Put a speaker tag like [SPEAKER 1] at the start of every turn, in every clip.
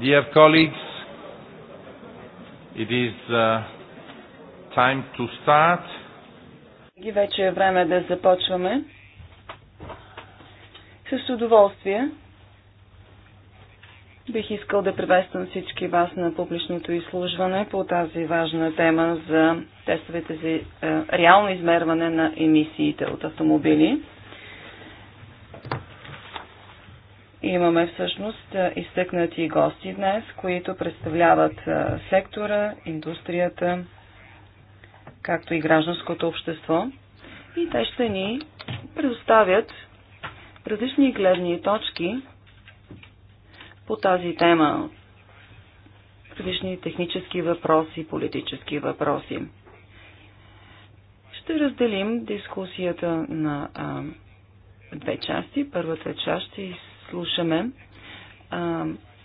[SPEAKER 1] Dear colleagues, it is uh, time to start.
[SPEAKER 2] И вече е време да започваме. С удоволствие бих искал да приветствам всички вас на публичното изслужване по тази важна тема за тестовете за е, реално измерване на емисиите от автомобили. Имаме всъщност изтъкнати гости днес, които представляват сектора, индустрията, както и гражданското общество. И те ще ни предоставят различни гледни точки по тази тема. Различни технически въпроси, политически въпроси. Ще разделим дискусията на а, две части. Първата част ще слушаме а,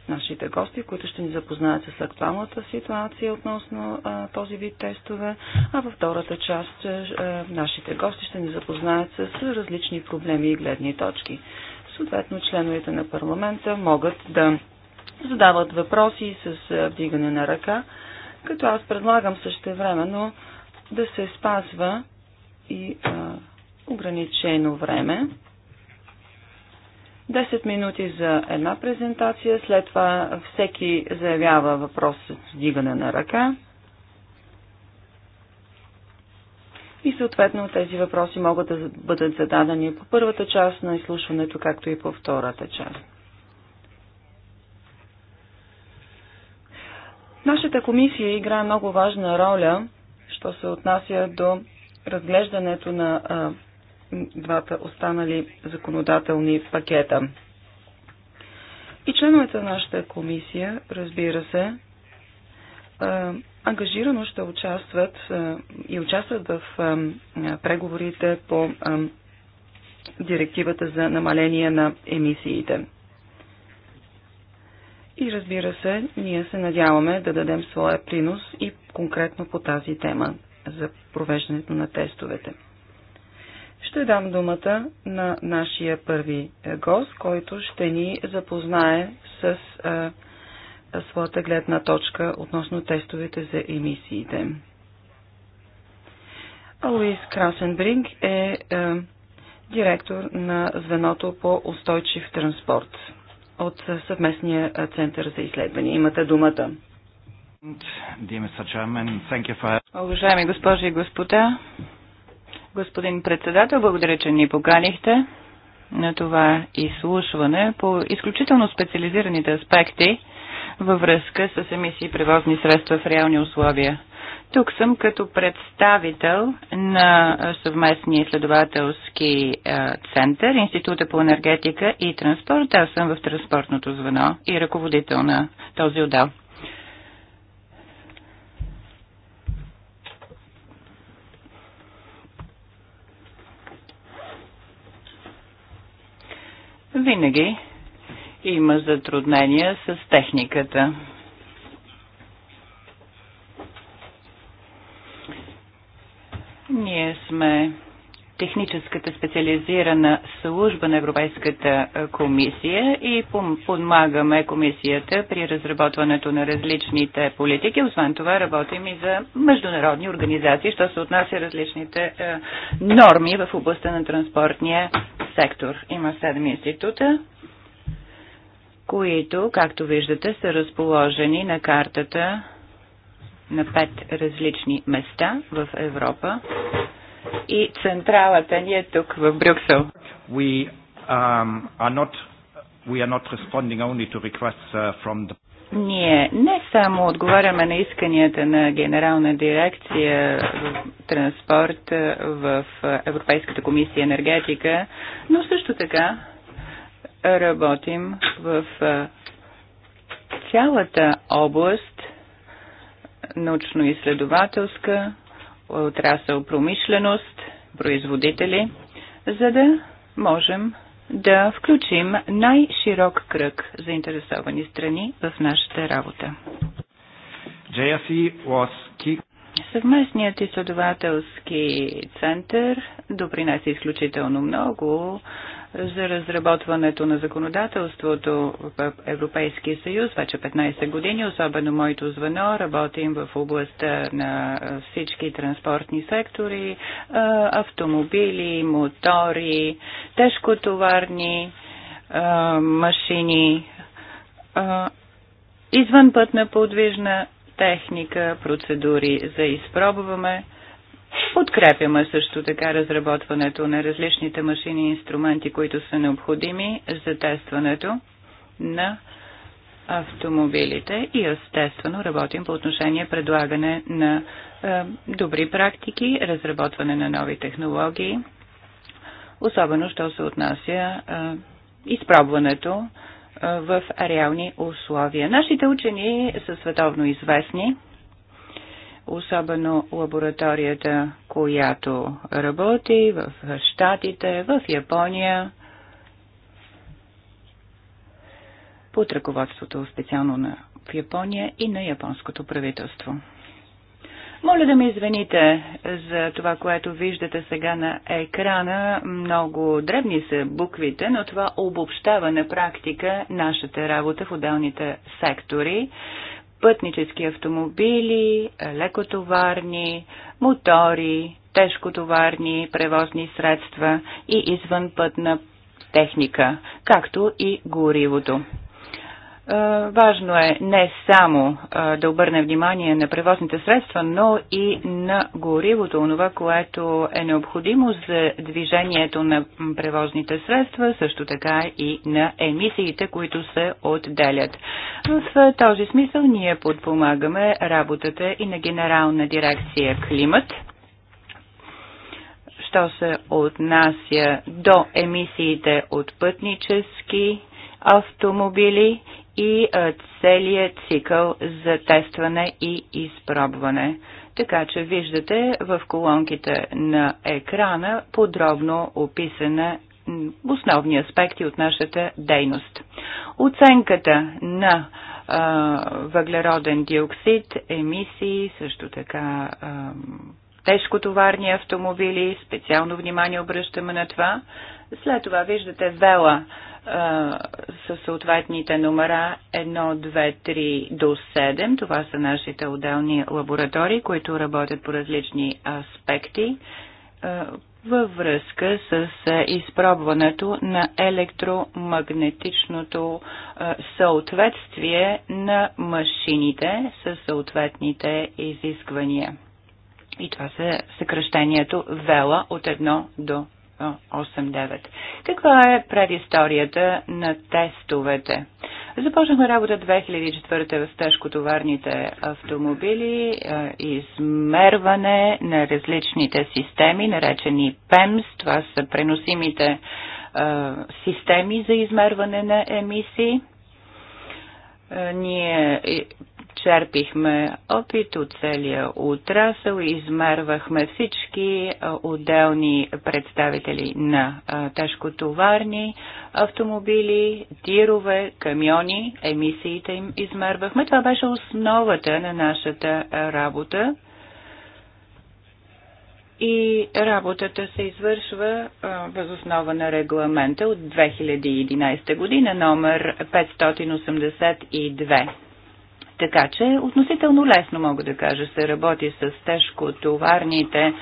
[SPEAKER 2] нашите гости, които ще ни запознаят с актуалната ситуация относно а, този вид тестове, а във втората част а, нашите гости ще ни запознаят с различни проблеми и гледни точки. Съответно, членовете на парламента могат да задават въпроси с вдигане на ръка, като аз предлагам също времено да се спазва и а, ограничено време. 10 минути за една презентация, след това всеки заявява въпрос с вдигане на ръка. И съответно тези въпроси могат да бъдат зададени по първата част на изслушването, както и по втората част. Нашата комисия играе много важна роля, що се отнася до разглеждането на двата останали законодателни пакета. И членовете на нашата комисия, разбира се, е, ангажирано ще участват е, и участват в е, преговорите по директивата за намаление на емисиите. И разбира се, ние се надяваме да дадем своя принос и конкретно по тази тема за провеждането на тестовете ще дам думата на нашия първи е, гост, който ще ни запознае с а, е, своята гледна точка относно тестовете за емисиите. Алуис Красенбринг е а, е, директор на звеното по устойчив транспорт от съвместния център за изследвания. Имате думата. Уважаеми госпожи и господа,
[SPEAKER 3] Господин председател, благодаря, че ни поканихте на това изслушване по изключително специализираните аспекти във връзка с емисии превозни средства в реални условия. Тук съм като представител на съвместния изследователски е, център, Института по енергетика и транспорт. Аз съм в транспортното звено и ръководител на този отдел. винаги има затруднения с техниката. Ние сме техническата специализирана служба на Европейската комисия и подмагаме комисията при разработването на различните политики. Освен това работим и за международни организации, що се отнася различните норми в областта на транспортния сектор. Има 7 института, които, както виждате, са разположени на картата на пет различни места в Европа и централата ни е тук в
[SPEAKER 1] Брюксел. We, um, are not, we are not responding only to requests uh, from the
[SPEAKER 3] ние не само отговаряме на исканията на Генерална дирекция транспорт е, в е, Европейската комисия енергетика, но също така работим в е, цялата област научно-изследователска, отрасъл промишленост, производители, за да можем да включим най-широк кръг заинтересовани страни в нашата работа. Съвместният изследователски център допринася изключително много за разработването на законодателството в Европейския съюз. Вече 15 години, особено моето звено, работим в областта на всички транспортни сектори, автомобили, мотори, тежкотоварни машини, извънпътна подвижна техника, процедури за изпробваме Подкрепяме също така разработването на различните машини и инструменти, които са необходими за тестването на автомобилите и естествено работим по отношение предлагане на е, добри практики, разработване на нови технологии, особено що се отнася е, изпробването е, в реални условия. Нашите учени са световно известни особено лабораторията, която работи в Штатите, в Япония, под ръководството специално на в Япония и на японското правителство. Моля да ме извините за това, което виждате сега на екрана. Много дребни са буквите, но това обобщава на практика нашата работа в отделните сектори пътнически автомобили, лекотоварни, мотори, тежкотоварни превозни средства и извънпътна техника, както и горивото. Е, важно е не само е, да обърне внимание на превозните средства, но и на горивото, онова, което е необходимо за движението на превозните средства, също така и на емисиите, които се отделят. В този смисъл ние подпомагаме работата и на Генерална дирекция Климат що се отнася до емисиите от пътнически автомобили и целият цикъл за тестване и изпробване. Така че виждате в колонките на екрана подробно описана основни аспекти от нашата дейност. Оценката на а, въглероден диоксид, емисии, също така а, тежкотоварни автомобили, специално внимание обръщаме на това. След това виждате вела със съответните номера 1, 2, 3 до 7. Това са нашите отделни лаборатории, които работят по различни аспекти във връзка с изпробването на електромагнетичното съответствие на машините със съответните изисквания. И това е съкръщението ВЕЛА от 1 до 7. 8-9. Каква е предисторията на тестовете? Започнахме работа 2004 в тежкотоварните автомобили, измерване на различните системи, наречени ПЕМС, това са преносимите системи за измерване на емисии. Ние черпихме опит от целия отрасъл, измервахме всички отделни представители на тежкотоварни автомобили, тирове, камиони, емисиите им измервахме. Това беше основата на нашата работа. И работата се извършва възоснова на регламента от 2011 година, номер 582. Така че относително лесно, мога да кажа, се работи с тежкотоварните товарните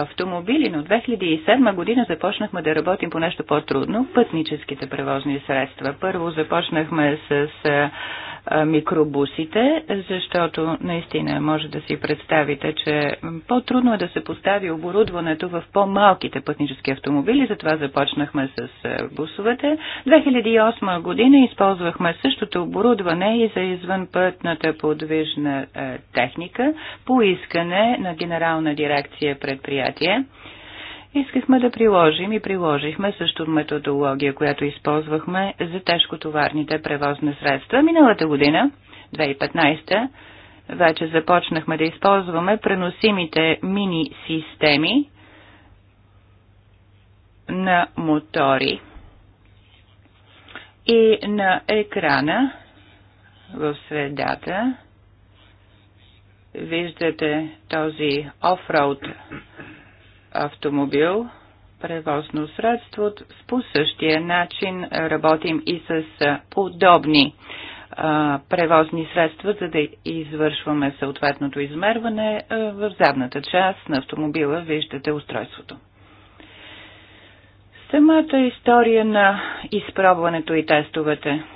[SPEAKER 3] автомобили, но 2007 година започнахме да работим по нещо по-трудно – пътническите превозни средства. Първо започнахме с а, микробусите, защото наистина може да си представите, че по-трудно е да се постави оборудването в по-малките пътнически автомобили, затова започнахме с бусовете. 2008 година използвахме същото оборудване и за извънпътната подвижна техника по искане на Генерална дирекция предприятие. Искахме да приложим и приложихме също методология, която използвахме за тежкотоварните превозни средства. Миналата година, 2015, вече започнахме да използваме преносимите мини-системи на мотори и на екрана в средата виждате този офроуд автомобил, превозно средство. По същия начин работим и с подобни превозни средства, за да извършваме съответното измерване. В задната част на автомобила виждате устройството. Самата история на изпробването и тестовете –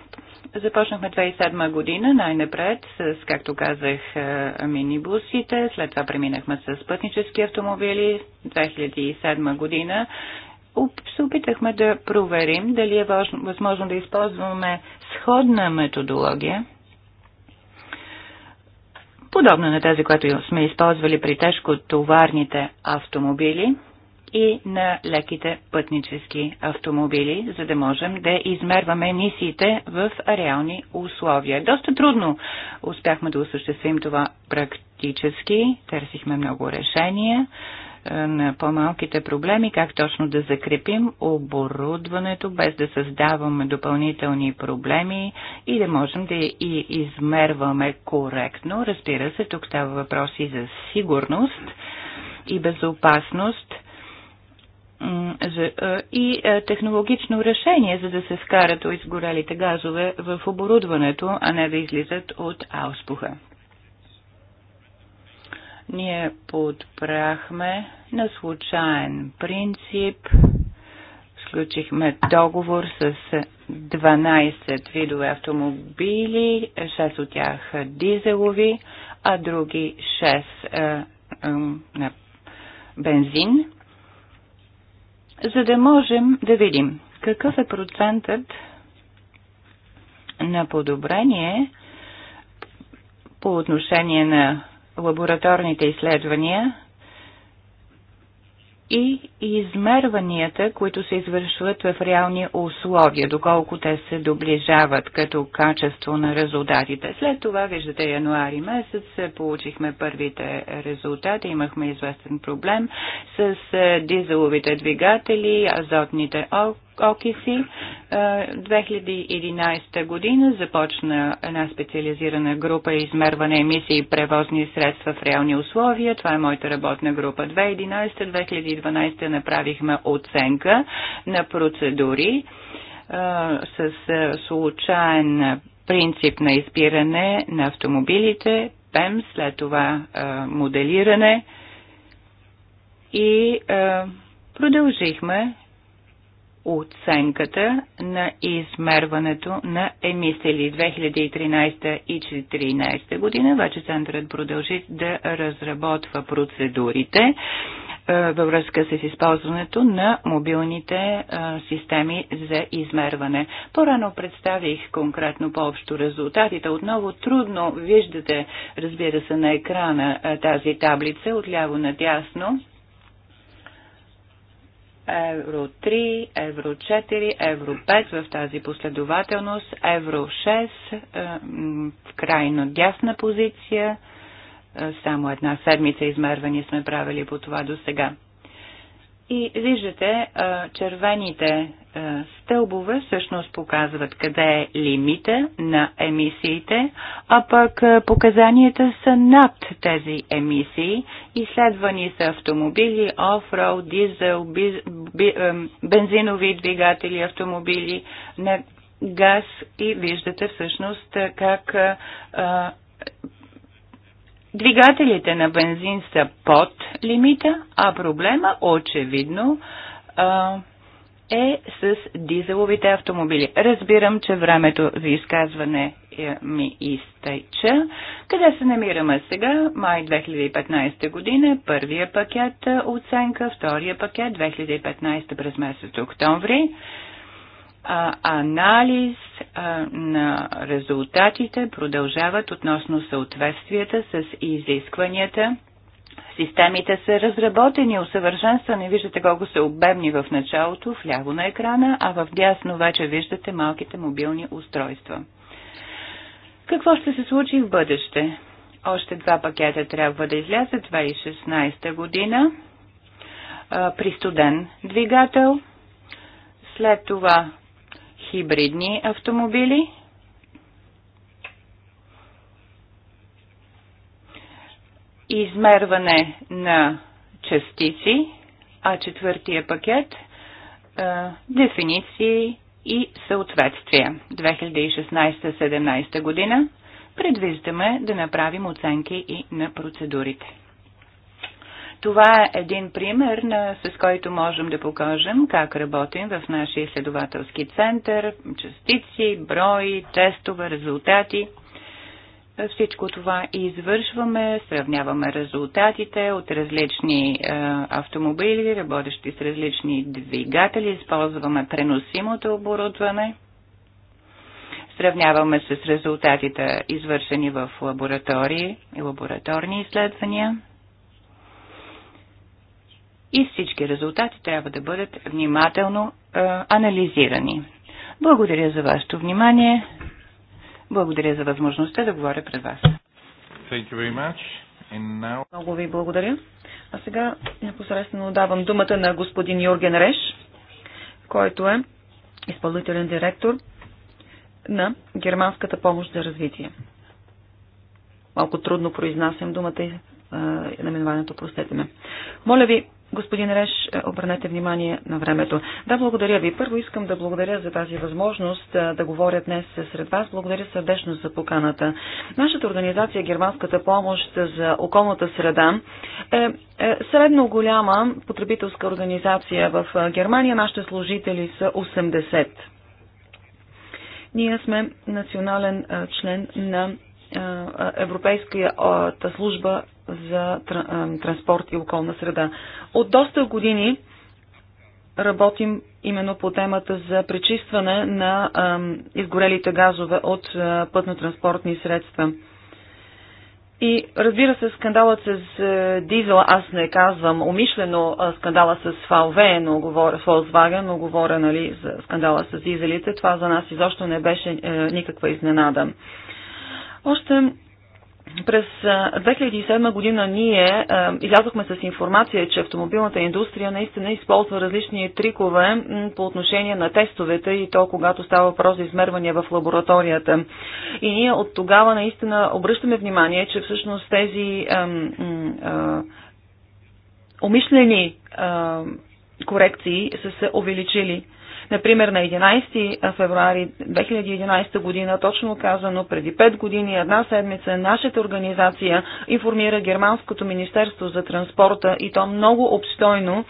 [SPEAKER 3] Започнахме 2007 година най-напред с, както казах, е, минибусите, след това преминахме с пътнически автомобили. 2007 година се опитахме да проверим дали е възможно да използваме сходна методология, подобна на тази, която сме използвали при тежкотоварните автомобили – и на леките пътнически автомобили, за да можем да измерваме емисиите в реални условия. Доста трудно успяхме да осъществим това практически. Търсихме много решения е, на по-малките проблеми, как точно да закрепим оборудването, без да създаваме допълнителни проблеми и да можем да и измерваме коректно. Разбира се, тук става въпроси за сигурност и безопасност – и технологично решение, за да се вкарат изгорелите газове в оборудването, а не да излизат от ауспуха. Ние подпрахме на случайен принцип, сключихме договор с 12 видове автомобили, 6 от тях дизелови, а други 6 на бензин за да можем да видим какъв е процентът на подобрение по отношение на лабораторните изследвания и измерванията, които се извършват в реални условия, доколко те се доближават като качество на резултатите. След това, виждате, януари месец получихме първите резултати, имахме известен проблем с е, дизеловите двигатели, азотните ок окиси. 2011 е, година започна една специализирана група измерване емисии и превозни средства в реални условия. Това е моята работна група. 2011-2012 направихме оценка на процедури е, с е, случайен принцип на избиране на автомобилите, ПЕМ, след това моделиране и продължихме оценката на измерването на емисии 2013 и 2014 година. Вече центърът продължи да разработва процедурите е, във връзка с използването на мобилните а, е, системи за измерване. По-рано представих конкретно по-общо резултатите. Отново трудно виждате, разбира се, на екрана а, е, тази таблица отляво надясно Евро 3, Евро 4, Евро 5 в тази последователност, Евро 6 е, в крайно дясна позиция. Е, само една седмица измервания сме правили по това до сега. И виждате, червените стълбове всъщност показват къде е лимита на емисиите, а пък показанията са над тези емисии. Изследвани са автомобили, офроуд, дизел, бензинови двигатели, автомобили на газ и виждате всъщност как Двигателите на бензин са под лимита, а проблема очевидно е с дизеловите автомобили. Разбирам, че времето за изказване е, ми изтече. Къде се намираме сега? Май 2015 година, първия пакет оценка, втория пакет 2015 през месец октомври а, анализ а, на резултатите продължават относно съответствията с изискванията. Системите са разработени, усъвършенствани. Виждате колко са обемни в началото, в ляво на екрана, а в дясно вече виждате малките мобилни устройства. Какво ще се случи в бъдеще? Още два пакета трябва да излязат 2016 година при студен двигател. След това хибридни автомобили. Измерване на частици, а четвъртия пакет е, дефиниции и съответствия. 2016-17 година предвиждаме да направим оценки и на процедурите. Това е един пример, на, с който можем да покажем как работим в нашия изследователски център, частици, брои, тестове, резултати. Всичко това извършваме, сравняваме резултатите от различни е, автомобили, работещи с различни двигатели, използваме преносимото оборудване, сравняваме с резултатите извършени в лаборатории и лабораторни изследвания и всички резултати трябва да бъдат внимателно е, анализирани. Благодаря за вашето внимание. Благодаря за възможността да говоря пред вас.
[SPEAKER 4] Thank you very much.
[SPEAKER 2] And now... Много ви благодаря. А сега непосредствено давам думата на господин Йорген Реш, който е изпълнителен директор на Германската помощ за развитие. Малко трудно произнасям думата и наименованието, простете ме. Моля ви, Господин Реш, е, обърнете внимание на времето. Да, благодаря ви. Първо искам да благодаря за тази възможност е, да говоря днес сред вас. Благодаря сърдечно за поканата. Нашата организация Германската помощ за околната среда е, е средно голяма потребителска организация в Германия. Нашите служители са 80. Ние сме национален член на Европейската служба за транспорт и околна среда. От доста години работим именно по темата за пречистване на изгорелите газове от пътно-транспортни средства. И разбира се, скандалът с дизела, аз не казвам умишлено скандала с ФАВ, но говоря, Volkswagen, но говоря нали, за скандала с дизелите. Това за нас изобщо не беше е, никаква изненада. Още през 2007 година ние излязохме с информация, че автомобилната индустрия наистина използва различни трикове по отношение на тестовете и то, когато става въпрос за измервания в лабораторията. И ние от тогава наистина обръщаме внимание, че всъщност тези а, умишлени корекции са се увеличили. Например, на 11 февруари 2011 година, точно казано преди 5 години, една седмица, нашата организация информира Германското министерство за транспорта и то много обстойно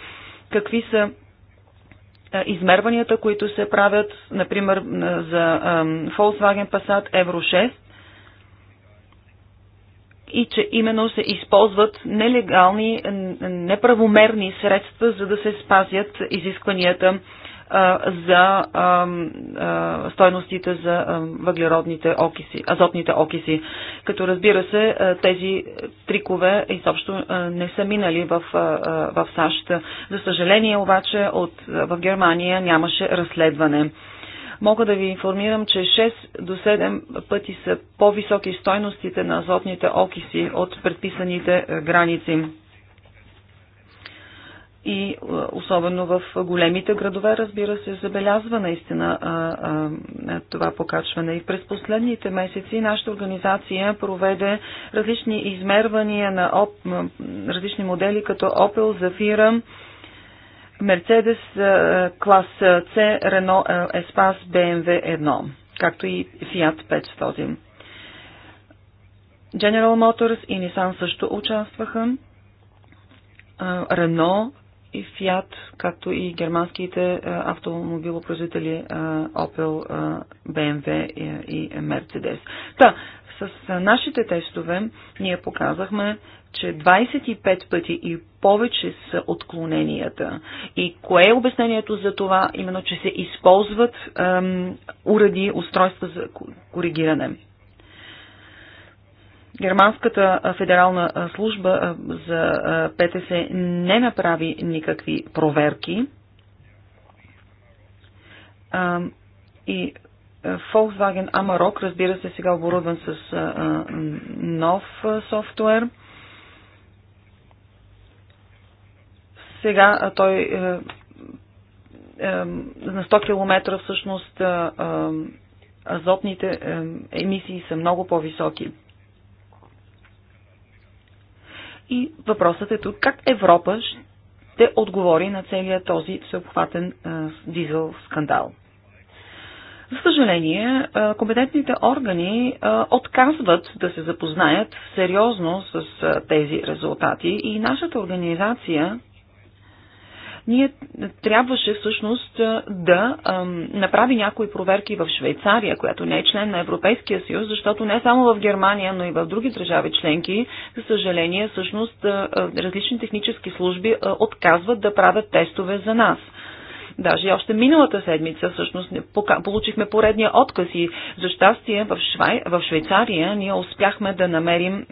[SPEAKER 2] какви са измерванията, които се правят, например, за Volkswagen Passat Euro 6, и че именно се използват нелегални, неправомерни средства, за да се спазят изискванията за стойностите за въглеродните окиси, азотните окиси. Като разбира се, тези трикове изобщо не са минали в, в САЩ. За съжаление обаче от, в Германия нямаше разследване. Мога да ви информирам, че 6 до 7 пъти са по-високи стойностите на азотните окиси от предписаните граници и е, особено в големите градове, разбира се, забелязва наистина а, а, това покачване. И през последните месеци нашата организация проведе различни измервания на оп, различни модели, като Opel, Zafira, Mercedes е, клас е, C, Renault Espace, BMW 1, както и Fiat 500. General Motors и Nissan също участваха. Рено и Fiat, както и германските е, автомобилопроизводители е, Opel, е, BMW и Mercedes. Та, с нашите тестове ние показахме, че 25 пъти и повече са отклоненията. И кое е обяснението за това? Именно, че се използват ем, уреди, устройства за коригиране. Германската федерална служба за ПТС не направи никакви проверки и Volkswagen Amarok, разбира се, сега оборудван с нов софтуер. Сега той на 100 км всъщност азотните емисии са много по-високи. И въпросът е тук как Европа ще отговори на целият този всеобхватен дизел скандал. За съжаление, компетентните органи отказват да се запознаят сериозно с тези резултати и нашата организация ние трябваше всъщност да направи някои проверки в Швейцария, която не е член на Европейския съюз, защото не само в Германия, но и в други държави членки, за съжаление, всъщност различни технически служби отказват да правят тестове за нас. Даже още миналата седмица всъщност не получихме поредния отказ и за щастие в, Швай, в Швейцария ние успяхме да намерим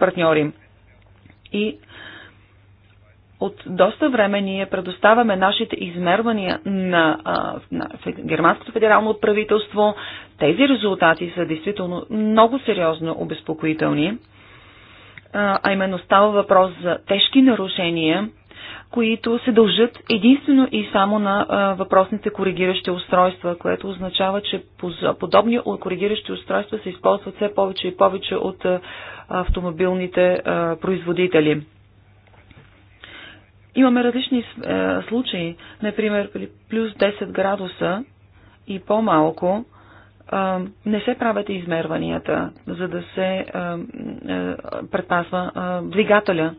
[SPEAKER 2] партньори. И от доста време ние предоставяме нашите измервания на, на, Германското федерално правителство. Тези резултати са действително много сериозно обезпокоителни. А именно става въпрос за тежки нарушения, които се дължат единствено и само на а, въпросните коригиращи устройства, което означава, че подобни коригиращи устройства се използват все повече и повече от а, автомобилните а, производители. Имаме различни е, случаи. Например, при плюс 10 градуса и по-малко е, не се правят измерванията, за да се е, е, предпазва е, двигателя.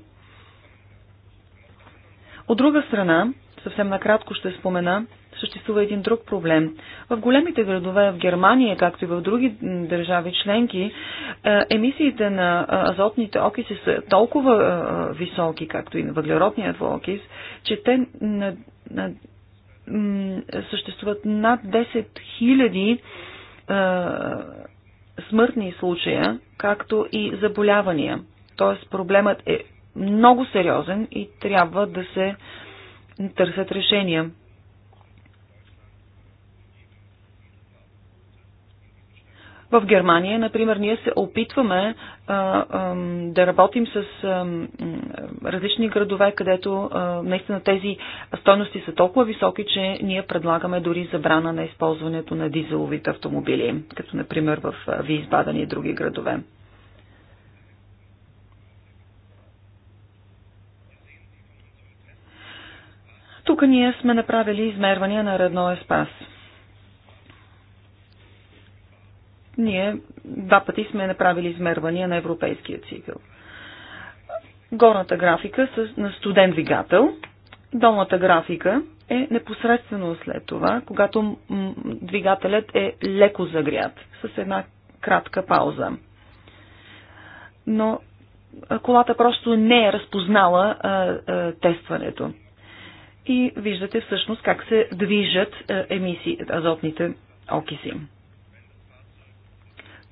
[SPEAKER 2] От друга страна, съвсем накратко ще спомена, съществува един друг проблем. В големите градове в Германия, както и в други държави членки, е, емисиите на азотните окиси са толкова високи, както и на въглеродния окис, че те на, на, съществуват над 10 000 смъртни случая, както и заболявания. Тоест проблемът е много сериозен и трябва да се търсят решения. В Германия, например, ние се опитваме а, а, да работим с а, различни градове, където а, наистина тези стойности са толкова високи, че ние предлагаме дори забрана на използването на дизеловите автомобили, като например в Висбаден и други градове. Тук ние сме направили измервания на е спас. Ние два пъти сме направили измервания на европейския цикъл. Горната графика с, на студен двигател, долната графика е непосредствено след това, когато двигателят е леко загрят, с една кратка пауза. Но колата просто не е разпознала а, а, тестването. И виждате всъщност как се движат а, емисии, азотните окиси.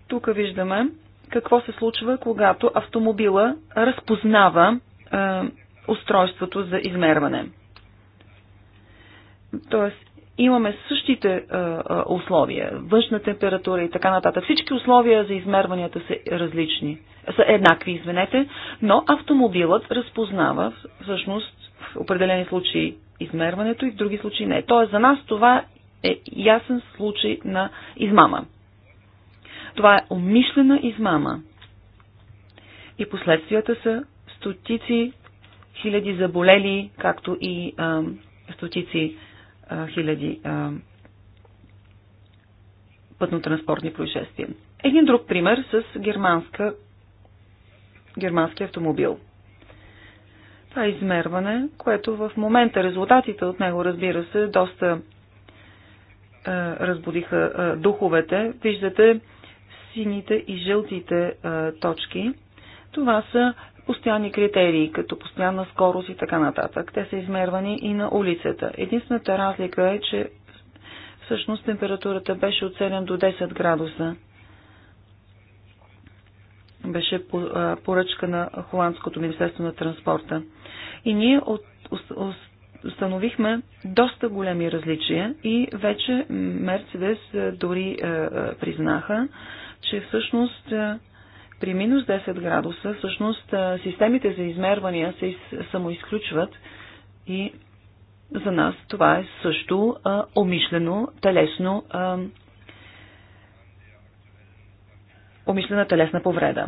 [SPEAKER 2] Тук виждаме какво се случва, когато автомобила разпознава е, устройството за измерване. Тоест, имаме същите е, условия, външна температура и така нататък. Всички условия за измерванията са различни, са еднакви, извинете, но автомобилът разпознава всъщност в определени случаи измерването и в други случаи не. Тоест, за нас това е ясен случай на измама. Това е умишлена измама. И последствията са стотици хиляди заболели, както и а, стотици а, хиляди а, пътнотранспортни происшествия. Един друг пример с германска, германски автомобил. Това е измерване, което в момента резултатите от него, разбира се, доста е, разбудиха е, духовете. Виждате сините и жълтите а, точки. Това са постоянни критерии, като постоянна скорост и така нататък. Те са измервани и на улицата. Единствената разлика е, че всъщност температурата беше от 7 до 10 градуса. Беше поръчка на Холандското Министерство на транспорта. И ние от, установихме доста големи различия и вече Мерцедес дори е, признаха, че всъщност при минус 10 градуса, всъщност системите за измервания се самоизключват и за нас това е също а, умишлено телесно а, умишлена телесна повреда.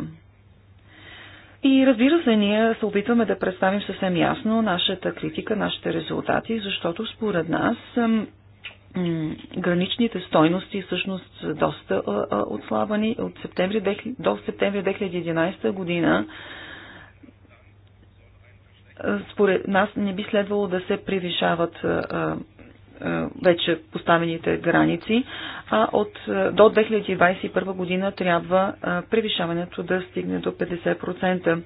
[SPEAKER 2] И разбира се, ние се опитваме да представим съвсем ясно нашата критика, нашите резултати, защото според нас граничните стойности всъщност са доста отслабани. От септември, до септември 2011 година според нас не би следвало да се превишават вече поставените граници, а от, до 2021 година трябва превишаването да стигне до 50%.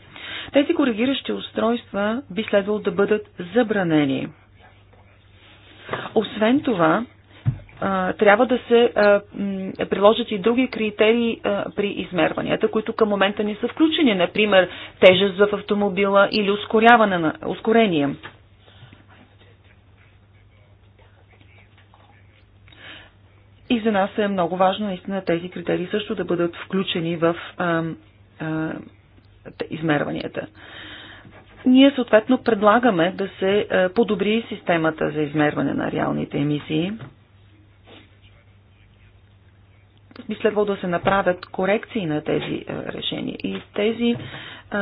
[SPEAKER 2] Тези коригиращи устройства би следвало да бъдат забранени. Освен това, трябва да се приложат и други критерии при измерванията, които към момента не са включени, например тежест в автомобила или ускоряване на ускорение. И за нас е много важно наистина тези критерии също да бъдат включени в а, а, измерванията. Ние съответно предлагаме да се е, подобри системата за измерване на реалните емисии. Би следвало да се направят корекции на тези е, решения. И тези е,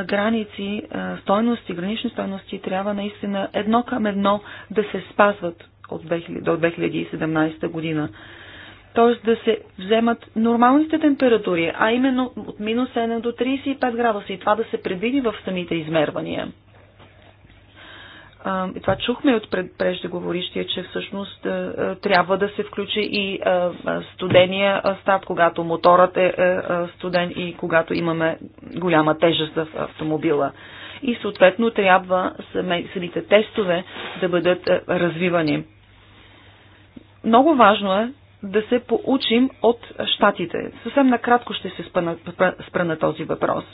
[SPEAKER 2] граници, стойности, гранични стойности трябва наистина едно към едно да се спазват от 2000, до 2017 година. Т.е. да се вземат нормалните температури, а именно от минус 7 до 35 градуса и това да се предвиди в самите измервания и това чухме от преждеговорищия, че всъщност трябва да се включи и студения стат, когато моторът е, е студен и когато имаме голяма тежест в автомобила. И съответно трябва самите тестове да бъдат развивани. Много важно е да се поучим от щатите. Съвсем накратко ще се спра на този въпрос.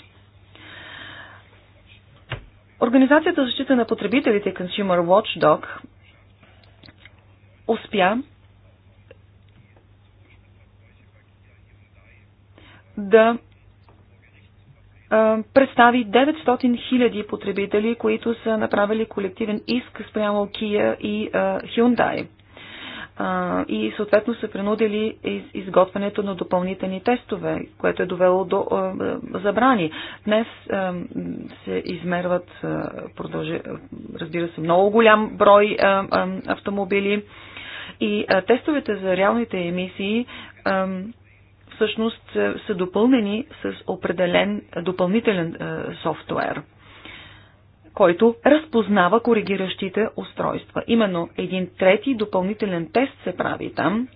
[SPEAKER 2] Организацията за защита на потребителите Consumer Watchdog успя да представи 900 000 потребители, които са направили колективен иск спрямо Kia и Hyundai а, и съответно са принудили из, изготвянето на допълнителни тестове, което е довело до а, забрани. Днес а, се измерват, а, продължи, разбира се, много голям брой а, а, автомобили и а, тестовете за реалните емисии а, всъщност са допълнени с определен допълнителен а, софтуер – който разпознава коригиращите устройства. Именно един трети допълнителен тест се прави там.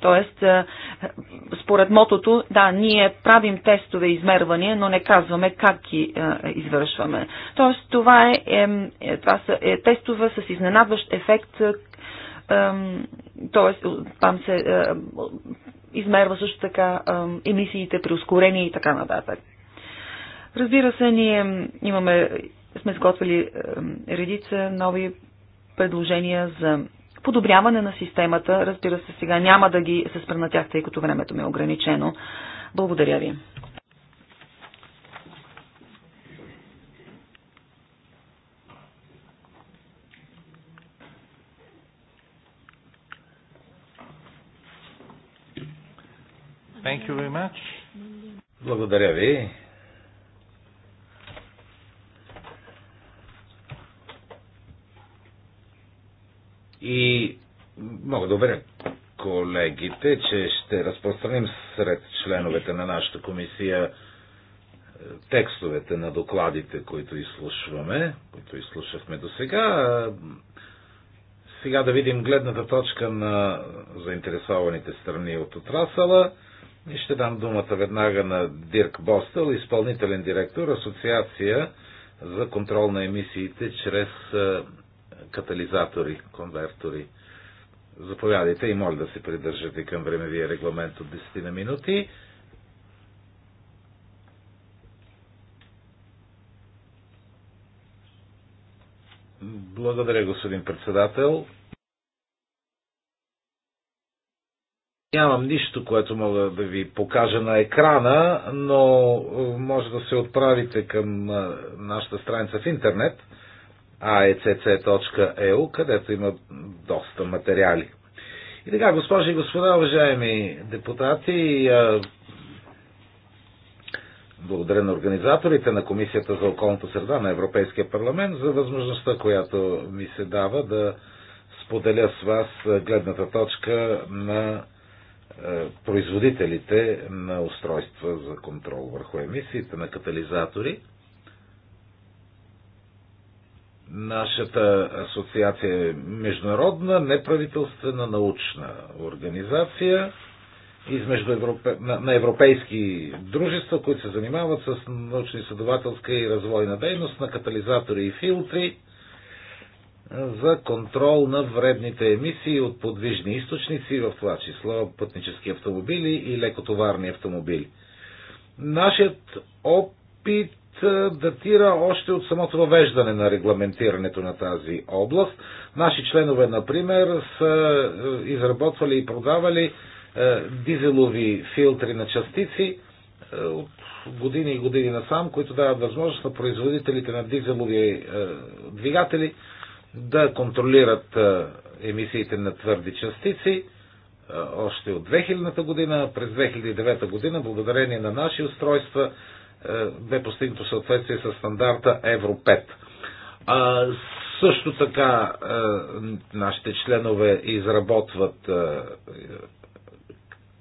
[SPEAKER 2] Тоест, е, според мотото, да, ние правим тестове измервания, но не казваме как ги е, извършваме. Тоест, това, е, е, е, това са е, тестове с изненадващ ефект, т.е. там се е, измерва също така емисиите, при ускорение и така нататък. Разбира се, ние имаме сме изготвили е, редица нови предложения за подобряване на системата. Разбира се, сега няма да ги се спра на тях, тъй като времето ми е ограничено. Благодаря ви.
[SPEAKER 1] Thank you very much. Благодаря ви. И мога да уверя колегите, че ще разпространим сред членовете на нашата комисия е, текстовете на докладите, които изслушваме, които изслушахме до сега. Е, сега да видим гледната точка на заинтересованите страни от отрасала. И ще дам думата веднага на Дирк Бостел, изпълнителен директор, Асоциация за контрол на емисиите чрез е, катализатори, конвертори. Заповядайте и моля да се придържате към времевия регламент от 10 на минути. Благодаря, господин председател. Нямам нищо, което мога да ви покажа на екрана, но може да се отправите към нашата страница в интернет – aecc.eu, където има доста материали. И така, госпожи и господа, уважаеми депутати, благодаря на организаторите на Комисията за околната среда на Европейския парламент за възможността, която ми се дава да споделя с вас гледната точка на производителите на устройства за контрол върху емисиите на катализатори. Нашата асоциация е международна, неправителствена, научна организация измежду европе... на, европейски дружества, които се занимават с научно-изследователска и развойна дейност на катализатори и филтри за контрол на вредните емисии от подвижни източници, в това число пътнически автомобили и лекотоварни автомобили. Нашият опит датира още от самото въвеждане на регламентирането на тази област. Наши членове, например, са изработвали и продавали дизелови филтри на частици от години и години насам, които дават възможност на производителите на дизелови двигатели да контролират емисиите на твърди частици още от 2000-та година, през 2009 година, благодарение на наши устройства, е, бе постигнато съответствие с стандарта Евро 5. А, също така е, нашите членове изработват е,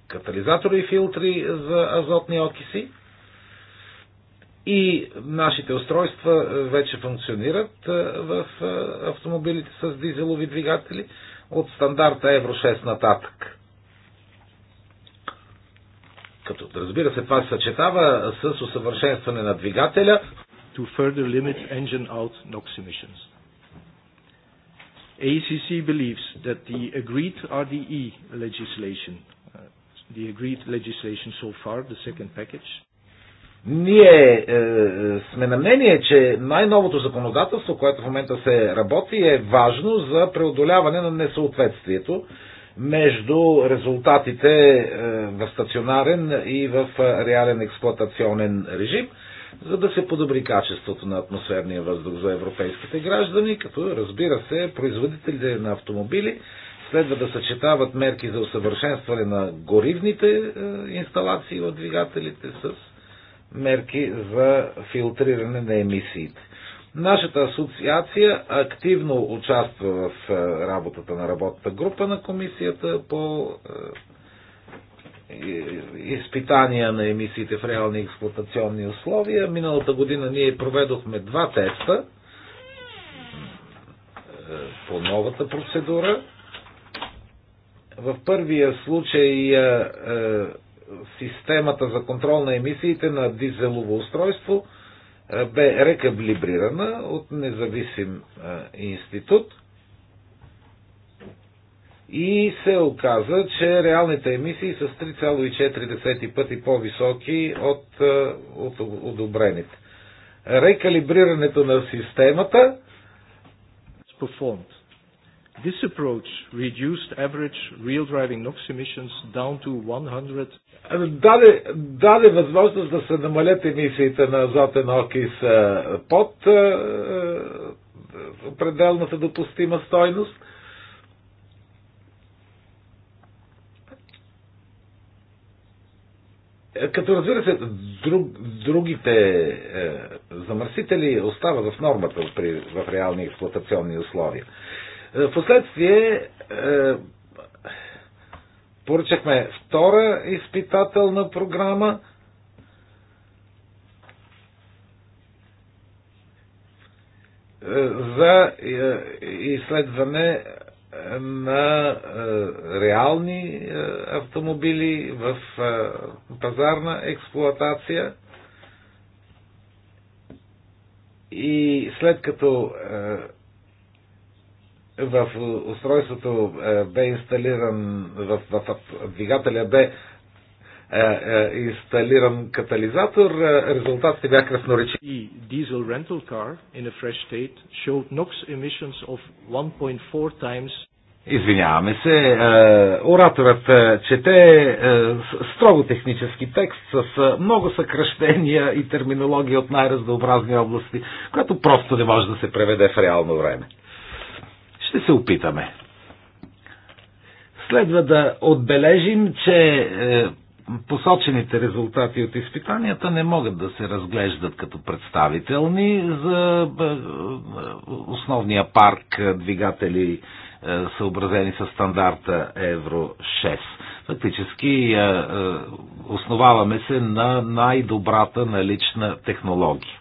[SPEAKER 1] катализатори и филтри за азотни окиси и нашите устройства вече функционират в автомобилите с дизелови двигатели от стандарта Евро 6 нататък. Като, разбира се, това се съчетава с усъвършенстване на двигателя. To further limit engine out NOx emissions. ACC believes that the agreed RDE legislation, uh, the agreed legislation so far, the second package, ние е, е, сме на мнение, че най-новото законодателство, което в момента се работи, е важно за преодоляване на несъответствието между резултатите е, в стационарен и в е, реален експлуатационен режим, за да се подобри качеството на атмосферния въздух за европейските граждани, като разбира се, производителите на автомобили следва да съчетават мерки за усъвършенстване на горивните е, инсталации от двигателите с мерки за филтриране на емисиите. Нашата асоциация активно участва в е, работата на работната група на комисията по е, изпитания на емисиите в реални експлуатационни условия. Миналата година ние проведохме два теста е, по новата процедура. В първия случай системата за контрол на емисиите на дизелово устройство – е, бе рекаблибрирана от независим е, институт и се оказа, че реалните емисии са с 3,4 пъти по-високи от, е, от одобрените. Рекалибрирането на системата performed. This approach reduced average real driving NOx emissions down to 100. Ами, даде, даде възможност да се намалят емисиите на азотен окис е, под е, е, пределната допустима стойност. Като разбира се, друг, другите е, замърсители остават в нормата при, в реални експлуатационни условия. Впоследствие е, е, поръчахме втора изпитателна програма. Е, за изследване на реални автомобили в пазарна експлоатация. И след като в устройството е, бе инсталиран, в, в, в двигателя бе е, е, инсталиран катализатор, резултатите бяха красноречиви. Diesel rental car in a fresh state showed NOx emissions of 1.4 times Извиняваме се, ораторът чете строго технически текст с много съкръщения и терминология от най-разнообразни области, която просто не може да се преведе в реално време. Ще се опитаме. Следва да отбележим, че е, посочените резултати от изпитанията не могат да се разглеждат като представителни за е, е, основния парк двигатели, съобразени с стандарта Евро 6. Фактически основаваме се на най-добрата налична технология.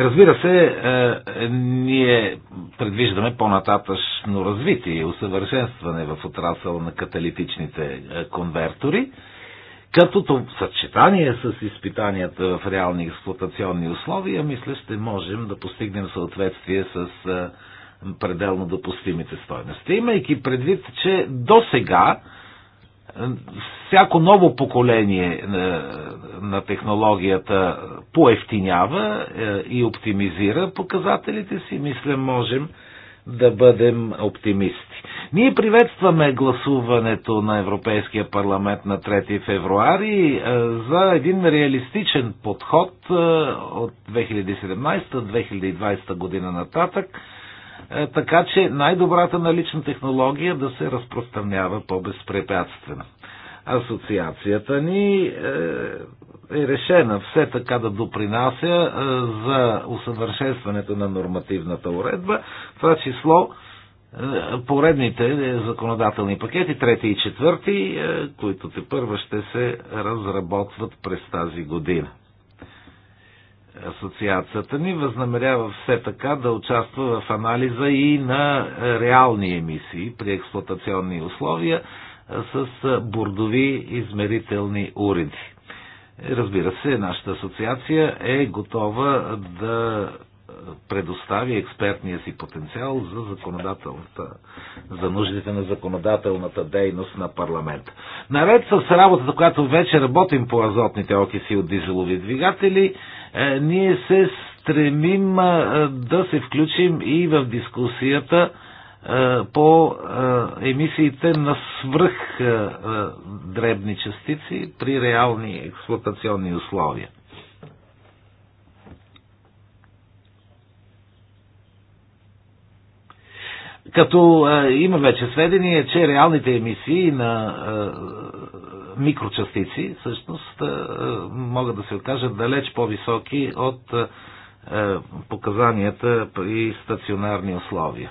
[SPEAKER 1] Разбира се, е, е, ние предвиждаме по-нататъчно развитие и усъвършенстване в отрасъл на каталитичните е, конвертори, като то съчетание с изпитанията в реални експлуатационни условия, мисля, ще можем да постигнем съответствие с пределно допустимите стойности. Имайки предвид, че до сега всяко ново поколение е, на технологията поевтинява е, и оптимизира показателите си, мисля, можем да бъдем оптимисти. Ние приветстваме гласуването на Европейския парламент на 3 февруари е, за един реалистичен подход от 2017-2020 година нататък е, така че най-добрата налична технология да се разпространява по-безпрепятствено. Асоциацията ни е, е решена все така да допринася е, за усъвършенстването на нормативната уредба, това число поредните законодателни пакети, трети и четвърти, които те първа ще се разработват през тази година асоциацията ни възнамерява все така да участва в анализа и на реални емисии при експлуатационни условия с бордови измерителни уреди. Разбира се, нашата асоциация е готова да предостави експертния си потенциал за законодателната, за нуждите на законодателната дейност на парламента. Наред с работата, която вече работим по азотните окиси от дизелови двигатели, е, ние се стремим е, да се включим и в дискусията е, по емисиите на свръх дребни частици при реални експлуатационни условия. Като а, има вече сведения, че реалните емисии на а, микрочастици всъщност а, могат да се окажат далеч по-високи от а, показанията при стационарни условия.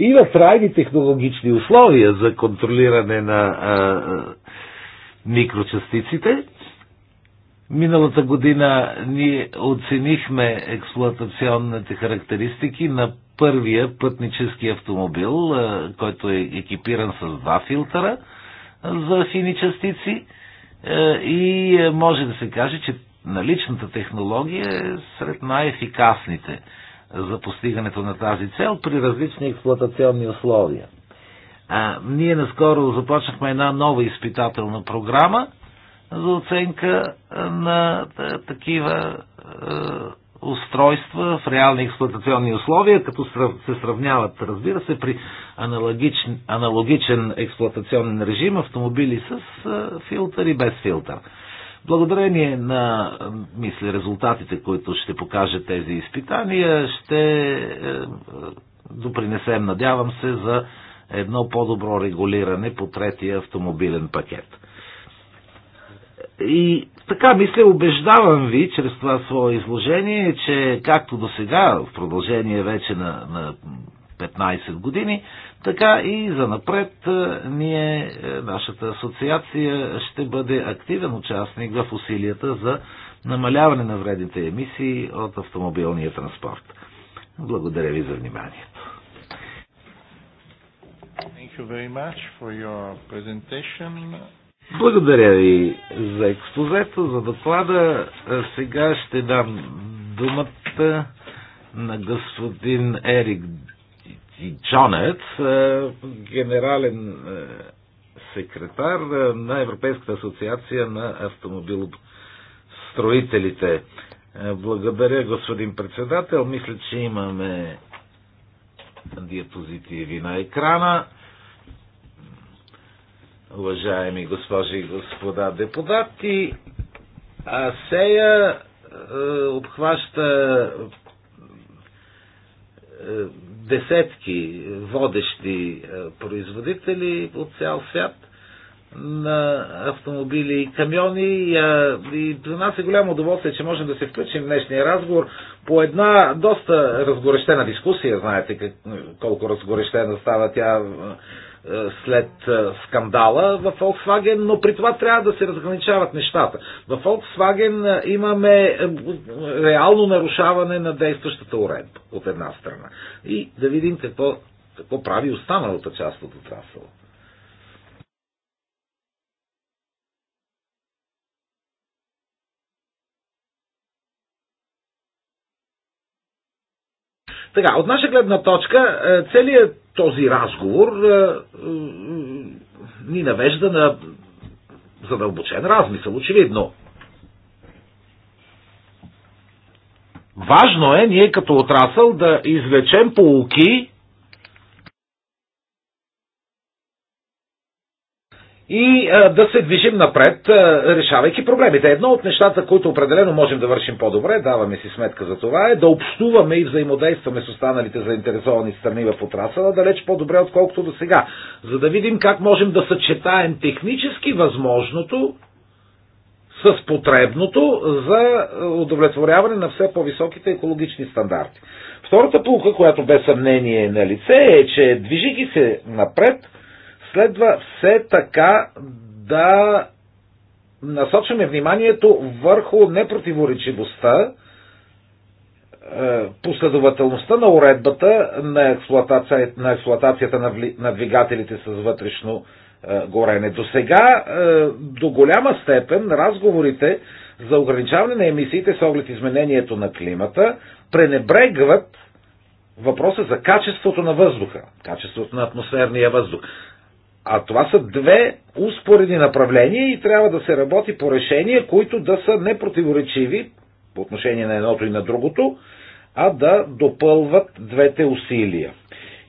[SPEAKER 1] Има трайни технологични условия за контролиране на а, микрочастиците, Миналата година ние оценихме експлуатационните характеристики на първия пътнически автомобил, който е екипиран с два филтъра за фини частици и може да се каже, че наличната технология е сред най-ефикасните за постигането на тази цел при различни експлуатационни условия. А, ние наскоро започнахме една нова изпитателна програма, за оценка на е, такива е, устройства в реални експлуатационни условия, като се сравняват, разбира се, при аналогичен, аналогичен експлуатационен режим автомобили с е, филтър и без филтър. Благодарение на, мисля, резултатите, които ще покаже тези изпитания, ще допринесем, надявам се, за едно по-добро регулиране по третия автомобилен пакет. И така, мисля, убеждавам ви чрез това свое изложение, че както до сега, в продължение вече на, на 15 години, така и за напред е, ние, е, нашата асоциация, ще бъде активен участник в усилията за намаляване на вредните емисии от автомобилния транспорт. Благодаря ви за вниманието.
[SPEAKER 3] Thank you very much for your presentation.
[SPEAKER 1] Благодаря ви за експозето, за доклада. Сега ще дам думата на господин Ерик Джонет, генерален секретар на Европейската асоциация на автомобилостроителите. Благодаря, господин председател. Мисля, че имаме диапозитиви на екрана уважаеми госпожи и господа депутати. Асея е, обхваща е, десетки водещи е, производители от цял свят на автомобили и камиони. И до е, нас е голямо удоволствие, че можем да се включим в днешния разговор по една доста разгорещена дискусия. Знаете как, колко разгорещена става тя е, е, след е, скандала в Volkswagen, но при това трябва да се разграничават нещата. В Volkswagen е, имаме реално нарушаване на действащата уредба от една страна. И да видим какво, какво прави останалата част от отрасъла. Така, от наша гледна точка, е, целият този разговор е, ни навежда на задълбочен размисъл, очевидно. Важно е ние като отрасъл да извлечем полуки и а, да се движим напред, а, решавайки проблемите. Едно от нещата, които определено можем да вършим по-добре, даваме си сметка за това, е да общуваме и взаимодействаме с останалите заинтересовани страни в отрасъла далеч по-добре, отколкото до сега, за да видим как можем да съчетаем технически възможното с потребното за удовлетворяване на все по-високите екологични стандарти. Втората полука, която без съмнение е на лице, е, че движики се напред – следва все така да насочваме вниманието върху непротиворечивостта, е, последователността на уредбата на, експлуатация, на експлуатацията на, вли, на двигателите с вътрешно е, горене. До сега е, до голяма степен разговорите за ограничаване на емисиите с оглед изменението на климата пренебрегват въпроса за качеството на въздуха, качеството на атмосферния въздух. А това са две успоредни направления и трябва да се работи по решения, които да са непротиворечиви по отношение на едното и на другото, а да допълват двете усилия.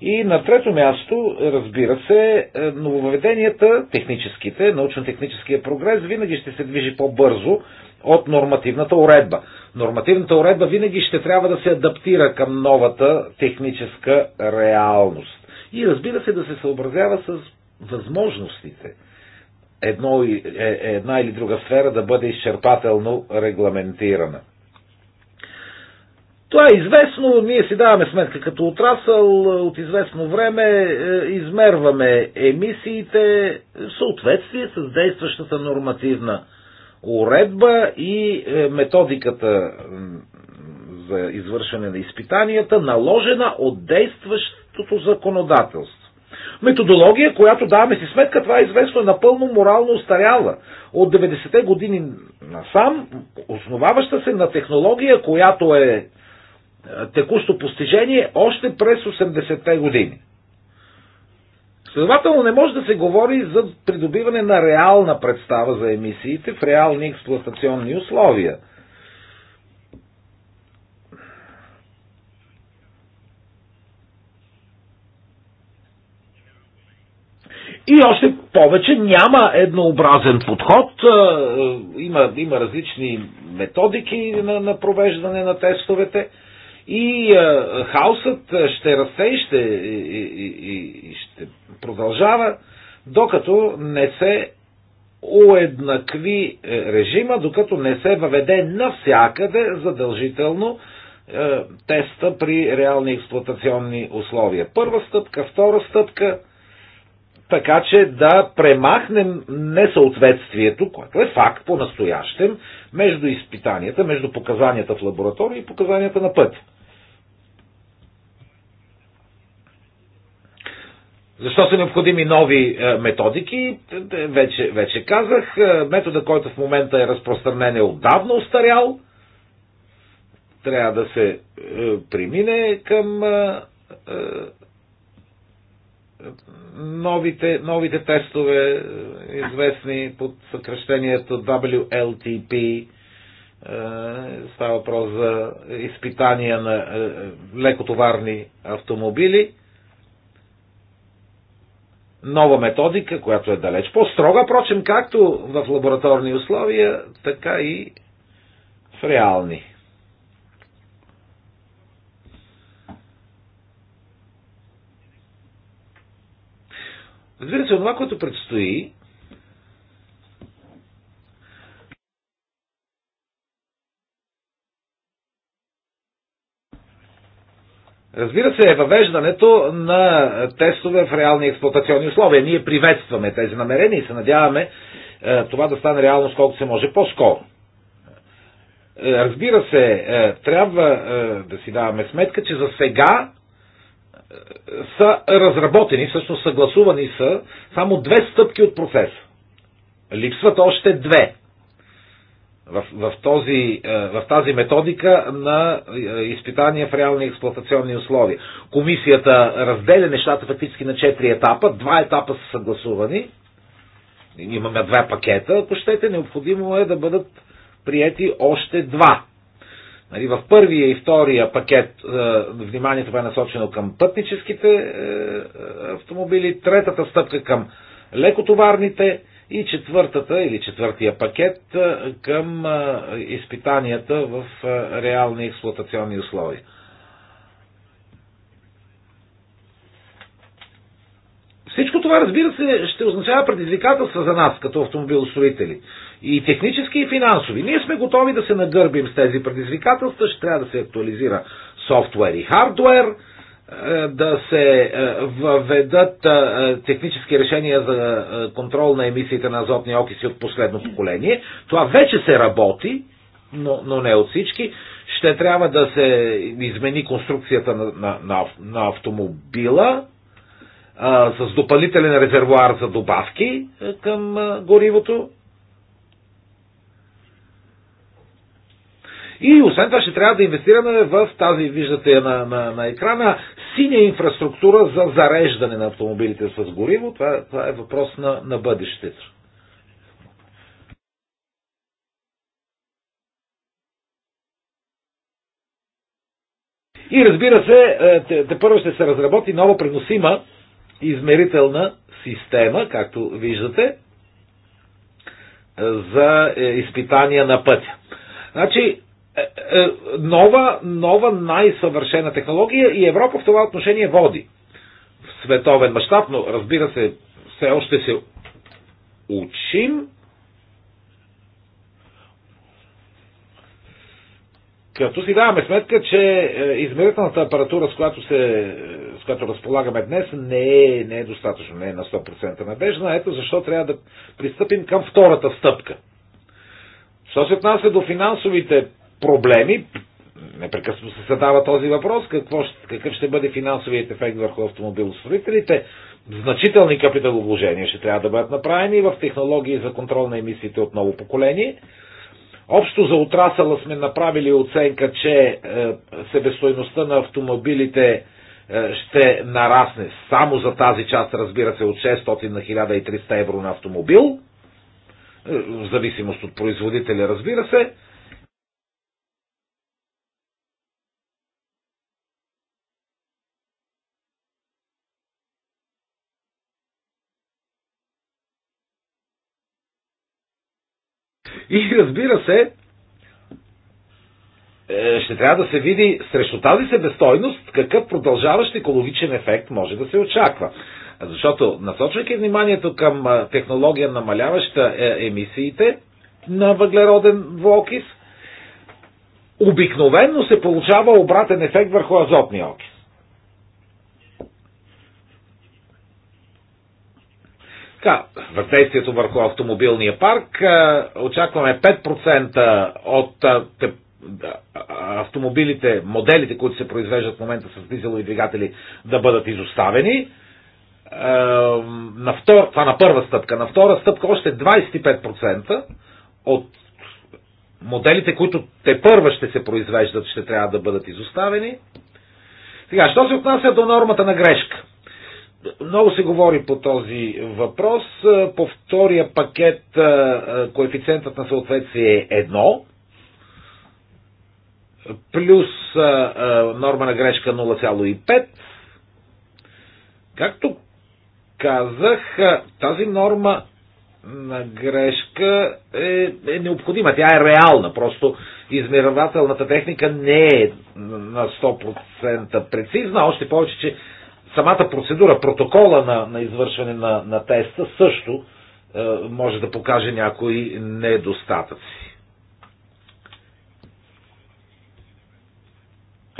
[SPEAKER 1] И на трето място, разбира се, е, нововведенията, техническите, научно-техническия прогрес винаги ще се движи по-бързо от нормативната уредба. Нормативната уредба винаги ще трябва да се адаптира към новата техническа реалност. И разбира се да се съобразява с възможностите едно, е, е, една или друга сфера да бъде изчерпателно регламентирана. Това е известно, ние си даваме сметка като отрасъл, от известно време е, измерваме емисиите в съответствие с действащата нормативна уредба и методиката за извършване на изпитанията, наложена от действащото законодателство. Методология, която даваме си сметка, това е известно, е напълно морално устаряла. От 90-те години насам, основаваща се на технология, която е, е текущо постижение още през 80-те години. Следователно не може да се говори за придобиване на реална представа за емисиите в реални експлуатационни условия – И още повече няма еднообразен подход, е, е, има, има различни методики на, на провеждане на тестовете и е, хаосът ще расте и ще, и, и, и ще продължава, докато не се уеднакви режима, докато не се въведе навсякъде задължително теста при реални експлуатационни условия. Първа стъпка, втора стъпка така че да премахнем несъответствието, което е факт по-настоящем, между изпитанията, между показанията в лаборатория и показанията на път. Защо са необходими нови е, методики? Е, вече, вече казах, е, метода, който в момента е разпространен е отдавна устарял. Трябва да се примине към новите, новите тестове, е, известни под съкръщението WLTP, е, става въпрос за изпитания на е, лекотоварни автомобили. Нова методика, която е далеч по-строга, прочим, както в лабораторни условия, така и в реални. Разбира се, това, което предстои, Разбира се, е въвеждането на тестове в реални експлуатационни условия. Ние приветстваме тези намерения и се надяваме е, това да стане реално колкото се може по-скоро. Е, разбира се, е, трябва е, да си даваме сметка, че за сега са разработени, всъщност съгласувани са само две стъпки от процеса. Липсват още две. В, в, този, е, в тази методика на е, изпитания в реални експлуатационни условия. Комисията разделя нещата фактически на четири етапа. Два етапа са съгласувани. Имаме два пакета, ако щете. Необходимо е да бъдат приети още два Нали, в първия и втория пакет е, вниманието бе насочено към пътническите е, е, автомобили, третата стъпка към лекотоварните и четвъртата или четвъртия пакет към изпитанията в реални експлуатационни условия. Всичко това, разбира се, ще означава предизвикателства за нас, като автомобилостроители. И технически, и финансови. Ние сме готови да се нагърбим с тези предизвикателства, ще трябва да се актуализира софтуер и хардуер, е, да се е, въведат е, технически решения за контрол на емисиите на азотни окиси от последно поколение. Това вече се работи, но, но не от всички. Ще трябва да се измени конструкцията на, на, на, на автомобила, а, с допълнителен резервуар за добавки към а, горивото. И освен това ще трябва да инвестираме в тази, виждате на, на, на екрана, синя инфраструктура за зареждане на автомобилите с гориво. Това, това е въпрос на, на бъдещето. И разбира се, е, те, те първо ще се разработи нова преносима измерителна система, както виждате, за е, изпитания на пътя. Значи, е, е, нова, нова най-съвършена технология и Европа в това отношение води в световен мащаб, но разбира се, все още се учим Като си даваме сметка, че е, измерителната апаратура, с която, се, с която разполагаме днес, не е, не е достатъчно, не е на 100% надежна. Ето защо трябва да пристъпим към втората стъпка. Що се отнася до финансовите проблеми, непрекъснато се задава този въпрос, какво, какъв ще бъде финансовият ефект върху автомобилостроителите. Значителни капиталовложения ще трябва да бъдат направени в технологии за контрол на емисиите от ново поколение – Общо за отрасъла сме направили оценка, че е, себестойността на автомобилите е, ще нарасне само за тази част, разбира се, от 600 на 1300 евро на автомобил, е, в зависимост от производителя, разбира се. И разбира се, е, ще трябва да се види срещу тази себестойност какъв продължаващ екологичен ефект може да се очаква. Защото насочвайки вниманието към технология намаляваща е, емисиите на въглероден двуокис, обикновенно се получава обратен ефект върху азотния окис. Така, въздействието върху автомобилния парк. Очакваме 5% от автомобилите, моделите, които се произвеждат в момента с дизелови двигатели, да бъдат изоставени. На втор, това на първа стъпка. На втора стъпка още 25% от моделите, които те първа ще се произвеждат, ще трябва да бъдат изоставени. Сега, що се отнася до нормата на грешка? Много се говори по този въпрос. По втория пакет коефициентът на съответствие е едно, плюс норма на грешка 0,5. Както казах, тази норма на грешка е, е необходима. Тя е реална. Просто измервателната техника не е на 100% прецизна. Още повече, че самата процедура, протокола на, на извършване на, на теста също е, може да покаже някои недостатъци.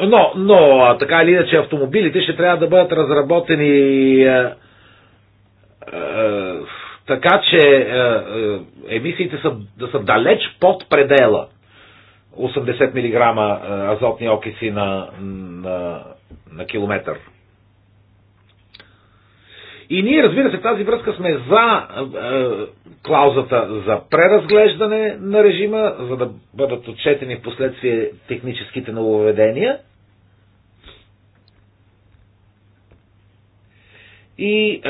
[SPEAKER 1] Но, но така или иначе автомобилите ще трябва да бъдат разработени е, е, така, че е, е, емисиите са, да са далеч под предела 80 мг е, азотни окиси на, на, на километър. И ние, разбира се, в тази връзка сме за е, клаузата за преразглеждане на режима, за да бъдат отчетени в последствие техническите нововведения. И е,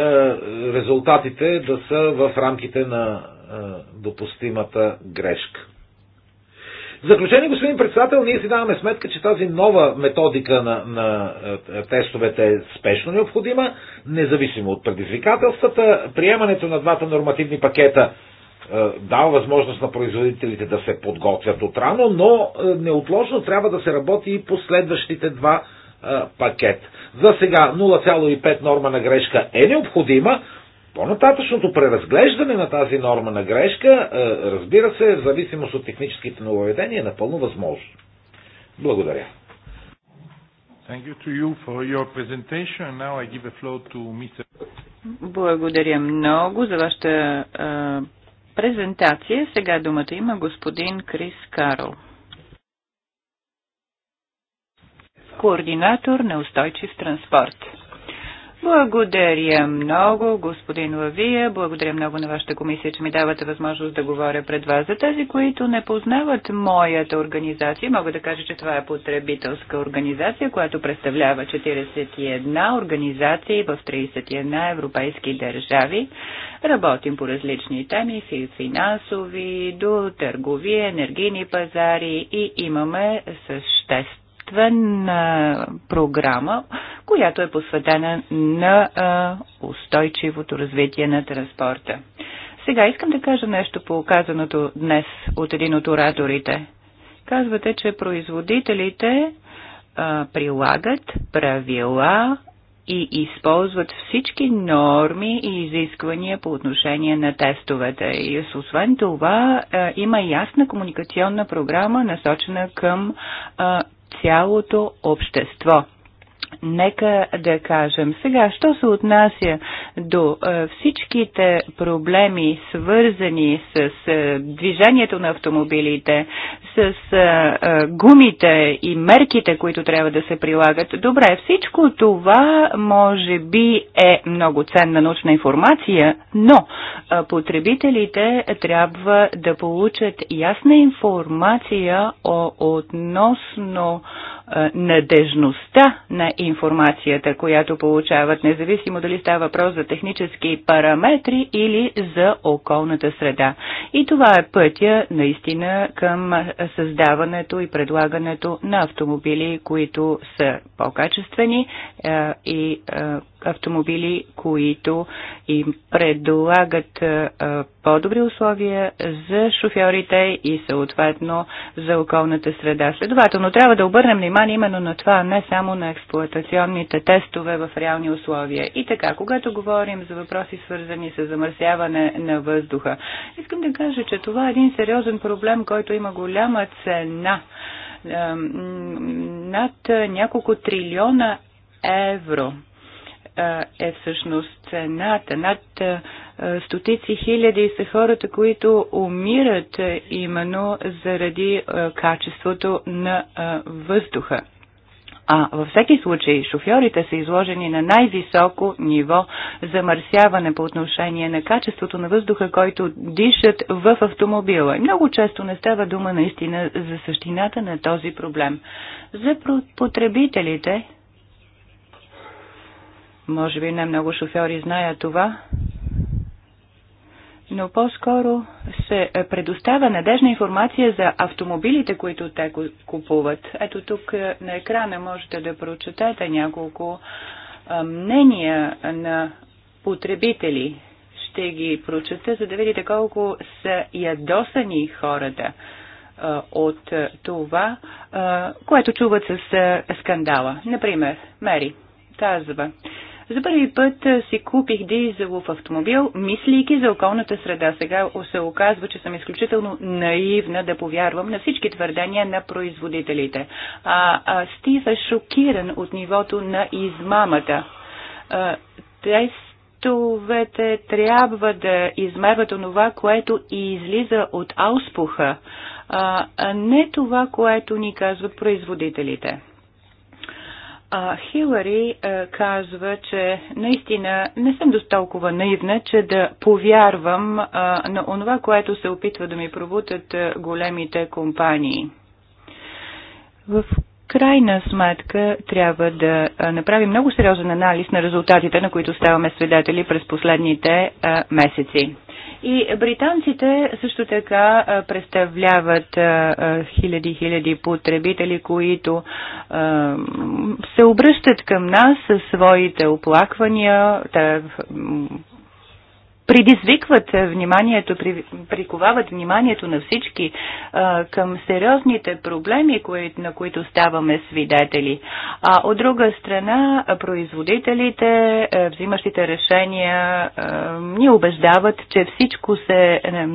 [SPEAKER 1] резултатите да са в рамките на е, допустимата грешка. В заключение, господин председател, ние си даваме сметка, че тази нова методика на, на е, тестовете е спешно необходима, независимо от предизвикателствата. Приемането на двата нормативни пакета е, дава възможност на производителите да се подготвят отрано, но е, неотложно трябва да се работи и по следващите два пакет. За сега 0,5 норма на грешка е необходима, по-нататъчното преразглеждане на тази норма на грешка, е, разбира се, в зависимост от техническите нововведения, е напълно възможно. Благодаря.
[SPEAKER 3] Благодаря много за вашата а, е, презентация. Сега думата има господин Крис Карл. Координатор на устойчив транспорт. Благодаря много, господин Лавия. Благодаря много на вашата комисия, че ми давате възможност да говоря пред вас. За тези, които не познават моята организация, мога да кажа, че това е потребителска организация, която представлява 41 организации в 31 европейски държави. Работим по различни теми, финансови, до търговия, енергийни пазари и имаме същество качествена програма, която е посветена на устойчивото развитие на транспорта. Сега искам да кажа нещо по казаното днес от един от ораторите. Казвате, че производителите а, прилагат правила и използват всички норми и изисквания по отношение на тестовете. И освен това а, има ясна комуникационна програма, насочена към а, цялото общество. Нека да кажем сега, що се отнася до е, всичките проблеми, свързани с е, движението на автомобилите, с е, гумите и мерките, които трябва да се прилагат. Добре, всичко това може би е много ценна научна информация, но потребителите трябва да получат ясна информация относно надежността на информацията, която получават, независимо дали става въпрос за технически параметри или за околната среда. И това е пътя наистина към създаването и предлагането на автомобили, които са по-качествени и автомобили, които им предлагат по-добри условия за шофьорите и съответно за околната среда. Следователно, трябва да обърнем внимание именно на това, не само на експлуатационните тестове в реални условия. И така, когато говорим за въпроси свързани с замърсяване на въздуха, искам да кажа, че това е един сериозен проблем, който има голяма цена над няколко трилиона евро е всъщност цената. Над стотици хиляди са хората, които умират именно заради качеството на въздуха. А във всеки случай шофьорите са изложени на най-високо ниво замърсяване по отношение на качеството на въздуха, който дишат в автомобила. И много често не става дума наистина за същината на този проблем. За потребителите може би не много шофьори знаят това, но по-скоро се предоставя надежна информация за автомобилите, които те купуват. Ето тук е, на екрана можете да прочетете няколко е, мнения на потребители. Ще ги прочета, за да видите колко са ядосани хората е, от това, което чуват с скандала. Например, Мери казва, за първи път си купих дизелов автомобил, мислейки за околната среда. Сега се оказва, че съм изключително наивна да повярвам на всички твърдения на производителите. А, а Стив е шокиран от нивото на измамата. А, тестовете трябва да измерват онова, което и излиза от ауспуха, а не това, което ни казват производителите. А Хилари е, казва, че наистина не съм до толкова наивна, че да повярвам е, на онова, което се опитва да ми пробутат е, големите компании. В крайна сметка трябва да е, направим много сериозен анализ на резултатите, на които ставаме свидетели през последните е, месеци. И британците също така представляват хиляди-хиляди потребители, които се обръщат към нас със своите оплаквания предизвикват вниманието, приковават вниманието на всички а, към сериозните проблеми, кои, на които ставаме свидетели. А от друга страна, производителите, а, е, взимащите решения, а, е, ни убеждават, че всичко се, а, е,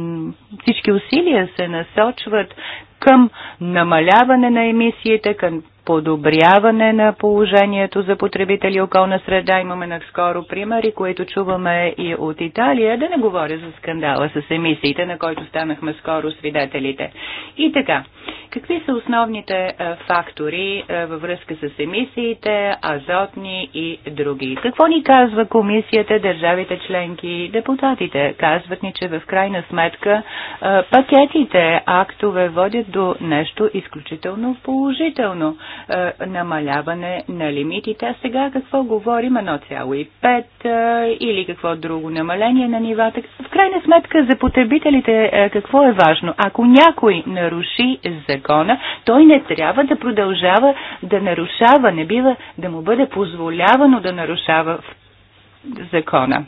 [SPEAKER 3] всички усилия се насочват към намаляване на емисиите, към подобряване на положението за потребители околна среда. Имаме наскоро примери, които чуваме и от Италия, да не говоря за скандала с емисиите, на който станахме скоро свидетелите. И така, какви са основните е, фактори е, във връзка с емисиите, азотни и други? Какво ни казва комисията, държавите членки, депутатите? Казват ни, че в крайна сметка е, пакетите актове водят до нещо изключително положително е, намаляване на лимитите. А сега какво говорим? 1,5 е, или какво друго намаление на нивата? В крайна сметка за потребителите е, какво е важно? Ако някой наруши закона, той не трябва да продължава да нарушава, не бива да му бъде позволявано да нарушава закона.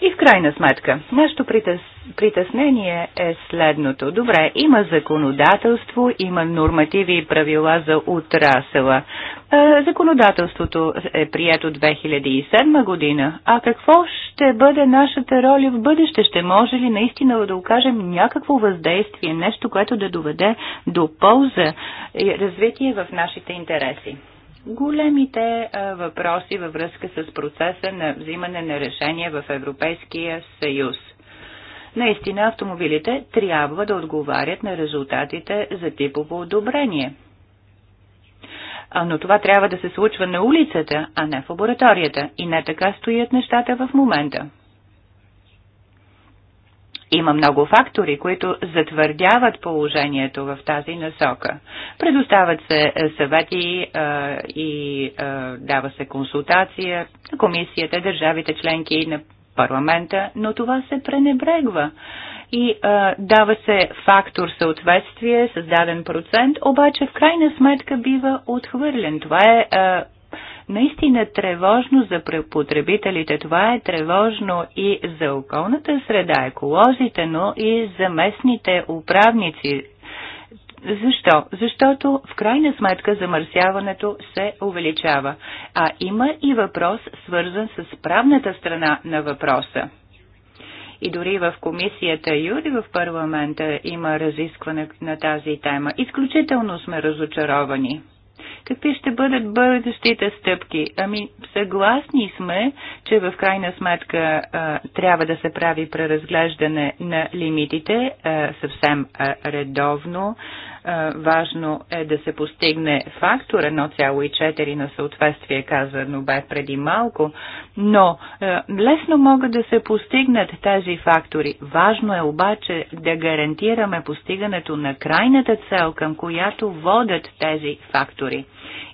[SPEAKER 3] И в крайна сметка, нашето притес... притеснение е следното. Добре, има законодателство, има нормативи и правила за отрасъла. Е, законодателството е прието 2007 година. А какво ще бъде нашата роля в бъдеще? Ще може ли наистина да окажем някакво въздействие, нещо, което да доведе до полза и развитие в нашите интереси? големите въпроси във връзка с процеса на взимане на решения в Европейския съюз. Наистина автомобилите трябва да отговарят на резултатите за типово одобрение. Но това трябва да се случва на улицата, а не в лабораторията. И не така стоят нещата в момента. Има много фактори, които затвърдяват положението в тази насока. Предоставят се е, съвети а, е, и а, е, дава се консултация на комисията, държавите членки на парламента, но това се пренебрегва и а, дава се фактор съответствие създаден даден процент, обаче в крайна сметка бива отхвърлен. Това е а, наистина е тревожно за потребителите. Това е тревожно и за околната среда, еколозите, но и за местните управници. Защо? Защото в крайна сметка замърсяването се увеличава. А има и въпрос, свързан с правната страна на въпроса. И дори в комисията Юри в парламента има разискване на тази тема. Изключително сме разочаровани. Какви ще бъдат бъдещите стъпки? Ами, съгласни сме, че в крайна сметка а, трябва да се прави преразглеждане на лимитите а, съвсем а, редовно. А, важно е да се постигне фактор 1,4 на съответствие, казано бе преди малко, но а, лесно могат да се постигнат тези фактори. Важно е обаче да гарантираме постигането на крайната цел, към която водят тези фактори.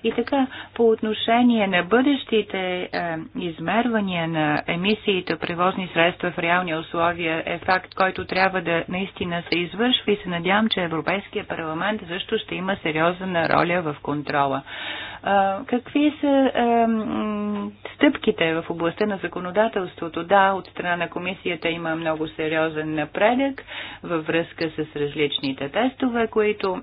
[SPEAKER 3] И така, по отношение на бъдещите е, измервания на емисиите превозни средства в реални условия е факт, който трябва да наистина се извършва и се надявам, че Европейския парламент също ще има сериозна роля в контрола. Е, какви са е, стъпките в областта на законодателството? Да, от страна на комисията има много сериозен напредък във връзка с различните тестове, които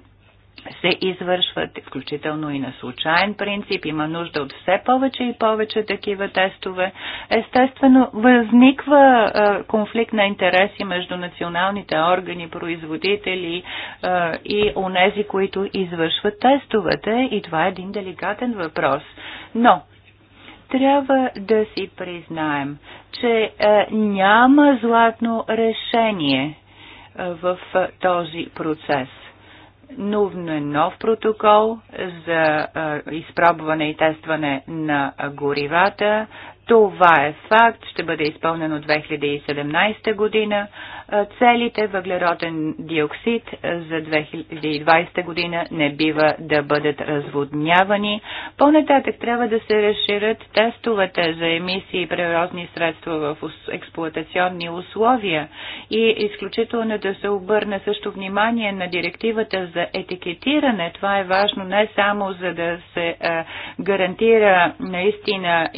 [SPEAKER 3] се извършват, включително и на случайен принцип. Има нужда от все повече и повече такива тестове. Естествено, възниква конфликт на интереси между националните органи, производители и онези, които извършват тестовете. И това е един деликатен въпрос. Но трябва да си признаем, че няма златно решение в този процес е нов протокол за изпробване и тестване на горивата. Това е факт, ще бъде изпълнено 2017 година целите въглероден диоксид за 2020 година не бива да бъдат разводнявани. По-нататък трябва да се разширят тестовете за емисии и природни средства в експлуатационни условия и изключително да се обърне също внимание на директивата за етикетиране. Това е важно не само за да се гарантира наистина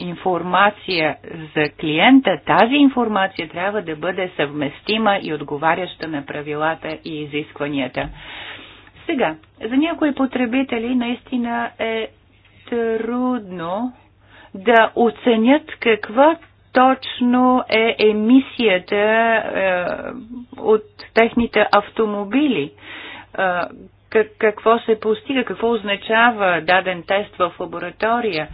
[SPEAKER 3] информация за клиента, тази информация трябва да бъде съвместна съвместима и отговаряща на правилата и изискванията. Сега, за някои потребители наистина е трудно да оценят каква точно е емисията е, от техните автомобили. Е, какво се постига, какво означава даден тест в лаборатория,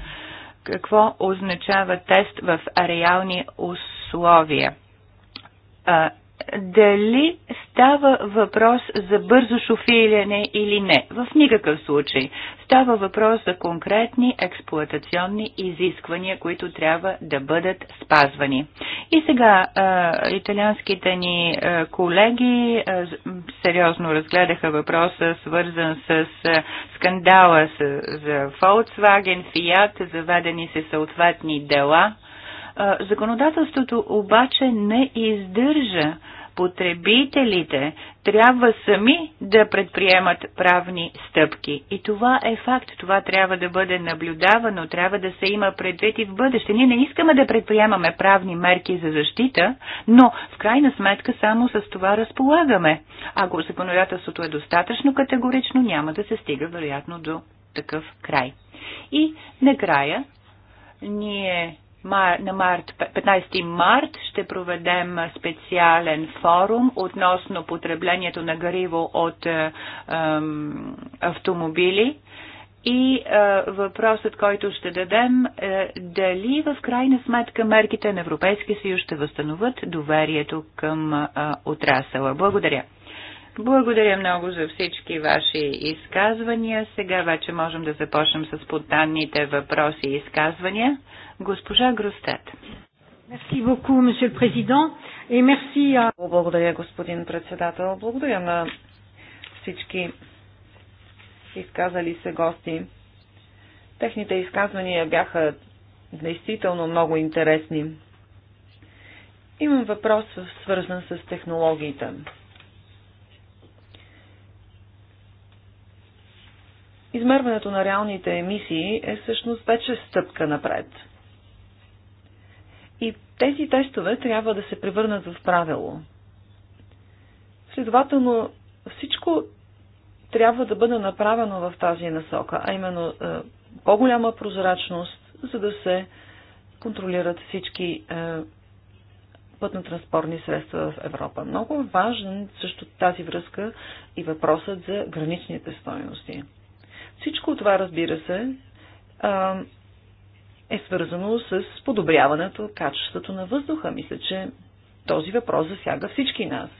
[SPEAKER 3] какво означава тест в реални условия а, дали става въпрос за бързо шофиране или не. В никакъв случай. Става въпрос за конкретни експлуатационни изисквания, които трябва да бъдат спазвани. И сега а, италианските ни а, колеги а, сериозно разгледаха въпроса, свързан с а, скандала с, за Volkswagen, Fiat, заведени се съответни дела. Законодателството обаче не издържа потребителите трябва сами да предприемат правни стъпки. И това е факт. Това трябва да бъде наблюдавано, трябва да се има предвид и в бъдеще. Ние не искаме да предприемаме правни мерки за защита, но в крайна сметка само с това разполагаме. Ако законодателството е достатъчно категорично, няма да се стига вероятно до такъв край. И накрая ние на март, 15 март ще проведем специален форум относно потреблението на гориво от е, е, автомобили. И е, въпросът, който ще дадем е дали в крайна сметка мерките на Европейския съюз ще възстановят доверието към е, отрасъла. Благодаря. Благодаря много за всички ваши изказвания. Сега вече можем да започнем с спонтанните въпроси и изказвания.
[SPEAKER 2] Госпожа Грустет, Merci beaucoup, monsieur le président. Et merci à... Благодаря, господин председател. Благодаря на всички изказали се гости. Техните изказвания бяха действително много интересни. Имам въпрос свързан с технологиите. Измерването на реалните емисии е всъщност вече стъпка напред. И тези тестове трябва да се превърнат в правило. Следователно, всичко трябва да бъде направено в тази насока, а именно е, по-голяма прозрачност, за да се контролират всички е, пътно-транспортни средства в Европа. Много е важен също тази връзка и въпросът за граничните стоености. Всичко това, разбира се, е свързано с подобряването качеството на въздуха. Мисля, че този въпрос засяга всички нас.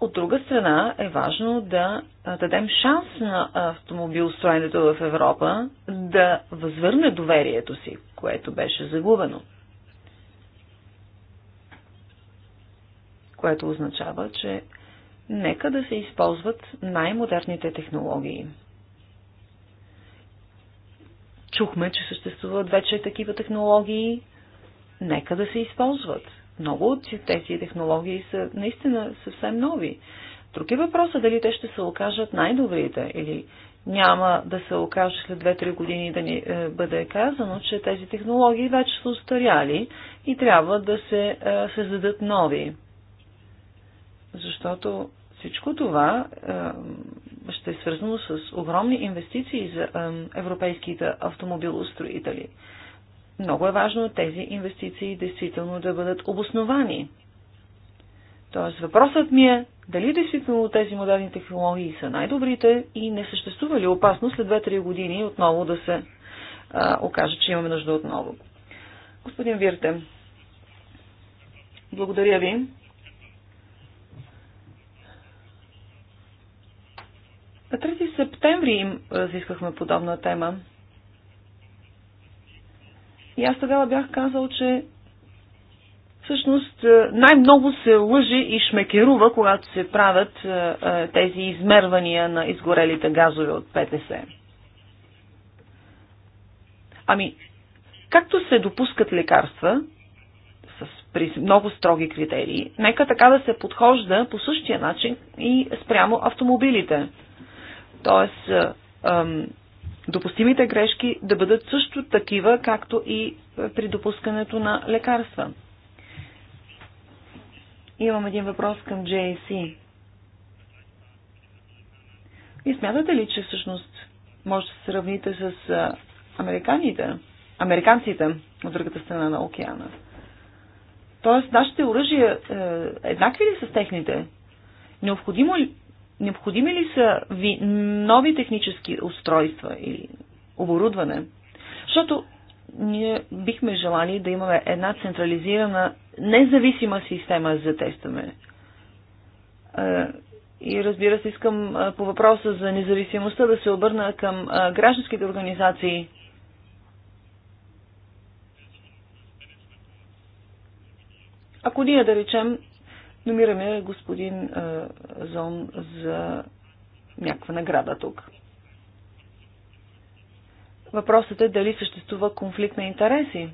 [SPEAKER 2] От друга страна е важно да дадем шанс на автомобилстроенето в Европа да възвърне доверието си, което беше загубено. Което означава, че нека да се използват най-модерните технологии. Чухме, че съществуват вече такива технологии, нека да се използват. Много от тези технологии са наистина съвсем нови. Други въпрос е дали те ще се окажат най-добрите или няма да се окаже след 2-3 години да ни е, бъде казано, че тези технологии вече са устаряли и трябва да се е, създадат нови. Защото всичко това е, ще е свързано с огромни инвестиции за е, европейските автомобилостроители. Много е важно тези инвестиции действително да бъдат обосновани. Тоест въпросът ми е дали действително тези модерни технологии са най-добрите и не съществува ли опасност след 2-3 години отново да се е, окаже, че имаме нужда отново. Господин Вирте, благодаря ви. На 3 септември им разискахме подобна тема. И аз тогава бях казал, че всъщност най-много се лъже и шмекерува, когато се правят тези измервания на изгорелите газове от ПТС. Ами, както се допускат лекарства, с, при много строги критерии, нека така да се подхожда по същия начин и спрямо автомобилите. Тоест, допустимите грешки да бъдат също такива, както и при допускането на лекарства. Имам един въпрос към JC. И смятате ли, че всъщност може да се сравните с американите, американците от другата страна на океана? Тоест, нашите оръжия е, еднакви ли са с техните? Необходимо ли, Необходими ли са ви нови технически устройства или оборудване? Защото ние бихме желали да имаме една централизирана, независима система за тестване. Е, и разбира се, искам е, по въпроса за независимостта да се обърна към е, гражданските организации. Ако ние, да речем, номираме господин Зон за някаква награда тук. Въпросът е дали съществува конфликт на интереси.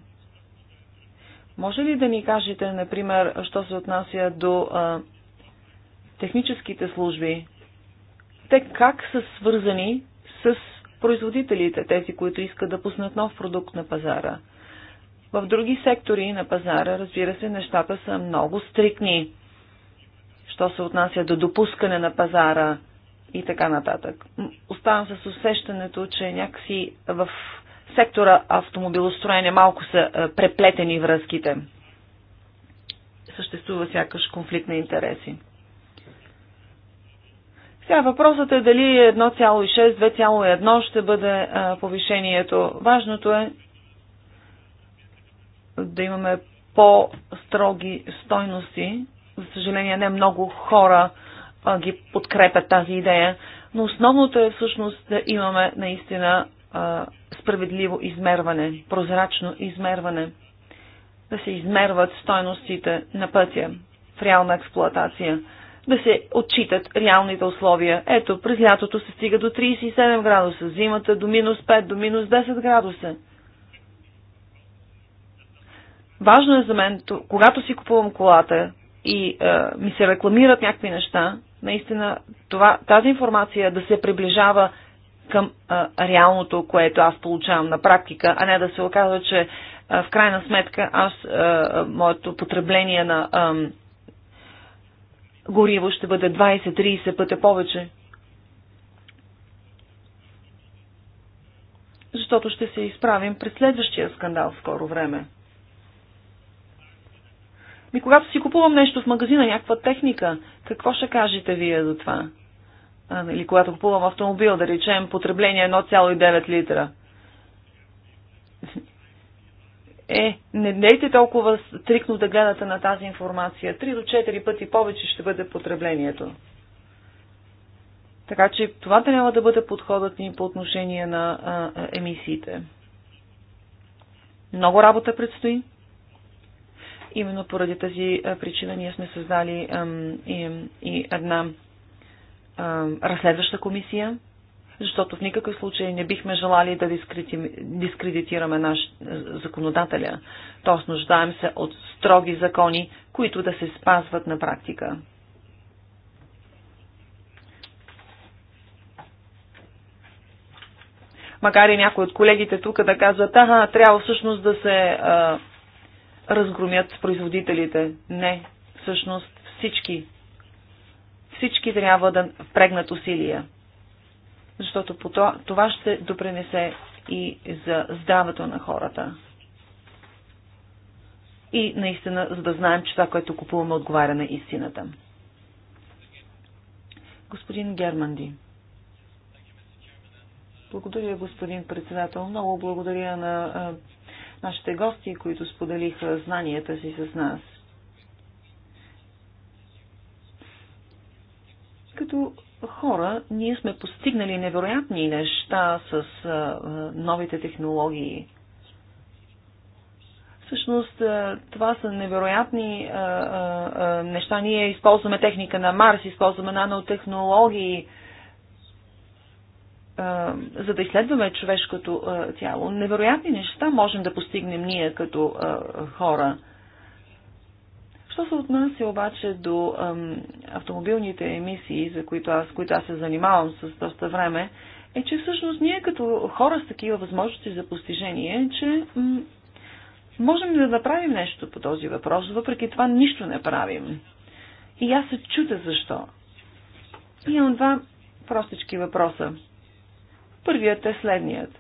[SPEAKER 2] Може ли да ни кажете, например, що се отнася до а, техническите служби? Те как са свързани с производителите, тези, които искат да пуснат нов продукт на пазара? В други сектори на пазара, разбира се, нещата са много стрикни що се отнася до допускане на пазара и така нататък. Оставам с усещането, че някакси в сектора автомобилостроение малко са е, преплетени връзките. Съществува сякаш конфликт на интереси. Сега въпросът е дали 1,6, 2,1 ще бъде а, е, повишението. Важното е да имаме по-строги стойности за съжаление, не много хора а, ги подкрепят тази идея, но основното е всъщност да имаме наистина а, справедливо измерване, прозрачно измерване, да се измерват стойностите на пътя в реална експлоатация, да се отчитат реалните условия. Ето, през лятото се стига до 37 градуса, зимата до минус 5, до минус 10 градуса. Важно е за мен, когато си купувам колата, и а, е, ми се рекламират някакви неща, наистина това, тази информация да се приближава към а, е, реалното, което аз получавам на практика, а не да се оказва, че а, е, в крайна сметка аз, а, моето потребление на а, гориво ще бъде 20-30 пъти повече. Защото ще се изправим пред следващия скандал в скоро време. Ми когато си купувам нещо в магазина, някаква техника, какво ще кажете вие за това? или когато купувам автомобил, да речем, потребление 1,9 е литра. Е, не дейте толкова стрикно да гледате на тази информация. Три до 4 пъти повече ще бъде потреблението. Така че това трябва да бъде подходът ни по отношение на а, емисиите. Много работа предстои. Именно поради тази причина ние сме създали и една разследваща комисия, защото в никакъв случай не бихме желали да дискредитираме наш законодателя. Тоест нуждаем се от строги закони, които да се спазват на практика. Макар и някои от колегите тук да казват, ага, трябва всъщност да се а, разгромят производителите. Не, всъщност всички. Всички трябва да впрегнат усилия. Защото по това, това ще допренесе и за здравето на хората. И наистина, за да знаем, че това, което купуваме, отговаря на истината. Господин Германди. Благодаря, господин председател. Много благодаря на нашите гости, които споделиха знанията си с нас. Като хора, ние сме постигнали невероятни неща с новите технологии. Всъщност, това са невероятни неща. Ние използваме техника на Марс, използваме нанотехнологии, технологии за да изследваме човешкото тяло, невероятни неща можем да постигнем ние като хора. Що се отнася обаче до автомобилните емисии, за които аз, които аз се занимавам с доста време, е, че всъщност ние като хора с такива възможности за постижение, е, че можем да направим нещо по този въпрос, въпреки това нищо не правим. И аз се чудя защо. И имам два простички въпроса. Първият е следният.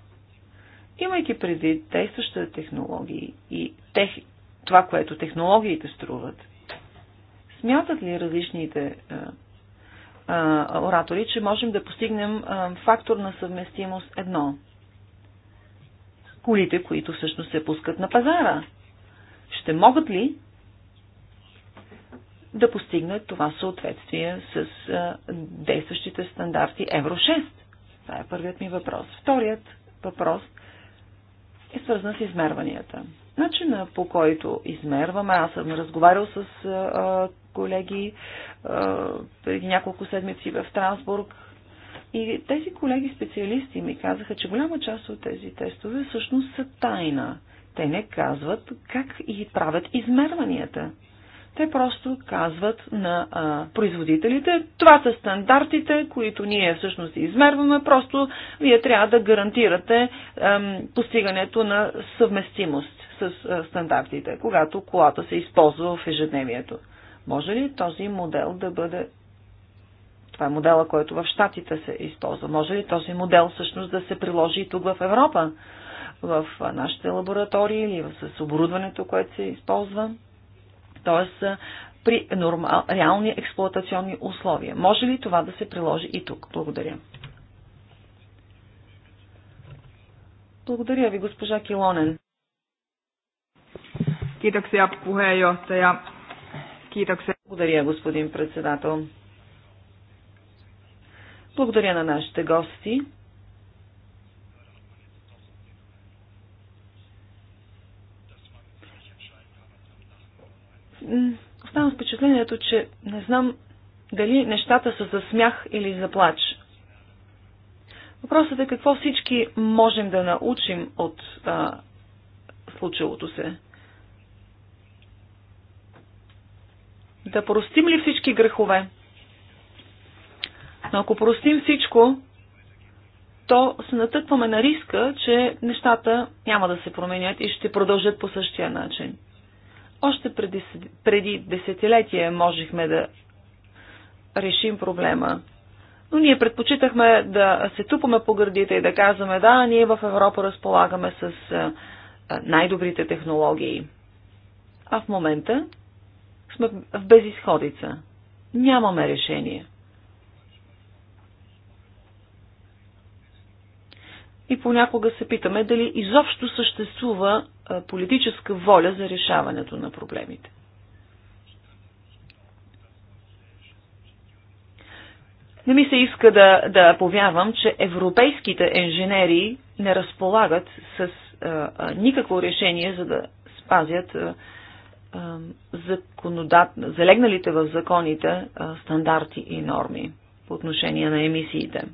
[SPEAKER 2] Имайки преди действащите технологии и тех... това, което технологиите струват, смятат ли различните а, а, оратори, че можем да постигнем а, фактор на съвместимост едно? Колите, които всъщност се пускат на пазара. Ще могат ли да постигнат това съответствие с а, действащите стандарти Евро 6? Това е първият ми въпрос. Вторият въпрос е свързан с измерванията. Начина по който измерваме, аз съм разговарял с а, колеги а, преди няколко седмици в Трансбург и тези колеги специалисти ми казаха, че голяма част от тези тестове всъщност са тайна. Те не казват как и правят измерванията. Те просто казват на а, производителите, това са стандартите, които ние всъщност измерваме, просто вие трябва да гарантирате ам, постигането на съвместимост с а, стандартите, когато колата се използва в ежедневието. Може ли този модел да бъде. Това е модела, който в Штатите се използва. Може ли този модел всъщност да се приложи и тук в Европа? В нашите лаборатории или с оборудването, което се използва? т.е. при нормал, реални експлуатационни условия. Може ли това да се приложи и тук? Благодаря. Благодаря ви, госпожа Килонен. Kiitoksia puheenjohtaja. Kiitoksia. Благодаря, господин председател. Благодаря на нашите гости. оставам с впечатлението, че не знам дали нещата са за смях или за плач. Въпросът е какво всички можем да научим от а, случилото се. Да простим ли всички грехове? Но ако простим всичко, то се натъкваме на риска, че нещата няма да се променят и ще продължат по същия начин. Още преди, преди десетилетие можехме да решим проблема. Но ние предпочитахме да се тупаме по гърдите и да казваме, да, ние в Европа разполагаме с най-добрите технологии. А в момента сме в безисходица. Нямаме решение. И понякога се питаме дали изобщо съществува политическа воля за решаването на проблемите. Не ми се иска да, да повярвам, че европейските инженери не разполагат с а, а, никакво решение, за да спазят а, а, законодат, залегналите в законите а, стандарти и норми по отношение на емисиите.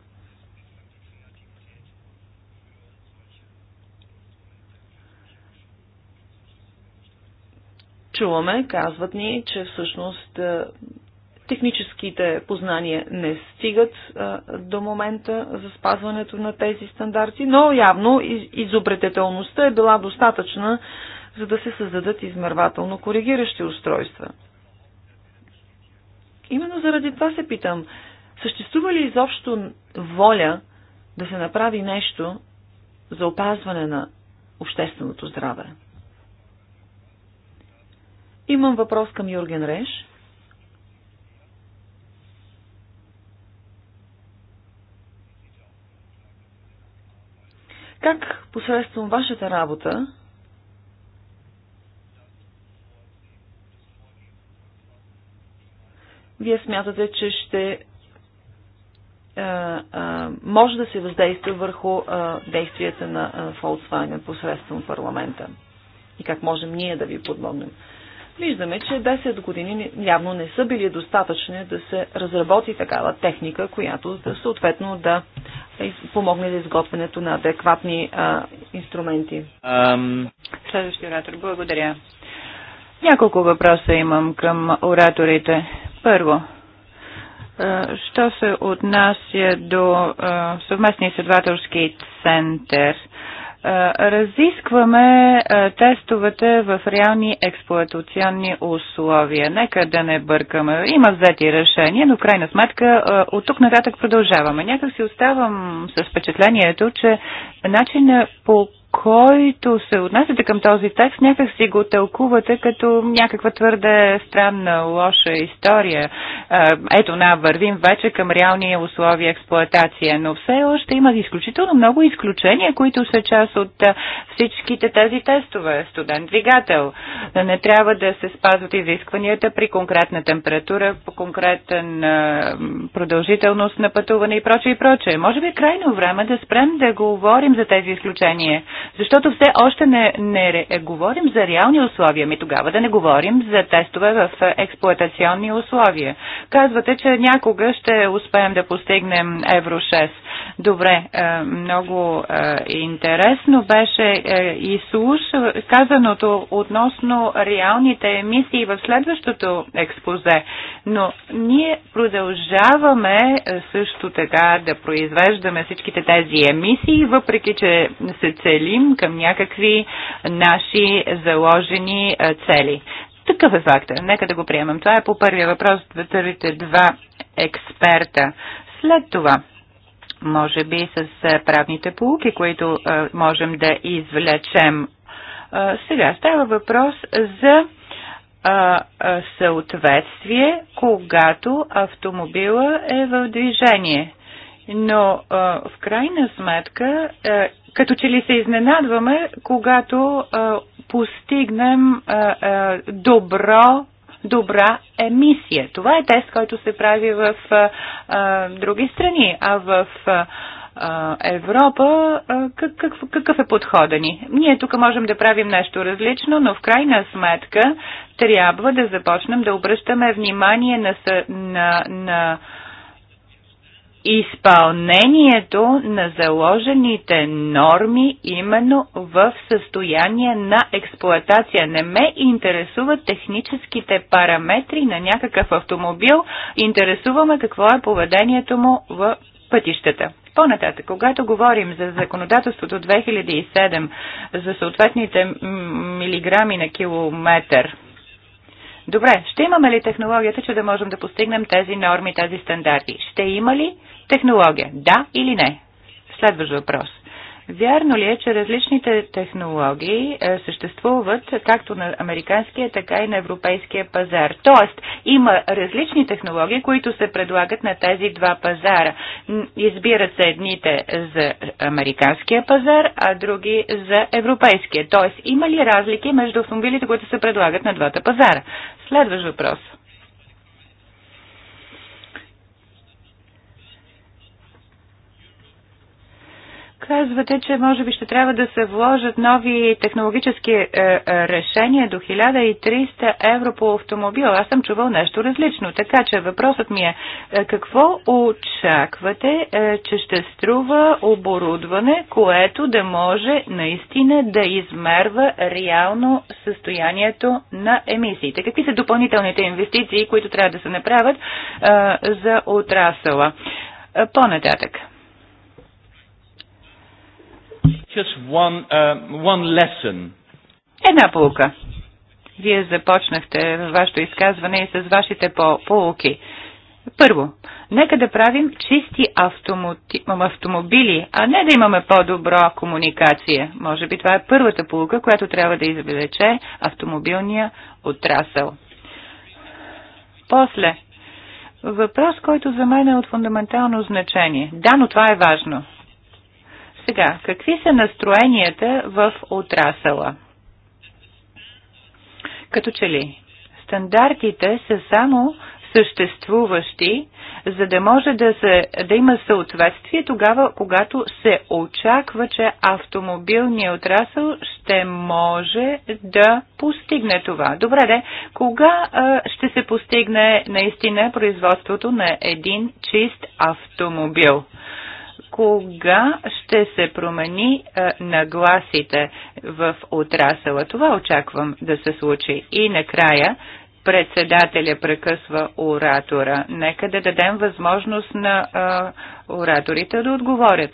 [SPEAKER 2] чуваме, казват ни, че всъщност е, техническите познания не стигат е, до момента за спазването на тези стандарти, но явно изобретателността е била достатъчна, за да се създадат измервателно коригиращи устройства. Именно заради това се питам, съществува ли изобщо воля да се направи нещо за опазване на общественото здраве? Имам въпрос към Юрген Реш. Как посредством вашата работа вие смятате, че ще може да се въздейства върху действията на Volkswagen посредством парламента? И как можем ние да ви подмогнем? виждаме, че 10 години явно не са били достатъчни да се разработи такава техника, която да съответно да помогне за изготвянето на адекватни а, инструменти.
[SPEAKER 3] Um... Следващия оратор, благодаря.
[SPEAKER 2] Няколко въпроса имам
[SPEAKER 3] към ораторите. Първо, що се отнася до съвместния изследователски център – разискваме тестовете в реални експлуатационни условия. Нека да не бъркаме. Има взети решения, но в крайна сметка от тук нататък продължаваме. Някак си оставам с впечатлението, че начинът по който се отнасяте към този текст, някак си го тълкувате като някаква твърде странна, лоша история. Ето, на, вървим вече към реални условия експлоатация, но все още има изключително много изключения, които са част от всичките тези тестове. Студент-двигател. Не трябва да се спазват изискванията при конкретна температура, по конкретен продължителност на пътуване и прочее и прочее. Може би е крайно време да спрем да говорим за тези изключения. Защото все още не, не е, говорим за реални условия. Ми тогава да не говорим за тестове в експлуатационни условия. Казвате, че някога ще успеем да постигнем Евро 6. Добре, е, много е, интересно беше и слуш казаното относно реалните емисии в следващото експозе. Но ние продължаваме също така да произвеждаме всичките тези емисии, въпреки че се цели целим към някакви наши заложени цели. Такъв е факта. Нека да го приемам. Това е по първия въпрос от първите два експерта. След това, може би с правните полуки, които можем да извлечем. Сега става въпрос за съответствие, когато автомобила е в движение. Но в крайна сметка като че ли се изненадваме, когато а, постигнем а, а, добро добра емисия. Това е тест, който се прави в а, а, други страни, а в а, Европа, как, какъв е подхода ни? Ние тук можем да правим нещо различно, но в крайна сметка трябва да започнем да обръщаме внимание на, на, на изпълнението на заложените норми именно в състояние на експлоатация. Не ме интересуват техническите параметри на някакъв автомобил, интересуваме какво е поведението му в пътищата. По-нататък, когато говорим за законодателството 2007, за съответните милиграми на километър, Добре, ще имаме ли технологията, че да можем да постигнем тези норми, тези стандарти? Ще има ли технология? Да или не? Следващ въпрос. Вярно ли е, че различните технологии е, съществуват както на американския, така и на европейския пазар? Тоест, има различни технологии, които се предлагат на тези два пазара. Избират се едните за американския пазар, а други за европейския. Тоест, има ли разлики между автомобилите, които се предлагат на двата пазара? Следващ въпрос. казвате, че може би ще трябва да се вложат нови технологически е, е, решения до 1300 евро по автомобил. Аз съм чувал нещо различно. Така че въпросът ми е, е какво очаквате, е, че ще струва оборудване, което да може наистина да измерва реално състоянието на емисиите? Какви са допълнителните инвестиции, които трябва да се направят е, за отрасъла? Е, по-нататък.
[SPEAKER 1] Just one, uh, one
[SPEAKER 3] lesson. Една полука. Вие започнахте вашето изказване и с вашите по полуки. Първо, нека да правим чисти автомоти... автомобили, а не да имаме по-добра комуникация. Може би това е първата полука, която трябва да извлече автомобилния отрасъл. После, въпрос, който за мен е от фундаментално значение. Да, но това е важно. Сега, какви са настроенията в отрасъла? Като че ли? Стандартите са само съществуващи, за да може да, се, да има съответствие тогава, когато се очаква, че автомобилният отрасъл ще може да постигне това. Добре, де, кога а, ще се постигне наистина производството на един чист автомобил? кога ще се промени нагласите в отрасъла. Това очаквам да се случи. И накрая председателя прекъсва оратора. Нека да дадем възможност на а, ораторите да отговорят.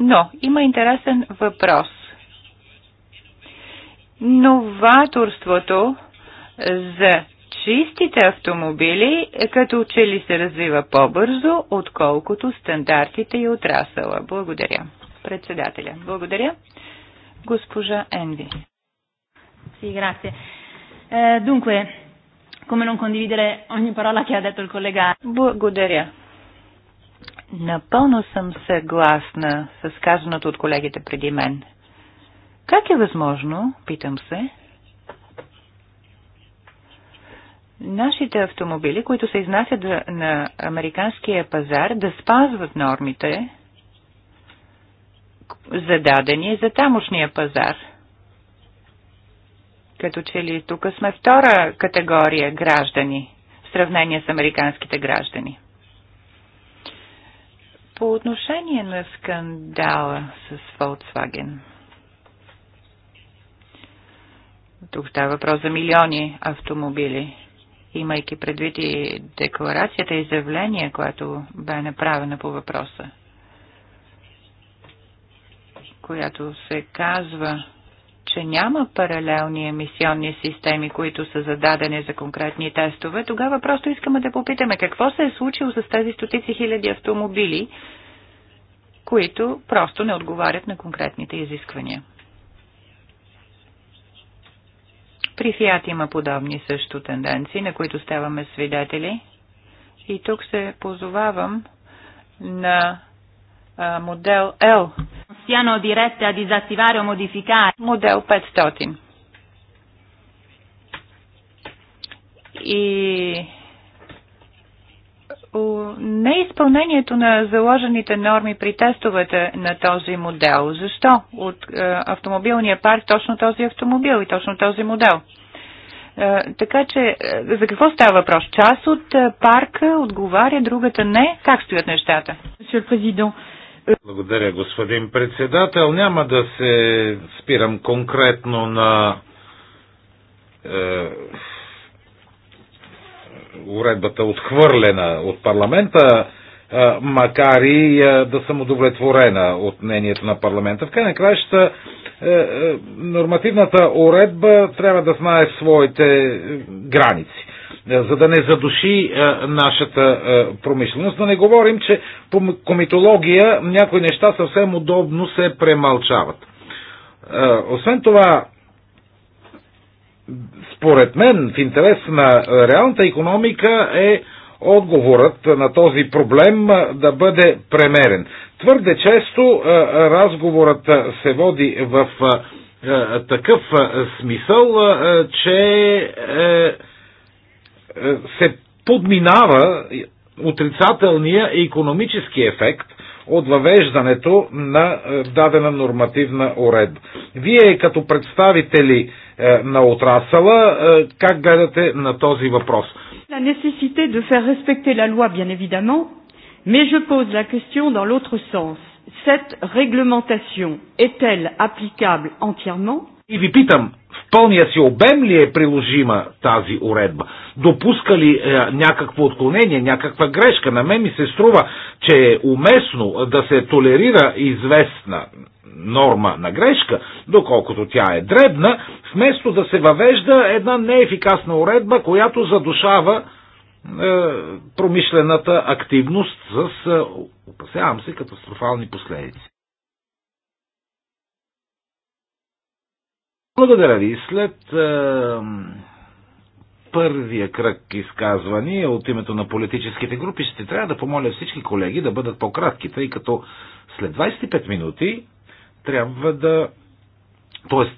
[SPEAKER 3] Но има интересен въпрос. Новаторството за чистите автомобили като че ли се развива по-бързо, отколкото стандартите и отрасъла. Благодаря. Председателя. Благодаря. Госпожа Енви. Си, grazie. Дункве, dunque, come non condividere ogni parola che ha detto il collega? Благодаря. Напълно съм съгласна с казаното от колегите преди мен. Как е възможно, питам се, нашите автомобили, които се изнасят на американския пазар, да спазват нормите, зададени за тамошния пазар. Като че ли тук сме втора категория граждани в сравнение с американските граждани. По отношение на скандала с Volkswagen. Тук става въпрос за милиони автомобили имайки предвид и декларацията и заявление, което бе направено по въпроса, която се казва, че няма паралелни емисионни системи, които са зададени за конкретни тестове, тогава просто искаме да попитаме какво се е случило с тези стотици хиляди автомобили, които просто не отговарят на конкретните изисквания. При Фиат има подобни също тенденции, на които ставаме свидетели. И тук се позовавам на а, модел L. Siano dirette a disattivare o modificare. Модел 500. И неизпълнението на заложените норми при тестовете на този модел. Защо от е, автомобилния парк точно този автомобил и точно този модел? Е, така че, е, за какво става въпрос? Част от парка отговаря, другата не. Как стоят нещата?
[SPEAKER 1] Благодаря, господин председател. Няма да се спирам конкретно на е, уредбата отхвърлена от парламента, макар и да съм удовлетворена от мнението на парламента. В крайна краща е, е, нормативната уредба трябва да знае своите е, граници за да не задуши нашата промишленост. Да не говорим, че по комитология някои неща съвсем удобно се премълчават. Освен това, според мен, в интерес на реалната економика е отговорът на този проблем да бъде премерен. Твърде често разговорът се води в такъв смисъл, че е, е, се подминава отрицателния економически ефект от въвеждането на е, дадена нормативна уредба. Вие като представители на отрасъла. Как гледате на този въпрос?
[SPEAKER 2] La nécessité de faire respecter la loi, bien évidemment, mais je pose la question dans l'autre sens. Cette réglementation est-elle applicable entièrement?
[SPEAKER 1] И ви питам, пълния си обем ли е приложима тази уредба? Допуска ли е, някакво отклонение, някаква грешка? На мен ми се струва, че е уместно да се толерира известна норма на грешка, доколкото тя е дребна, вместо да се въвежда една неефикасна уредба, която задушава е, промишлената активност с, е, опасявам се, катастрофални последици. Благодаря ви. След е, първия кръг изказвания от името на политическите групи ще трябва да помоля всички колеги да бъдат по-кратки, тъй като след 25 минути трябва да. Тоест,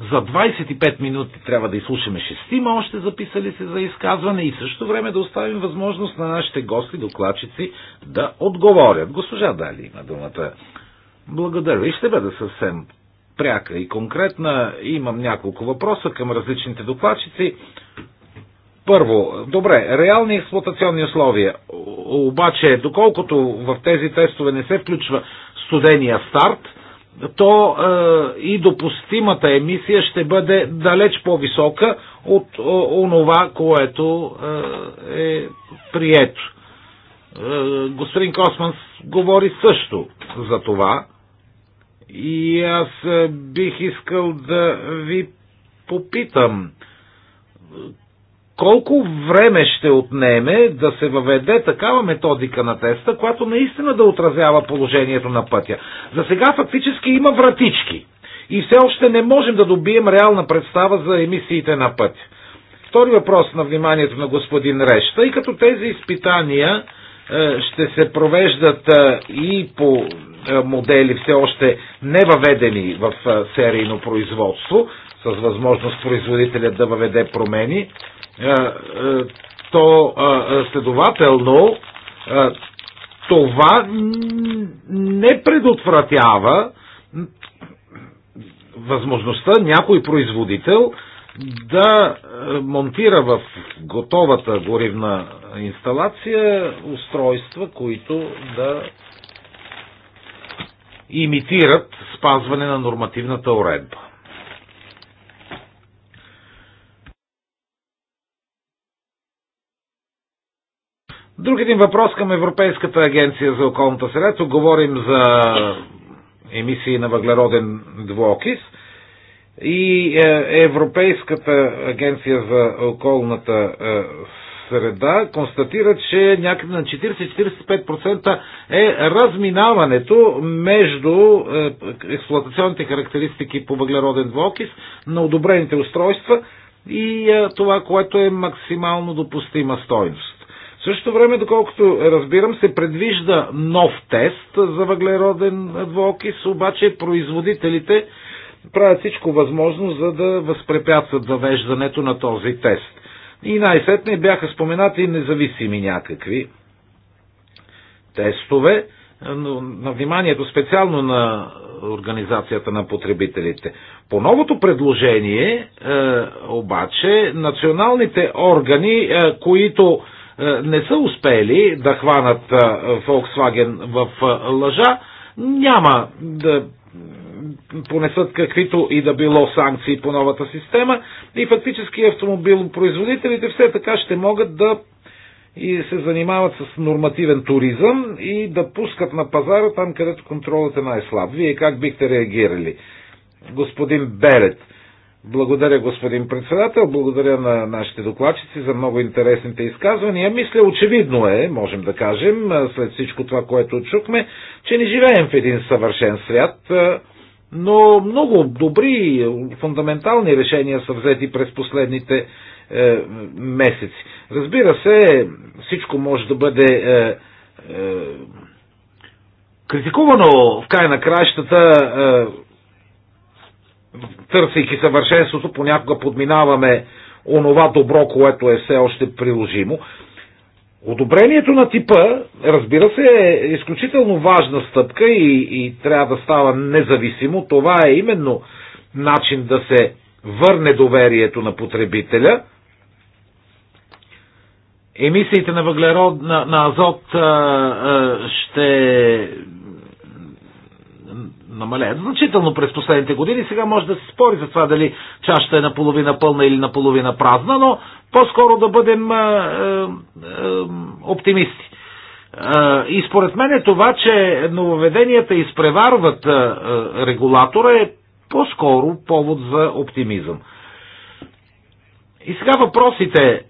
[SPEAKER 1] за 25 минути трябва да изслушаме шестима още записали се за изказване и също време да оставим възможност на нашите гости, докладчици, да отговорят. Госпожа Дали има думата. Благодаря и ще бъда съвсем пряка и конкретна. Имам няколко въпроса към различните докладчици. Първо, добре, реални експлуатационни условия. Обаче, доколкото в тези тестове не се включва студения старт, то е, и допустимата емисия ще бъде далеч по-висока от онова, което е, е прието. Е, господин Косманс говори също за това и аз е, бих искал да ви попитам, колко време ще отнеме да се въведе такава методика на теста, която наистина да отразява положението на пътя. За сега фактически има вратички и все още не можем да добием реална представа за емисиите на пътя. Втори въпрос на вниманието на господин Реща и като тези изпитания е, ще се провеждат е, и по е, модели все още не въведени в серийно производство, с възможност производителя да въведе промени, то следователно това не предотвратява възможността някой производител да е, монтира в готовата горивна инсталация устройства, които да имитират спазване на нормативната уредба. Друг един въпрос към Европейската агенция за околната среда. говорим за емисии на въглероден двуокис – и е, Европейската агенция за околната е, среда констатира, че някъде на 40-45% е разминаването между е, експлуатационните характеристики по въглероден двокис на одобрените устройства и това, което е максимално допустима стойност. В същото време, доколкото разбирам, се предвижда нов тест за въглероден двокис, обаче производителите правят всичко възможно, за да възпрепятстват завеждането на този тест. И най-сетне бяха споменати независими някакви тестове, но на вниманието специално на Организацията на потребителите. По новото предложение, е, обаче, националните органи, е, които е, не са успели да хванат е, Volkswagen в е, лъжа, няма да понесат каквито и да било санкции по новата система и фактически автомобилопроизводителите все така ще могат да и се занимават с нормативен туризъм и да пускат на пазара там, където контролът е най-слаб. Вие как бихте реагирали? Господин Берет. Благодаря, господин председател. Благодаря на нашите докладчици за много интересните изказвания. Мисля, очевидно е, можем да кажем, след всичко това, което чухме, че не живеем в един съвършен свят но много добри, фундаментални решения са взети през последните е, месеци. Разбира се, всичко може да бъде е, е, критикувано в край на краищата, е, търсейки съвършенството, понякога подминаваме онова добро, което е все още приложимо. Одобрението на типа, разбира се, е изключително важна стъпка и, и трябва да става независимо. Това е именно начин да се върне доверието на потребителя. Емисиите на въглерод, на, на азот а, а, ще Намаляват значително през последните години. Сега може да се спори за това дали чашата е наполовина пълна или наполовина празна, но по-скоро да бъдем е, е, оптимисти. И според мен е това, че нововеденията изпреварват регулатора е по-скоро повод за оптимизъм. И сега въпросите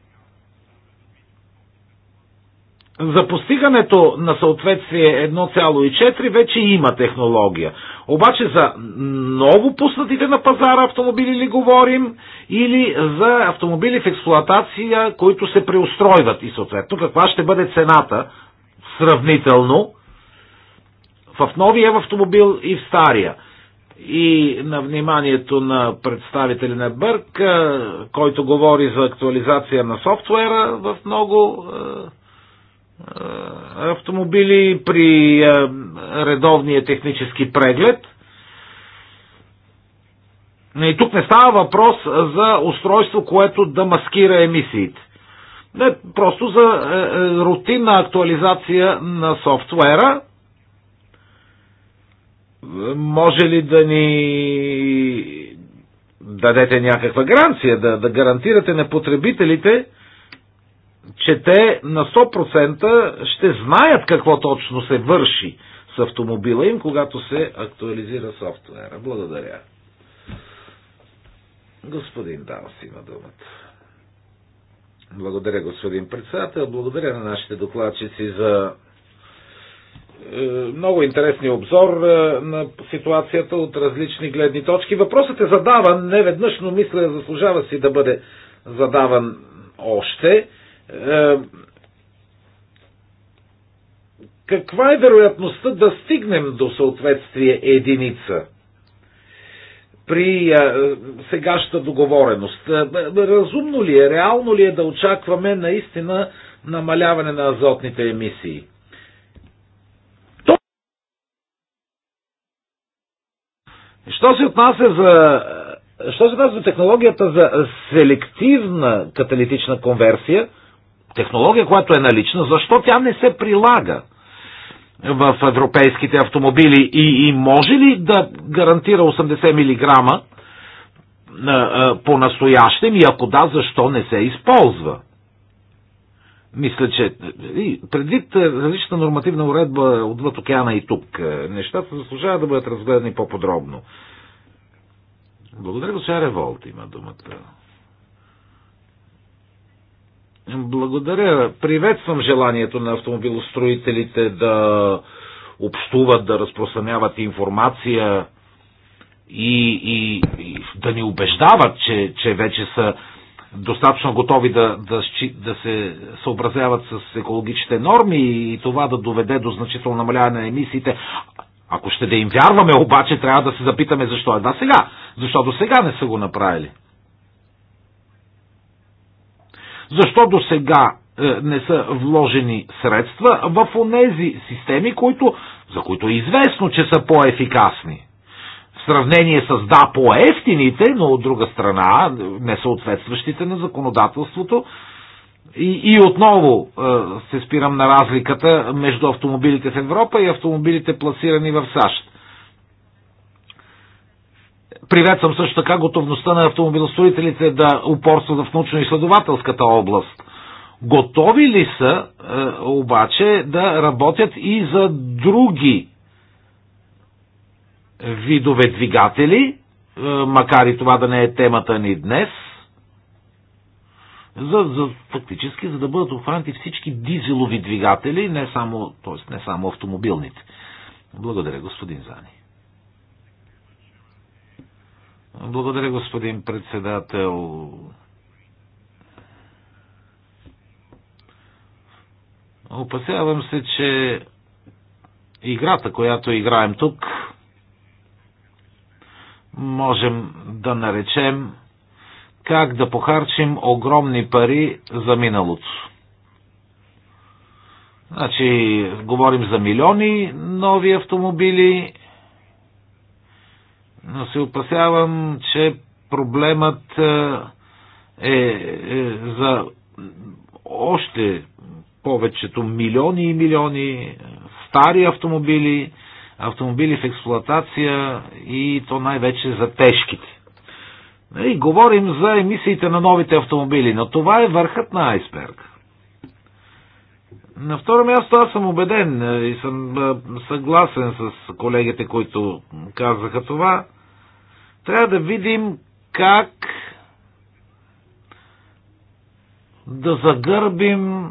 [SPEAKER 1] за постигането на съответствие 1,4 вече има технология. Обаче за ново пуснатите на пазара автомобили ли говорим или за автомобили в експлоатация, които се преустройват и съответно каква ще бъде цената сравнително в новия автомобил и в стария и на вниманието на представители на Бърк, който говори за актуализация на софтуера в много е, автомобили при е, редовния технически преглед. И тук не става въпрос за устройство, което да маскира емисиите. Не, просто за е, рутинна актуализация на софтуера. Може ли да ни дадете някаква гаранция, да, да гарантирате на потребителите, че те на 100% ще знаят какво точно се върши с автомобила им, когато се актуализира софтуера. Благодаря. Господин Далс има думата. Благодаря, господин председател. Благодаря на нашите докладчици за е, много интересни обзор е, на ситуацията от различни гледни точки. Въпросът е задаван не веднъж, но мисля, заслужава си да бъде задаван още. Е, каква е вероятността да стигнем до съответствие единица при а, сегашната договореност? Е, разумно ли е, реално ли е да очакваме наистина намаляване на азотните емисии? Що се отнася за Що се отнася за технологията за селективна каталитична конверсия, технология, която е налична, защо тя не се прилага в европейските автомобили и, и може ли да гарантира 80 мг по настоящем и ако да, защо не се използва? Мисля, че предвид е, различна нормативна уредба отвъд океана и тук, е, нещата заслужават да бъдат разгледани по-подробно. Благодаря, госпожа Револт има думата. Благодаря. Приветствам желанието на автомобилостроителите да общуват, да разпространяват информация и, и, и да ни убеждават, че, че вече са достатъчно готови да, да, да се съобразяват с екологичните норми и това да доведе до значително намаляване на емисиите. Ако ще да им вярваме, обаче трябва да се запитаме защо едва сега. Защото сега не са го направили. Защо до сега е, не са вложени средства в онези системи, които, за които е известно, че са по-ефикасни? В сравнение с да, по-ефтините, но от друга страна, не съответстващите на законодателството, и, и отново е, се спирам на разликата между автомобилите в Европа и автомобилите пласирани в САЩ. Приветствам също така готовността на автомобилостроителите да упорстват в научно-изследователската област. Готови ли са е, обаче да работят и за други видове двигатели, е, макар и това да не е темата ни днес, за, за, фактически за да бъдат обхванати всички дизелови двигатели, не само, т.е. не само автомобилните. Благодаря, господин Зани. Благодаря, господин председател. Опасявам се, че играта, която играем тук, можем да наречем как да похарчим огромни пари за миналото. Значи, говорим за милиони нови автомобили но се опасявам, че проблемът е, е, е за още повечето милиони и милиони стари автомобили, автомобили в експлоатация и то най-вече за тежките. И нали, говорим за емисиите на новите автомобили, но това е върхът на айсберг. На второ място аз съм убеден е, и съм е, съгласен с колегите, които казаха това, трябва да видим как да загърбим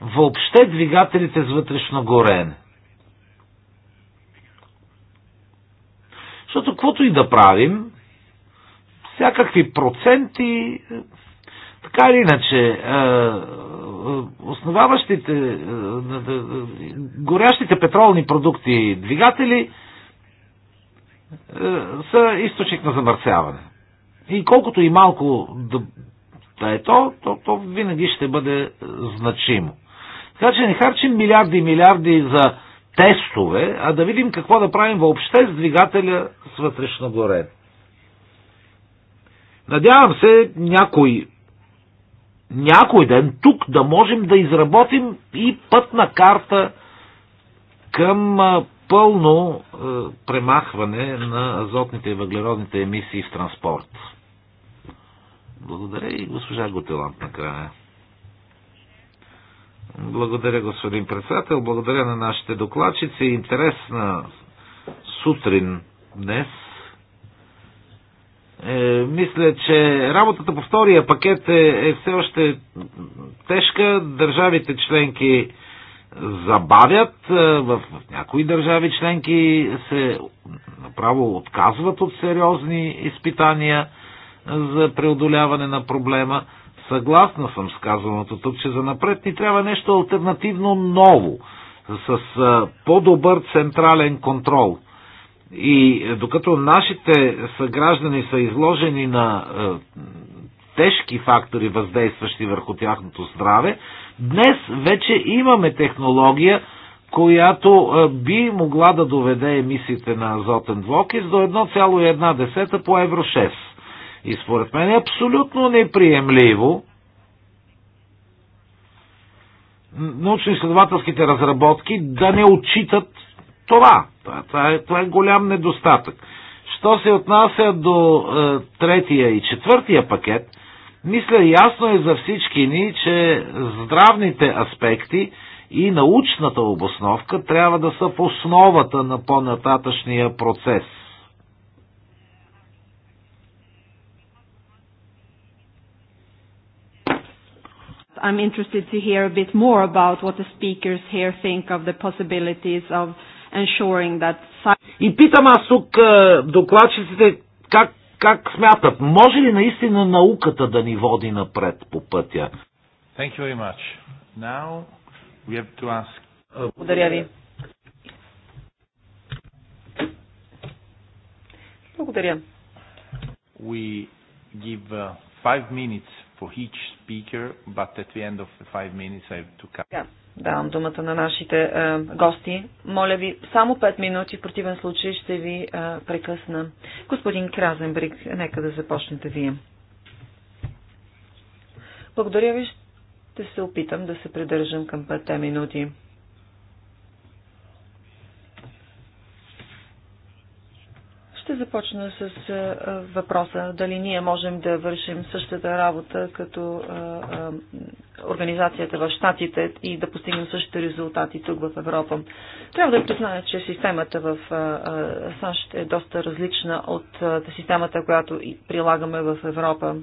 [SPEAKER 1] въобще двигателите с вътрешно горене. Защото каквото и да правим, всякакви проценти, така или иначе, е, е, основаващите, е, горящите петролни продукти двигатели е, са източник на замърсяване. И колкото и малко да е то, то, то винаги ще бъде е, значимо. Така че не харчим милиарди и милиарди за тестове, а да видим какво да правим въобще с двигателя с вътрешно горе. Надявам се някой, някой ден тук да можем да изработим и пътна карта към е, пълно е, премахване на азотните и въглеродните емисии в транспорт. Благодаря и госпожа Готеланд накрая. Благодаря, господин председател. Благодаря на нашите докладчици. Интересна сутрин днес. Е, мисля, че работата по втория пакет е, е все още тежка. Държавите членки забавят, е, в, в някои държави членки се направо отказват от сериозни изпитания е, за преодоляване на проблема. Съгласна съм с казаното тук, че за напред ни трябва нещо альтернативно ново, с е, по-добър централен контрол. И докато нашите съграждани са изложени на тежки фактори, въздействащи върху тяхното здраве, Днес вече имаме технология, която е, би могла да доведе емисиите на азотен двокис до 1,1 по евро 6. И според мен е абсолютно неприемливо научно-изследователските разработки да не отчитат това. Това, това, е, това е голям недостатък. Що се отнася до е, третия и четвъртия пакет – мисля, ясно е за всички ни, че здравните аспекти и научната обосновка трябва да са в основата на по-нататъчния процес.
[SPEAKER 2] I'm interested to hear a bit more about what the speakers here think of the possibilities of ensuring that...
[SPEAKER 1] И питам аз тук е, докладчиците как как смятат? Може ли наистина науката да ни води напред по пътя? Thank you very much. Now we have to ask... Благодаря ви. Благодаря. We give uh, five minutes for each speaker, but at the end of the five minutes I have to cut. Yeah. Давам
[SPEAKER 2] думата на нашите е, гости. Моля ви, само 5 минути, в противен случай ще ви е, прекъсна. Господин Кразенбрик, нека да започнете вие. Благодаря ви, ще се опитам да се придържам към 5 минути. Ще започна с въпроса дали ние можем да вършим същата работа като организацията в Штатите и да постигнем същите резултати тук в Европа. Трябва да призная, че системата в САЩ е доста различна от системата, която прилагаме в Европа.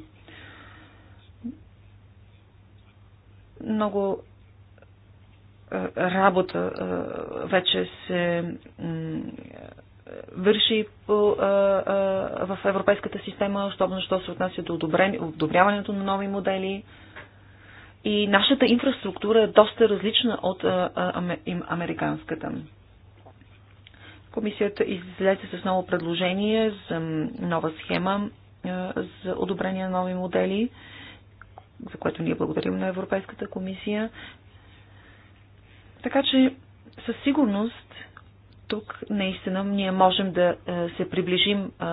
[SPEAKER 2] Много работа вече се върши по, а, а, в европейската система, особено що се отнася до одобряването на нови модели. И нашата инфраструктура е доста различна от а, а, американската. Комисията излезе с ново предложение за нова схема а, за одобрение на нови модели, за което ние благодарим на Европейската комисия. Така че със сигурност тук наистина ние можем да е, се приближим е,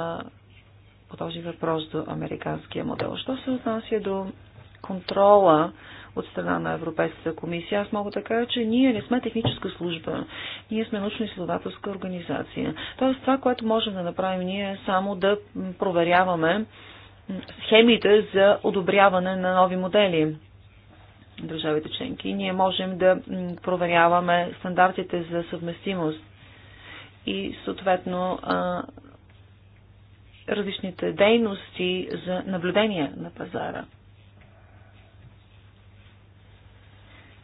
[SPEAKER 2] по този въпрос до американския модел. Що се отнася до контрола от страна на Европейската комисия, аз мога да кажа, че ние не сме техническа служба. Ние сме научно-изследователска организация. Тоест, това, което можем да направим ние е само да проверяваме схемите за одобряване на нови модели държавите членки. Ние можем да проверяваме стандартите за съвместимост и съответно различните дейности за наблюдение на пазара.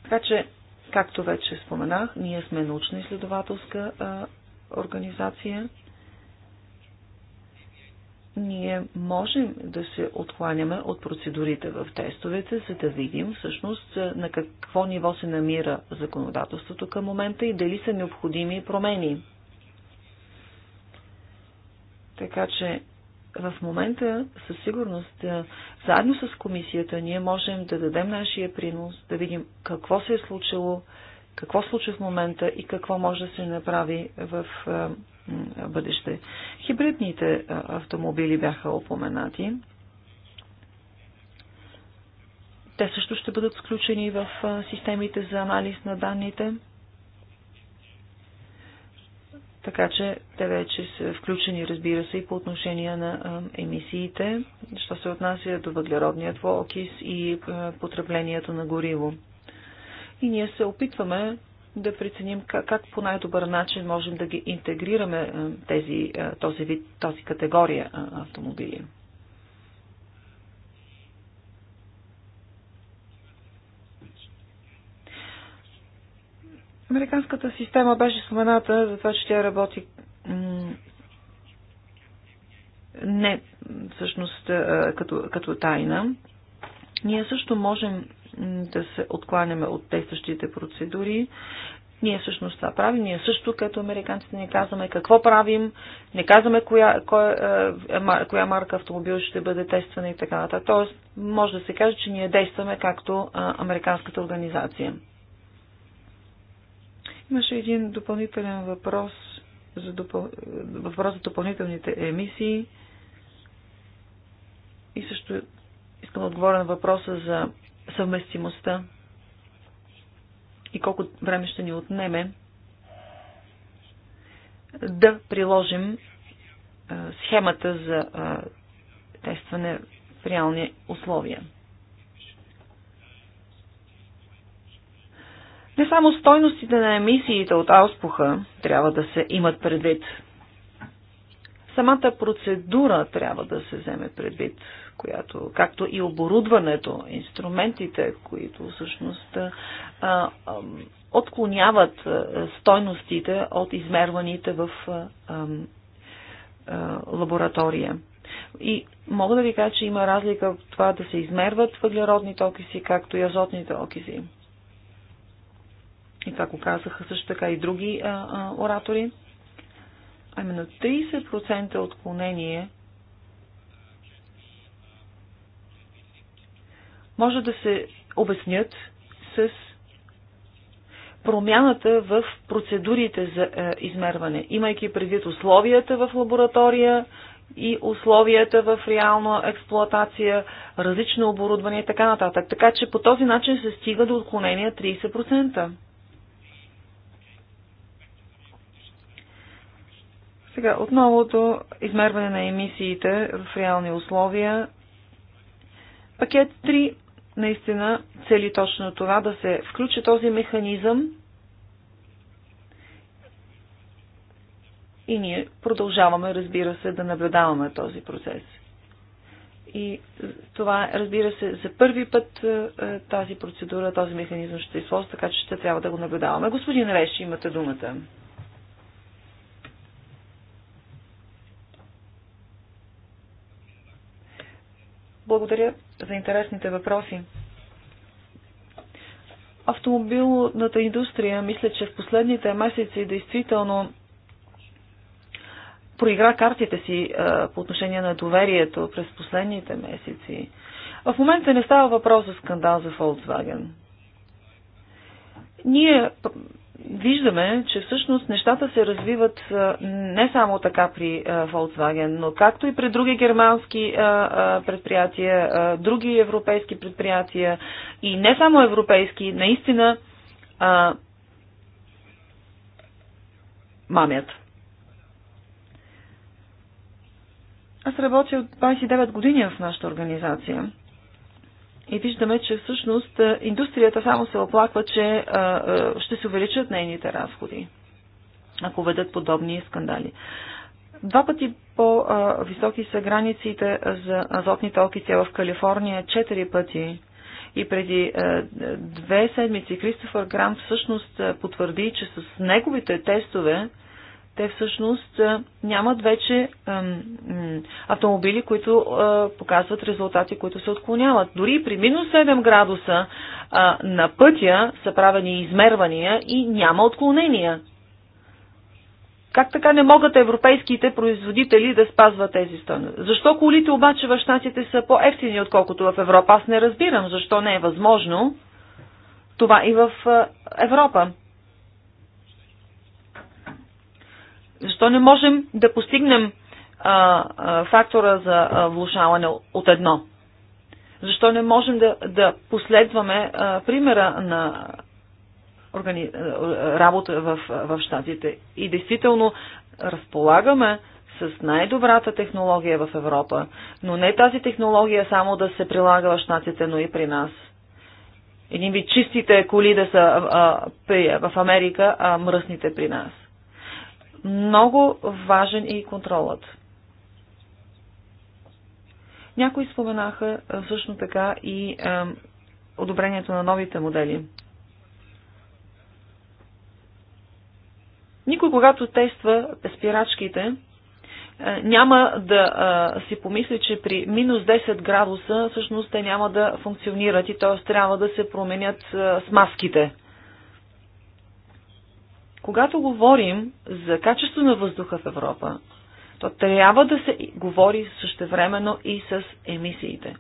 [SPEAKER 2] Така че, както вече споменах, ние сме научно изследователска организация. Ние можем да се откланяме от процедурите в тестовете, за да видим всъщност на какво ниво се намира законодателството към момента и дали са необходими промени така че в момента със сигурност, заедно с комисията, ние можем да дадем нашия принос, да видим какво се е случило, какво случи в момента и какво може да се направи в бъдеще. Хибридните автомобили бяха опоменати. Те също ще бъдат включени в системите за анализ на данните. Така че те вече са включени, разбира се, и по отношение на емисиите, що се отнася до въглеродният окис и потреблението на гориво. И ние се опитваме да преценим как, как по най-добър начин можем да ги интегрираме тези, този вид, тази категория автомобили. Американската система беше спомената за това, че тя работи не всъщност като, като тайна. Ние също можем да се откланяме от действащите процедури. Ние всъщност това правим. Ние също като американците не казваме какво правим, не казваме коя, коя, е коя марка автомобил ще бъде тествана и така нататък. Тоест, може да се каже, че ние действаме както американската организация. Имаше един допълнителен въпрос за, допъл... въпрос за допълнителните емисии и също искам да отговоря на въпроса за съвместимостта и колко време ще ни отнеме да приложим схемата за тестване в реални условия. Не само стойностите на емисиите от ауспуха трябва да се имат предвид. Самата процедура трябва да се вземе предвид, която, както и оборудването, инструментите, които всъщност а, а, отклоняват стойностите от измерваните в а, а, лаборатория. И мога да ви кажа, че има разлика в това да се измерват въглеродните окиси, както и азотните окиси и това го казаха също така и други а, а, оратори, а именно 30% отклонение може да се обяснят с промяната в процедурите за е, измерване, имайки предвид условията в лаборатория и условията в реална експлоатация, различно оборудване и така нататък. Така че по този начин се стига до отклонения 30%. Сега отновото измерване на емисиите в реални условия. Пакет 3 наистина цели точно това да се включи този механизъм и ние продължаваме, разбира се, да наблюдаваме този процес. И това, разбира се, за първи път е, е, тази процедура, този механизъм ще използва, така че ще трябва да го наблюдаваме. Господин Реш, имате думата. Благодаря за интересните въпроси. Автомобилната индустрия, мисля, че в последните месеци действително проигра картите си а, по отношение на доверието през последните месеци. В момента не става въпрос за скандал за Volkswagen. Ние виждаме, че всъщност нещата се развиват не само така при Volkswagen, но както и при други германски предприятия, други европейски предприятия и не само европейски, наистина мамят. Аз работя от 29 години в нашата организация. И виждаме, че всъщност индустрията само се оплаква, че ще се увеличат нейните разходи, ако ведат подобни скандали. Два пъти по-високи са границите за азотните окиси в Калифорния, четири пъти. И преди две седмици Кристофър Грам всъщност потвърди, че с неговите тестове те всъщност нямат вече автомобили, които показват резултати, които се отклоняват. Дори при минус 7 градуса на пътя са правени измервания и няма отклонения. Как така не могат европейските производители да спазват тези стойности? Защо колите обаче в щатите са по-ефтини, отколкото в Европа? Аз не разбирам защо не е възможно това и в Европа. Защо не можем да постигнем а, а, фактора за а, влушаване от едно? Защо не можем да, да последваме а, примера на органи... работа в, в Штатите? И действително разполагаме с най-добрата технология в Европа, но не тази технология само да се прилага в Штатите, но и при нас. Един вид чистите коли да са а, при, в Америка, а мръсните при нас много важен е и контролът. Някои споменаха също така и е, одобрението на новите модели. Никой, когато тества спирачките, няма да а, си помисли, че при минус 10 градуса всъщност те няма да функционират и т.е. трябва да се променят а, смазките. Когато говорим за качество на въздуха в Европа, то трябва да се говори същевременно и с емисиите.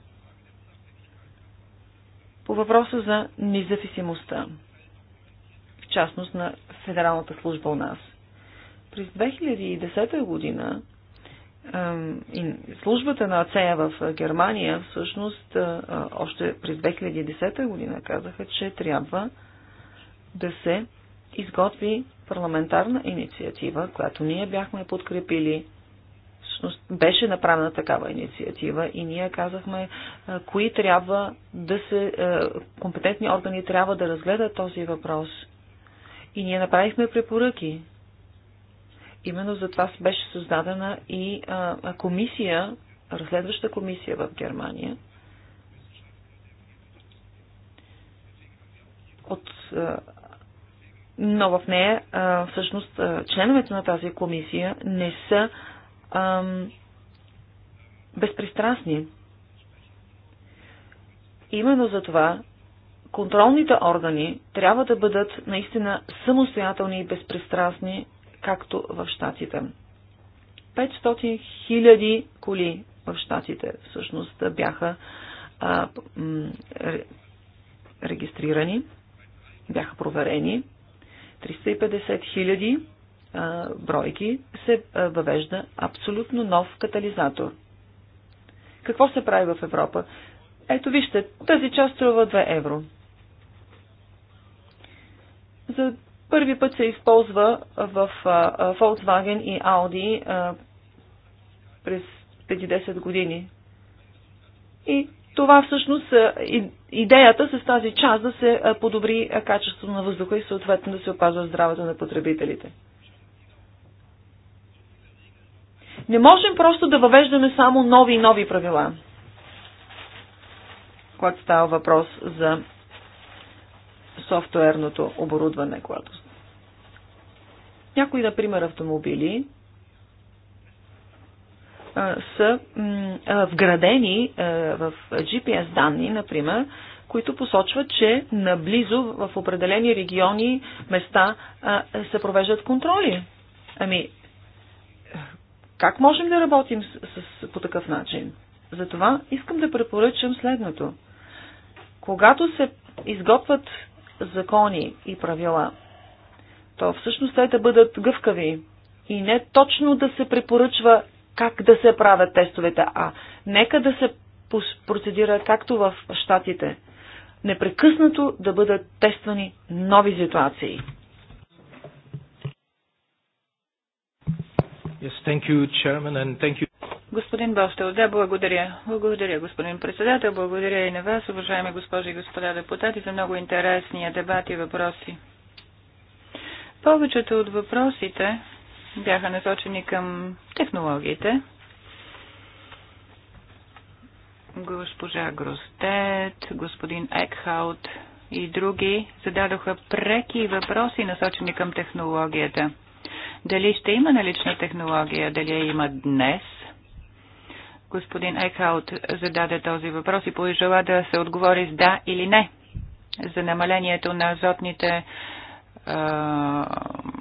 [SPEAKER 2] По въпроса за независимостта, в частност на Федералната служба у нас. През 2010 година службата на АЦЕЯ в Германия всъщност още през 2010 година казаха, че трябва да се изготви парламентарна инициатива, която ние бяхме подкрепили. Всъщност беше направена такава инициатива и ние казахме кои трябва да се, компетентни органи трябва да разгледат този въпрос. И ние направихме препоръки. Именно за това беше създадена и комисия, разследваща комисия в Германия, от но в нея а, всъщност членовете на тази комисия не са ам, безпристрастни. Именно за това контролните органи трябва да бъдат наистина самостоятелни и безпристрастни, както в щатите. 500 хиляди коли в щатите всъщност бяха а, регистрирани, бяха проверени 350 хиляди бройки се въвежда абсолютно нов катализатор. Какво се прави в Европа? Ето вижте, тази част струва 2 евро. За първи път се използва в Volkswagen и Audi през преди 10 години. И това всъщност идеята с тази част да се е, подобри е, качеството на въздуха и съответно да се опазва здравето на потребителите. Не можем просто да въвеждаме само нови и нови правила, когато става въпрос за софтуерното оборудване, когато някои, например, автомобили, са вградени в GPS данни, например, които посочват, че наблизо в определени региони, места се провеждат контроли. Ами, как можем да работим с, с, по такъв начин? Затова искам да препоръчам следното. Когато се изготвят закони и правила, то всъщност те да бъдат гъвкави и не точно да се препоръчва как да се правят тестовете, а нека да се процедира както в щатите. Непрекъснато да бъдат тествани нови ситуации.
[SPEAKER 1] Yes, thank you, Chairman, and thank you.
[SPEAKER 2] Господин
[SPEAKER 3] Бостел, да, благодаря. Благодаря, господин председател. Благодаря и на вас, уважаеми госпожи и господа депутати, за много интересния дебат и въпроси. Повечето от въпросите бяха насочени към технологиите. Госпожа Гростет, господин Екхаут и други зададоха преки въпроси, насочени към технологията. Дали ще има налична технология, дали я има днес? Господин Екхаут зададе този въпрос и пожела да се отговори с да или не за намалението на азотните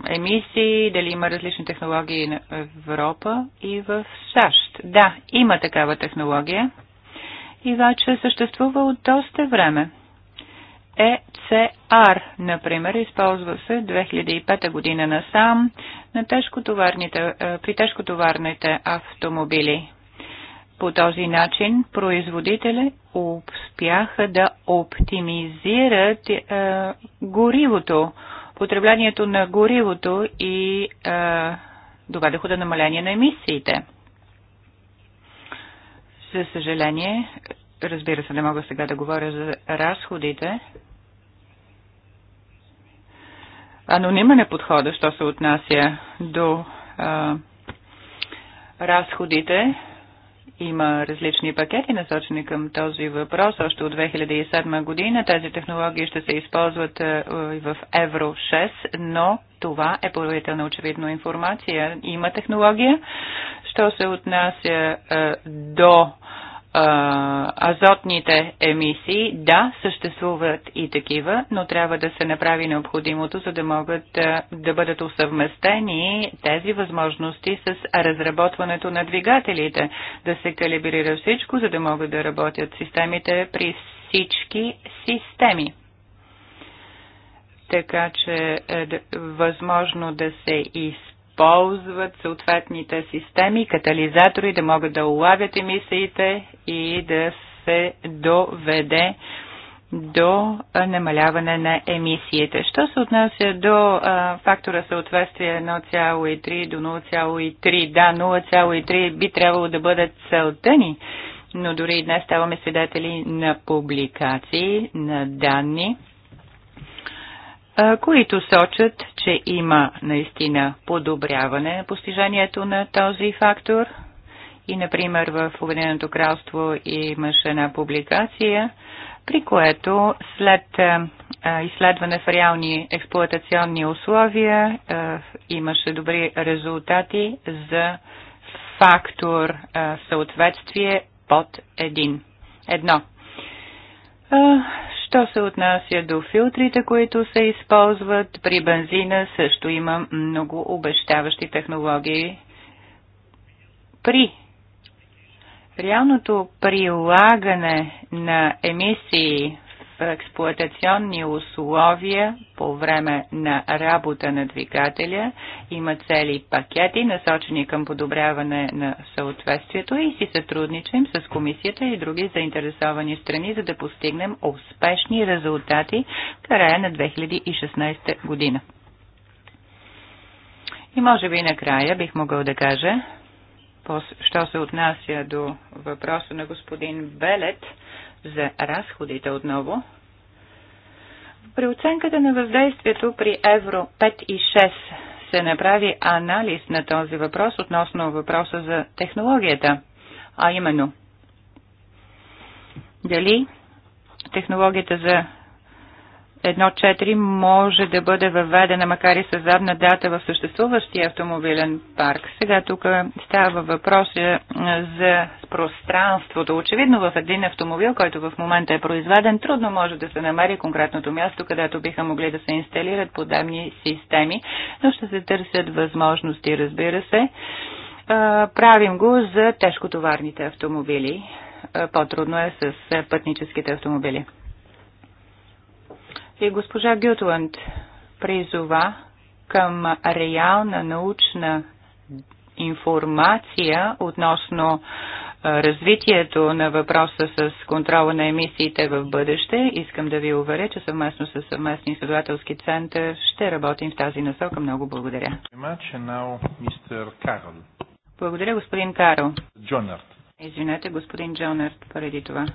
[SPEAKER 3] емисии, дали има различни технологии в Европа и в САЩ. Да, има такава технология и вече съществува от доста време. ECR, е например, използва се 2005 година насам на тежкотоварните, при тежкотоварните автомобили. По този начин производители успяха да оптимизират е, горивото, потреблението на горивото и е, доведоха до намаление на емисиите. За съжаление, разбира се, не мога сега да говоря за разходите. Анонимен е подхода, що се отнася до е, разходите има различни пакети насочени към този въпрос. Още от 2007 година тези технологии ще се използват е, в Евро 6, но това е поверителна очевидна информация. Има технология. Що се отнася е, до а, азотните емисии. Да, съществуват и такива, но трябва да се направи необходимото, за да могат да, да бъдат усъвместени тези възможности с разработването на двигателите, да се калибрира всичко, за да могат да работят системите при всички системи така че е възможно да се изпълнят използват съответните системи, катализатори, да могат да улавят емисиите и да се доведе до намаляване на емисиите. Що се отнася до а, фактора съответствие 1,3 до 0,3? Да, 0,3 би трябвало да бъде целта ни, но дори и днес ставаме свидетели на публикации, на данни – които сочат, че има наистина подобряване на постижението на този фактор. И, например, в Обединеното кралство имаше една публикация, при което след изследване в реални експлуатационни условия имаше добри резултати за фактор съответствие под един. Едно. Що се отнася до филтрите, които се използват, при бензина също има много обещаващи технологии. При реалното прилагане на емисии експлуатационни условия по време на работа на двигателя. Има цели пакети, насочени към подобряване на съответствието и си сътрудничим с комисията и други заинтересовани страни, за да постигнем успешни резултати в края на 2016 година. И може би накрая бих могъл да кажа, що се отнася до въпроса на господин Белет за разходите отново. При оценката на въздействието при евро 5 и 6 се направи анализ на този въпрос относно въпроса за технологията, а именно дали технологията за 1.4 може да бъде въведена, макар и със задна дата в съществуващия автомобилен парк. Сега тук става въпрос е, за пространството. Очевидно в един автомобил, който в момента е произведен, трудно може да се намери конкретното място, където биха могли да се инсталират подобни системи, но ще се търсят възможности, разбира се. Е, правим го за тежкотоварните автомобили. Е, по-трудно е с пътническите автомобили. И госпожа Гютланд призова към реална научна информация относно развитието на въпроса с контрола на емисиите в бъдеще. Искам да ви уверя, че съвместно с съвместния изследователски център ще работим в тази насока. Много благодаря. Благодаря, господин Карл. Джонард. Извинете, господин Джонард, преди това.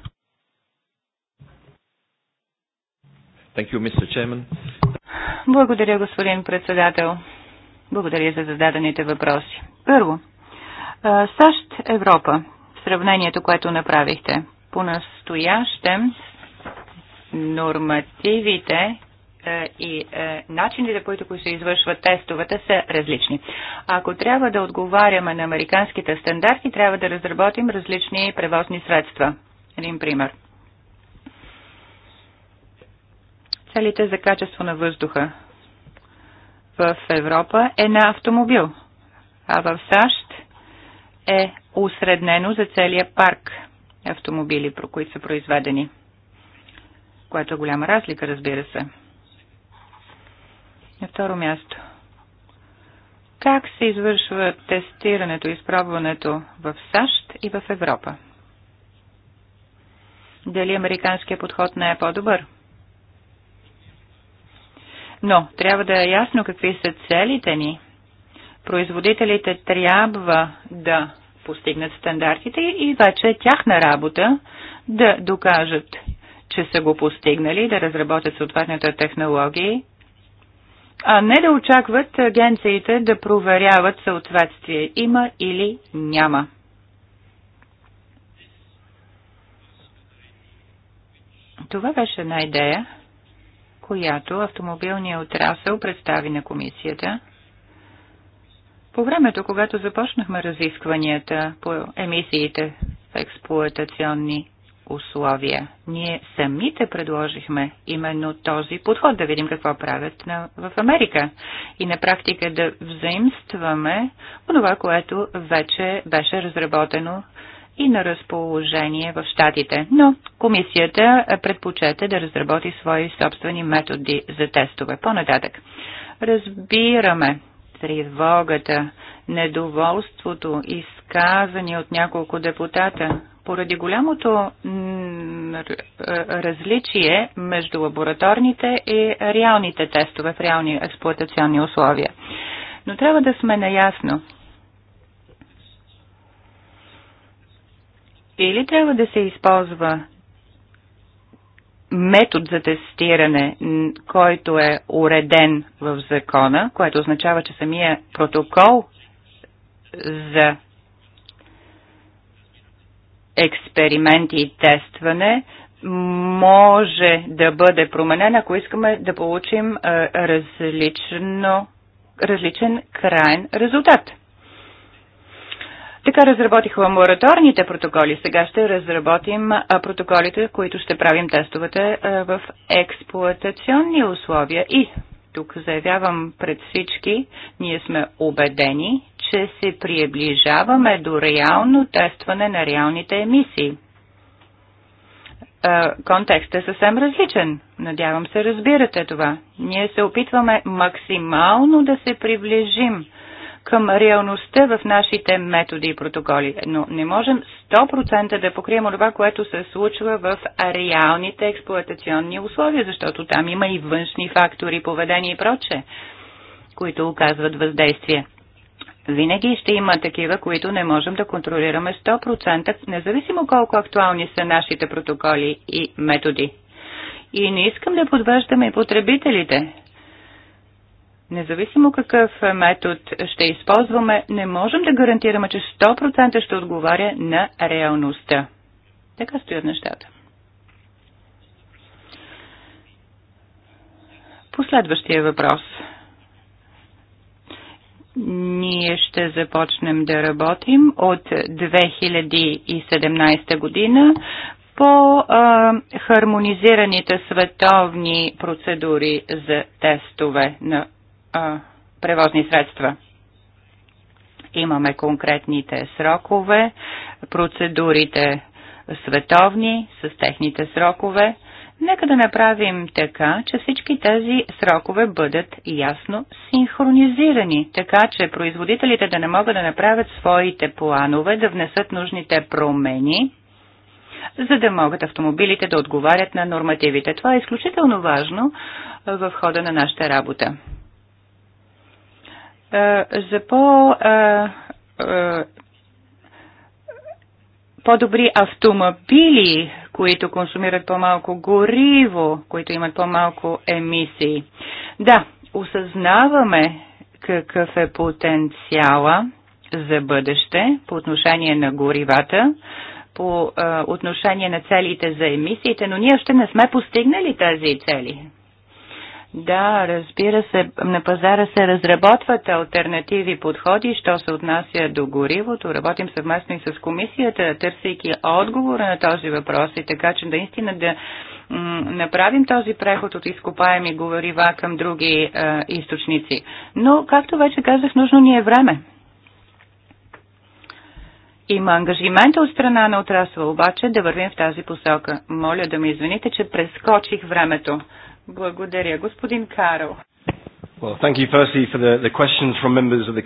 [SPEAKER 1] Thank you, Mr. Chairman.
[SPEAKER 3] Благодаря, господин председател. Благодаря за зададените въпроси. Първо, САЩ-Европа, сравнението, което направихте. По-настоящем нормативите и начините, по които се извършват тестовете, са различни. Ако трябва да отговаряме на американските стандарти, трябва да разработим различни превозни средства. Един пример – целите за качество на въздуха в Европа е на автомобил, а в САЩ е усреднено за целия парк автомобили, про които са произведени, което е голяма разлика, разбира се. На второ място. Как се извършва тестирането и изпробването в САЩ и в Европа? Дали американският подход не е по-добър? Но трябва да е ясно какви са целите ни. Производителите трябва да постигнат стандартите и вече е тяхна работа да докажат, че са го постигнали, да разработят съответната технология, а не да очакват агенциите да проверяват съответствие има или няма. Това беше една идея, която автомобилния отрасъл представи на комисията. По времето, когато започнахме разискванията по емисиите в експлуатационни условия, ние самите предложихме именно този подход, да видим какво правят на, в Америка и на практика да взаимстваме това, което вече беше разработено и на разположение в щатите, но комисията предпочете да разработи свои собствени методи за тестове. По-нататък. Разбираме тревогата, недоволството, изказани от няколко депутата, поради голямото различие между лабораторните и реалните тестове в реални експлуатационни условия. Но трябва да сме наясно, Или трябва да се използва метод за тестиране, който е уреден в закона, което означава, че самия протокол за експерименти и тестване може да бъде променен, ако искаме да получим различно, различен крайен резултат. Така разработихме мораторните протоколи. Сега ще разработим протоколите, които ще правим тестовете в експлуатационни условия. И тук заявявам пред всички, ние сме убедени, че се приближаваме до реално тестване на реалните емисии. Контекстът е съвсем различен. Надявам се разбирате това. Ние се опитваме максимално да се приближим към реалността в нашите методи и протоколи. Но не можем 100% да покрием това, което се случва в реалните експлуатационни условия, защото там има и външни фактори, поведение и проче, които оказват въздействие. Винаги ще има такива, които не можем да контролираме 100%, независимо колко актуални са нашите протоколи и методи. И не искам да подвеждаме и потребителите, Независимо какъв метод ще използваме, не можем да гарантираме, че 100% ще отговаря на реалността. Така стоят нещата. Последващия въпрос. Ние ще започнем да работим от 2017 година по а, хармонизираните световни процедури за тестове на превозни средства. Имаме конкретните срокове, процедурите световни с техните срокове. Нека да направим така, че всички тези срокове бъдат ясно синхронизирани, така че производителите да не могат да направят своите планове, да внесат нужните промени, за да могат автомобилите да отговарят на нормативите. Това е изключително важно в хода на нашата работа за по- по-добри автомобили, които консумират по-малко гориво, които имат по-малко емисии. Да, осъзнаваме какъв е потенциала за бъдеще по отношение на горивата, по отношение на целите за емисиите, но ние още не сме постигнали тези цели. Да, разбира се, на пазара се разработват альтернативи подходи, що се отнася до горивото. Работим съвместно и с комисията, търсейки отговора на този въпрос и така, че наистина да, да направим този преход от изкопаеми горива към други а, е, източници. Но, както вече казах, нужно ни е време. Има ангажимента от страна на отрасла, обаче да вървим в тази посока. Моля да ме извините, че прескочих времето. Благодаря. Господин Карл.
[SPEAKER 1] Well, thank you firstly for the, the questions from members of the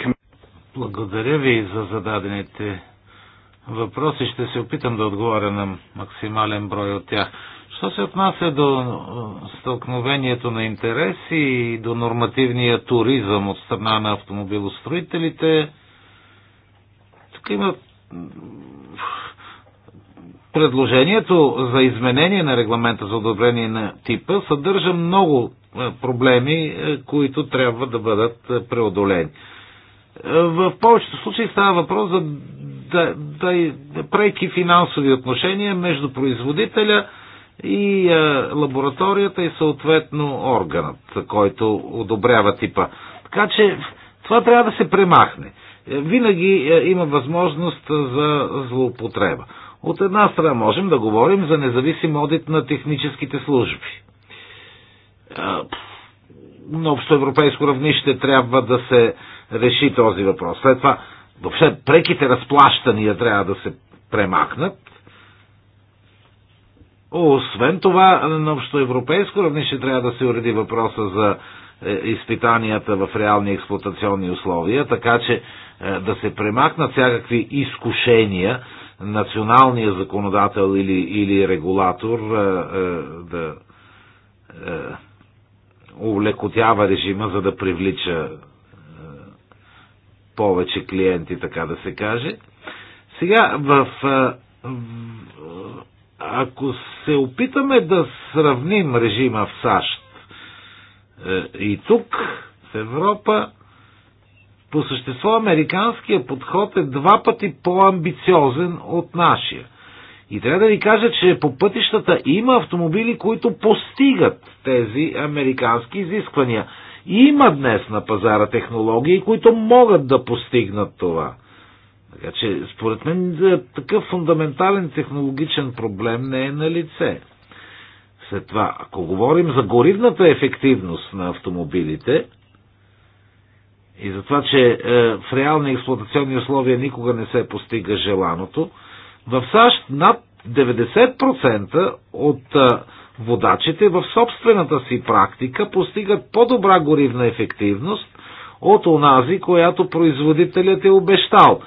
[SPEAKER 1] Благодаря ви за зададените въпроси. Ще се опитам да отговоря на максимален брой от тях. Що се отнася до е, стълкновението на интереси и до нормативния туризъм от страна на автомобилостроителите, тук има Предложението за изменение на регламента за одобрение на типа съдържа много е, проблеми, е, които трябва да бъдат е, преодолени. В повечето случаи става въпрос за да, да, да прейки финансови отношения между производителя и е, лабораторията и съответно органът, който одобрява типа. Така че това трябва да се премахне. Винаги е, има възможност за злоупотреба. От една страна можем да говорим за независим одит на техническите служби. На общоевропейско равнище трябва да се реши този въпрос. След това, въобще, преките разплащания трябва да се премахнат. Освен това, на общоевропейско равнище трябва да се уреди въпроса за е, изпитанията в реални експлуатационни условия, така че е, да се премахнат всякакви изкушения националния законодател или, или регулатор да увлекотява режима, за да привлича повече клиенти, така да се каже. Сега, в, в, ако се опитаме да сравним режима в САЩ и тук, в Европа, по същество американският подход е два пъти по-амбициозен от нашия. И трябва да ви кажа, че по пътищата има автомобили, които постигат тези американски изисквания. Има днес на пазара технологии, които могат да постигнат това. Така че, според мен, такъв фундаментален технологичен проблем не е на лице. След това, ако говорим за горивната ефективност на автомобилите, и за това, че е, в реални експлуатационни условия никога не се постига желаното, в САЩ над 90% от е, водачите в собствената си практика постигат по-добра горивна ефективност от онази, която производителят е обещал.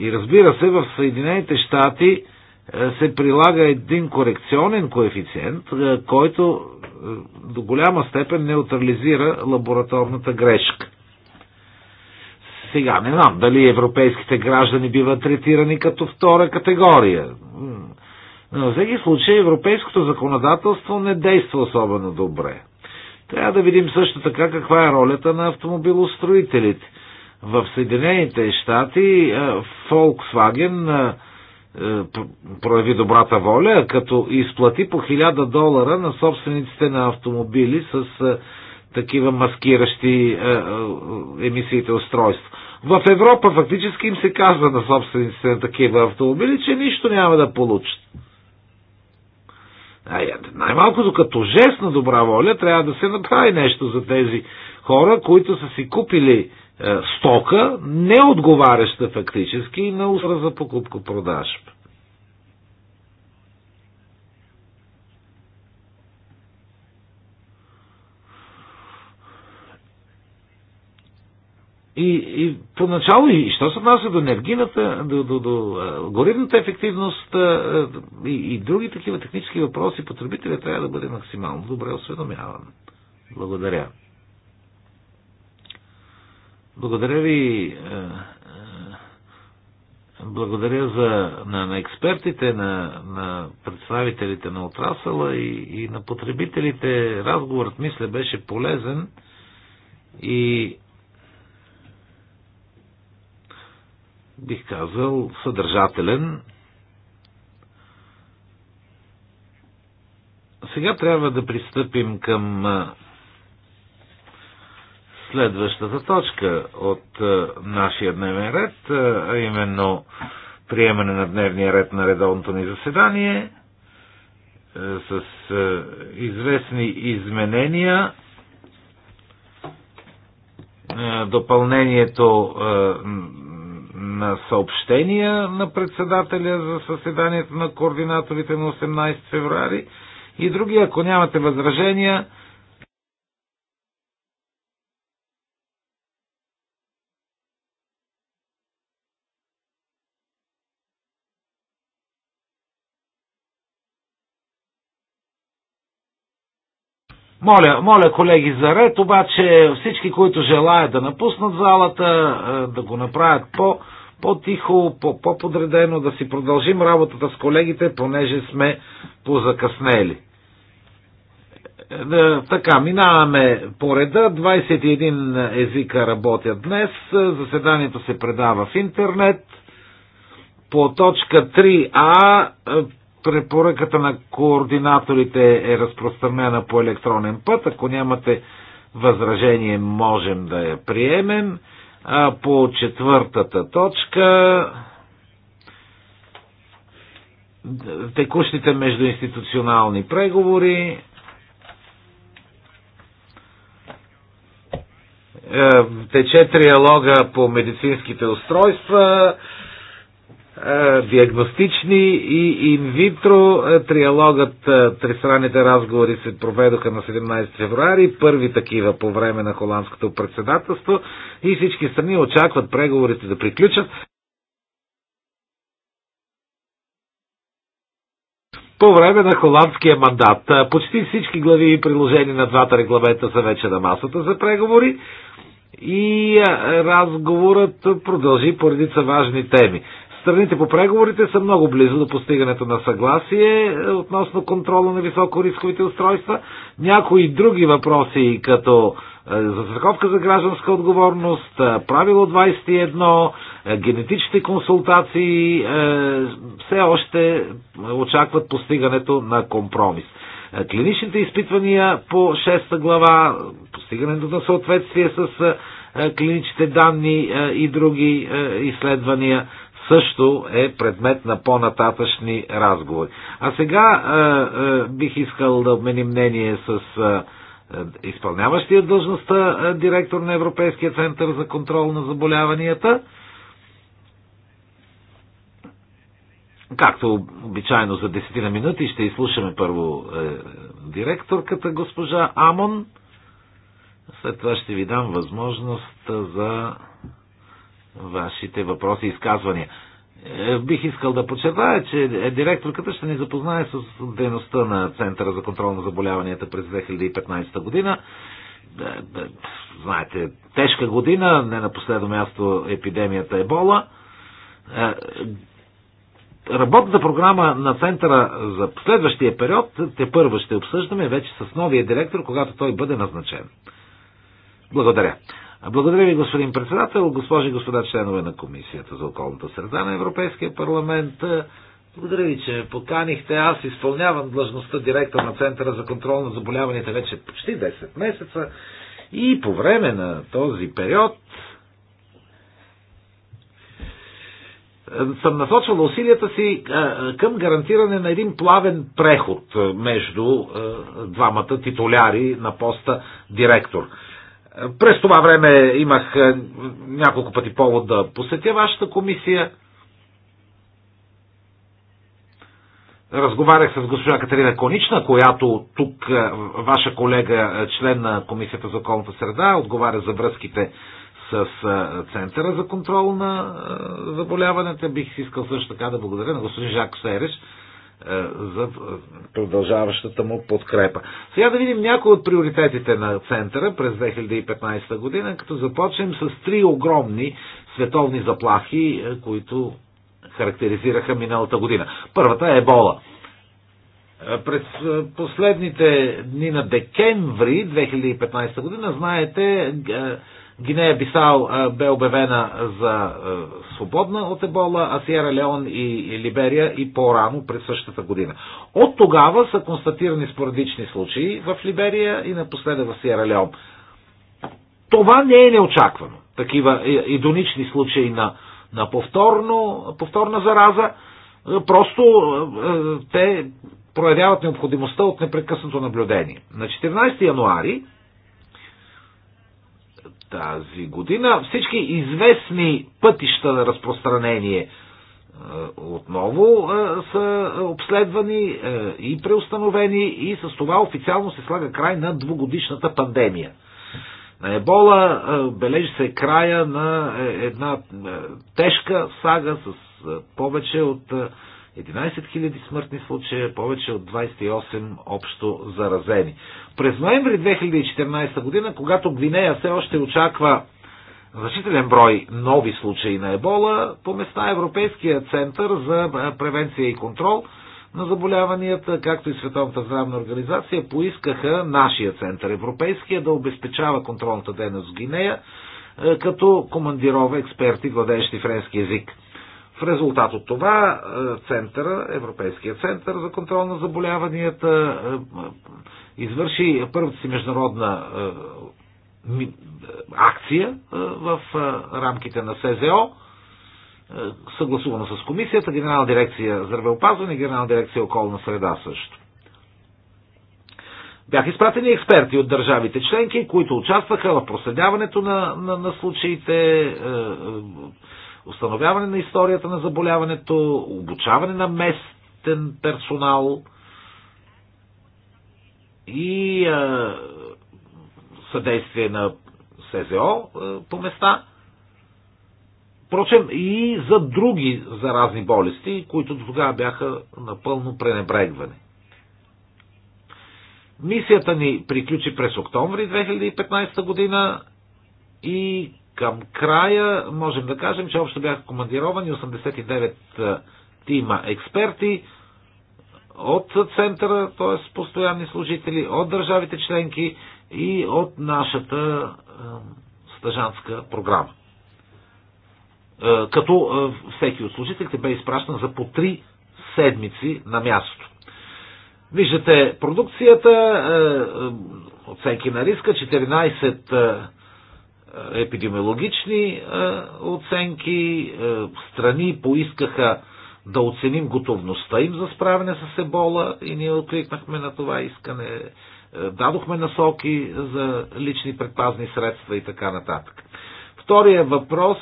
[SPEAKER 1] И разбира се, в Съединените щати е, се прилага един корекционен коефициент, който до голяма степен неутрализира лабораторната грешка. Сега не знам дали европейските граждани биват третирани като втора категория. Но във всеки случай европейското законодателство не действа особено добре. Трябва да видим също така каква е ролята на автомобилостроителите. В Съединените щати Volkswagen прояви добрата воля, като изплати по 1000 долара на собствениците на автомобили с такива маскиращи емисиите устройства. В Европа фактически им се казва на собствениците на такива автомобили, че нищо няма да получат. най малко като жест на добра воля трябва да се направи нещо за тези хора, които са си купили е, стока, не отговаряща фактически на устра за покупко-продажба. И, и поначало, и що се отнася до енергийната, до, до, до горивната ефективност и, и други такива технически въпроси, потребителя трябва да бъде максимално добре осведомяван. Благодаря. Благодаря ви. Благодаря за, на, на експертите, на, на представителите на отрасъла и, и на потребителите. Разговорът, мисля, беше полезен и бих казал, съдържателен. Сега трябва да пристъпим към следващата точка от нашия дневен ред, а именно приемане на дневния ред на редовното ни заседание с известни изменения. Допълнението на съобщения на председателя за съседанието на координаторите на 18 феврари и други, ако нямате възражения, Моля, моля колеги за ред, обаче всички, които желаят да напуснат залата, е, да го направят по по-тихо, по-подредено, да си продължим работата с колегите, понеже сме позакъснели. Е, е, така, минаваме по реда. 21 езика работят днес. Заседанието се предава в интернет. По точка 3а е, препоръката на координаторите е разпространена по електронен път. Ако нямате възражение, можем да я приемем. А по четвъртата точка текущите междуинституционални преговори е, тече триалога по медицинските устройства, е, диагностични и инвитро. Е, триалогът, е, тристранните разговори се проведоха на 17 февруари, първи такива по време на холандското председателство и всички страни очакват преговорите да приключат. По време на холандския мандат почти всички глави и приложения на двата регламента са вече на масата за преговори и разговорът продължи по редица важни теми. Страните по преговорите са много близо до постигането на съгласие е, относно контрола на високорисковите устройства. Някои други въпроси, като е, застраховка за гражданска отговорност, е, правило 21, генетичните консултации, все още очакват постигането на компромис. Клиничните изпитвания по 6 глава, постигането на съответствие с клиничните данни и други изследвания също е предмет на по-нататъчни разговори. А сега а, е, а, е, бих искал да обменим мнение с а, е, изпълняващия длъжността а, директор на Европейския център за контрол на заболяванията. Както обичайно за десетина минути ще изслушаме първо е, директорката госпожа Амон. След това ще ви дам възможност за вашите въпроси и изказвания. Е, бих искал да подчертая, че е, директорката ще ни запознае с дейността на Центъра за контрол на заболяванията през 2015 година. Е, знаете, тежка година, не на последно място епидемията Ебола. Работната програма на Центъра за следващия период те първо ще обсъждаме вече с новия директор, когато той бъде назначен. Благодаря. Благодаря ви, господин председател, госпожи и господа членове на Комисията за околната среда на Европейския парламент. Е, благодаря ви, че ме поканихте. Аз изпълнявам длъжността директор на Центъра за контрол на заболяванията вече почти 10 месеца. И по време на този период е, съм насочвал усилията си е, към гарантиране на един плавен преход между двамата титуляри на поста директор. През това време имах е, няколко пъти повод да посетя вашата комисия. Разговарях с госпожа Катерина Конична, която тук е, ваша колега, е, член на Комисията за околната среда, отговаря за връзките с Центъра за контрол на заболяването. Бих искал също така да благодаря на господин Жак Сереш, е, за продължаващата му подкрепа. Сега да видим някои от приоритетите на центъра през 2015 година, като започнем с три огромни световни заплахи, е, които характеризираха миналата година. Първата е ебола. Е, през последните дни на декември 2015 година, знаете, Гинея Бисал бе обявена за свободна от ебола, а Сиера Леон и Либерия и по-рано през същата година. От тогава са констатирани спорадични случаи в Либерия и напоследък в Сиера Леон. Това не е неочаквано. Такива е, идонични случаи на, на повторно, повторна зараза. Е, просто е, те проявяват необходимостта от непрекъснато наблюдение. На 14 януари тази година. Всички известни пътища на разпространение е, отново е, са обследвани е, и преустановени и с това официално се слага край на двугодишната пандемия. На ебола бележи се края на една тежка сага с повече от 11 000 смъртни случая, повече от 28 общо заразени. През ноември 2014 година, когато Гвинея все още очаква значителен брой нови случаи на ебола, по места Европейския център за превенция и контрол на заболяванията, както и Световната здравна организация, поискаха нашия център, Европейския, да обезпечава контролната дейност в Гвинея, като командирова експерти, владеещи френски язик. В резултат от това е, центъра, Европейския център за контрол на заболяванията е, извърши първата си международна е, акция в рамките на СЗО, съгласувана с комисията, Генерална дирекция здравеопазване и Генерална дирекция околна среда също. Бяха изпратени експерти от държавите членки, които участваха в проследяването на, на, на случаите, установяване на историята на заболяването, обучаване на местен персонал и а, съдействие на СЗО а, по места. Впрочем, и за други заразни болести, които до тогава бяха напълно пренебрегвани. Мисията ни приключи през октомври 2015 година и към края можем да кажем, че общо бяха командировани 89 тима експерти от центъра, т.е. постоянни служители, от държавите членки и от нашата стъжанска програма. Като всеки от служителите бе изпращан за по 3 седмици на място. Виждате продукцията, оценки на риска, 14 епидемиологични е, оценки, е, страни поискаха да оценим готовността им за справяне с ебола и ние откликнахме на това искане, е, дадохме насоки за лични предпазни средства и така нататък. Втория въпрос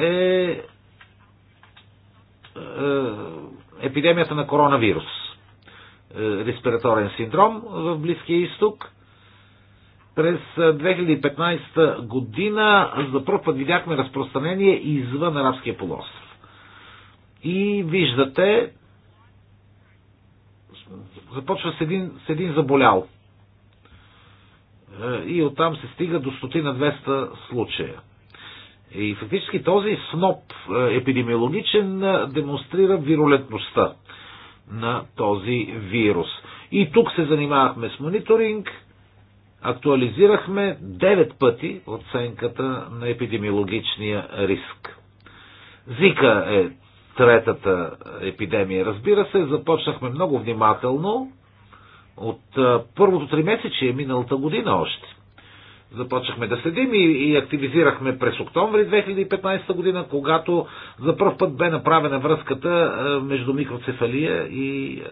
[SPEAKER 1] е епидемията на коронавирус, респираторен синдром в Близкия изток – през 2015 година за първ път видяхме разпространение извън Арабския полуостров. И виждате, започва с един, с един заболял. Е, и оттам се стига до стотина 200 случая. И фактически този сноп е, епидемиологичен е, демонстрира вирулентността на този вирус. И тук се занимавахме с мониторинг, актуализирахме 9 пъти оценката на епидемиологичния риск. Зика е третата епидемия. Разбира се, започнахме много внимателно от първото три месече миналата година още. Започнахме да седим и, и активизирахме през октомври 2015 година, когато за първ път бе направена връзката между микроцефалия и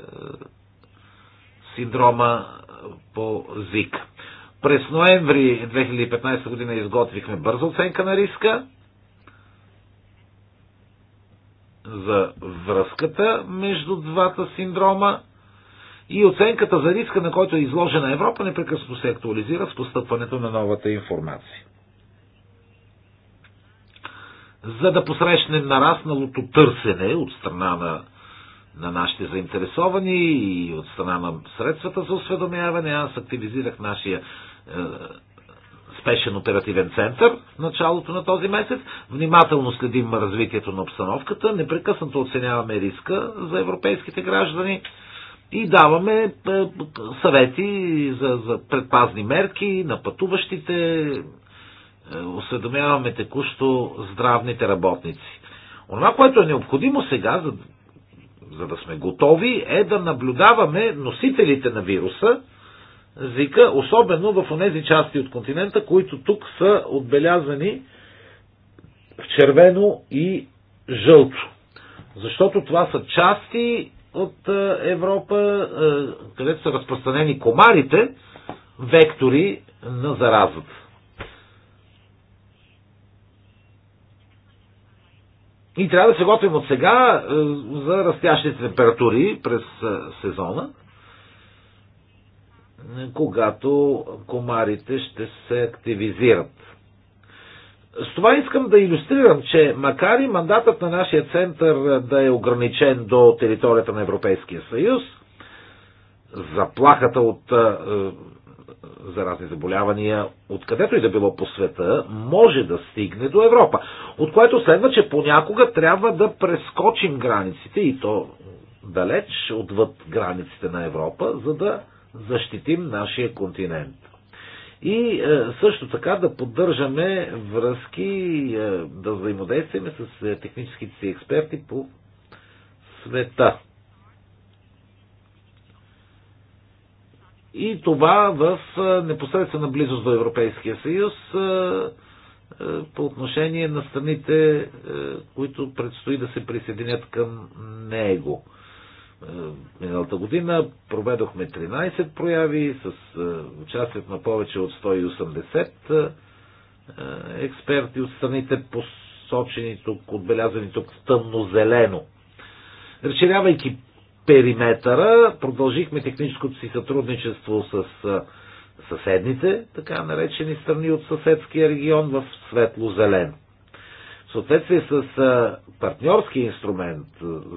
[SPEAKER 1] синдрома по ЗИК. През ноември 2015 година изготвихме бърза оценка на риска за връзката между двата синдрома и оценката за риска, на който е изложена Европа, непрекъснато се актуализира с постъпването на новата информация. За да посрещне нарасналото търсене от страна на, на нашите заинтересовани и от страна на средствата за осведомяване, аз активизирах нашия е, спешен оперативен център в началото на този месец. Внимателно следим развитието на обстановката, непрекъснато оценяваме риска за европейските граждани и даваме е, съвети за, за предпазни мерки на пътуващите, е, осведомяваме текущо здравните работници. Онова, което е необходимо сега, за, за да сме готови, е да наблюдаваме носителите на вируса, езика, особено в тези части от континента, които тук са отбелязани в червено и жълто. Защото това са части от е, Европа, е, където са разпространени комарите, вектори на заразата. И трябва да се готвим от сега е, за растящите температури през сезона когато комарите ще се активизират. С това искам да иллюстрирам, че макар и мандатът на нашия център да е ограничен до територията на Европейския съюз, заплахата от е, заразни заболявания, откъдето и да било по света, може да стигне до Европа. От което следва, че понякога трябва да прескочим границите и то далеч отвъд границите на Европа, за да защитим нашия континент. И е, също така да поддържаме връзки, е, да взаимодействаме с е, техническите си експерти по света. И това в е, непосредствена близост до Европейския съюз е, е, по отношение на страните, е, които предстои да се присъединят към него. Е, миналата година проведохме 13 прояви с е, участието на повече от 180 е, експерти от страните посочени тук, отбелязани тук тъмно-зелено. Разширявайки периметъра, продължихме техническото си сътрудничество с съседните, така наречени страни от съседския регион в светло-зелено в съответствие с партньорски инструмент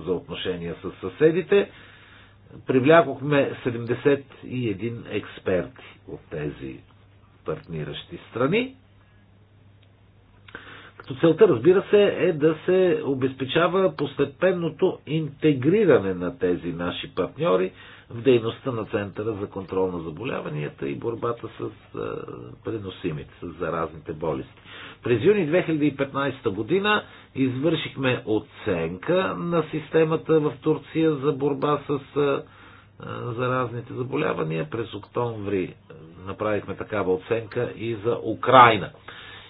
[SPEAKER 1] за отношения с съседите, привлякохме 71 експерти от тези партниращи страни. Като целта, разбира се, е да се обезпечава постепенното интегриране на тези наши партньори в дейността на Центъра за контрол на заболяванията и борбата с преносимите, с заразните болести. През юни 2015 година извършихме оценка на системата в Турция за борба с заразните заболявания. През октомври направихме такава оценка и за Украина.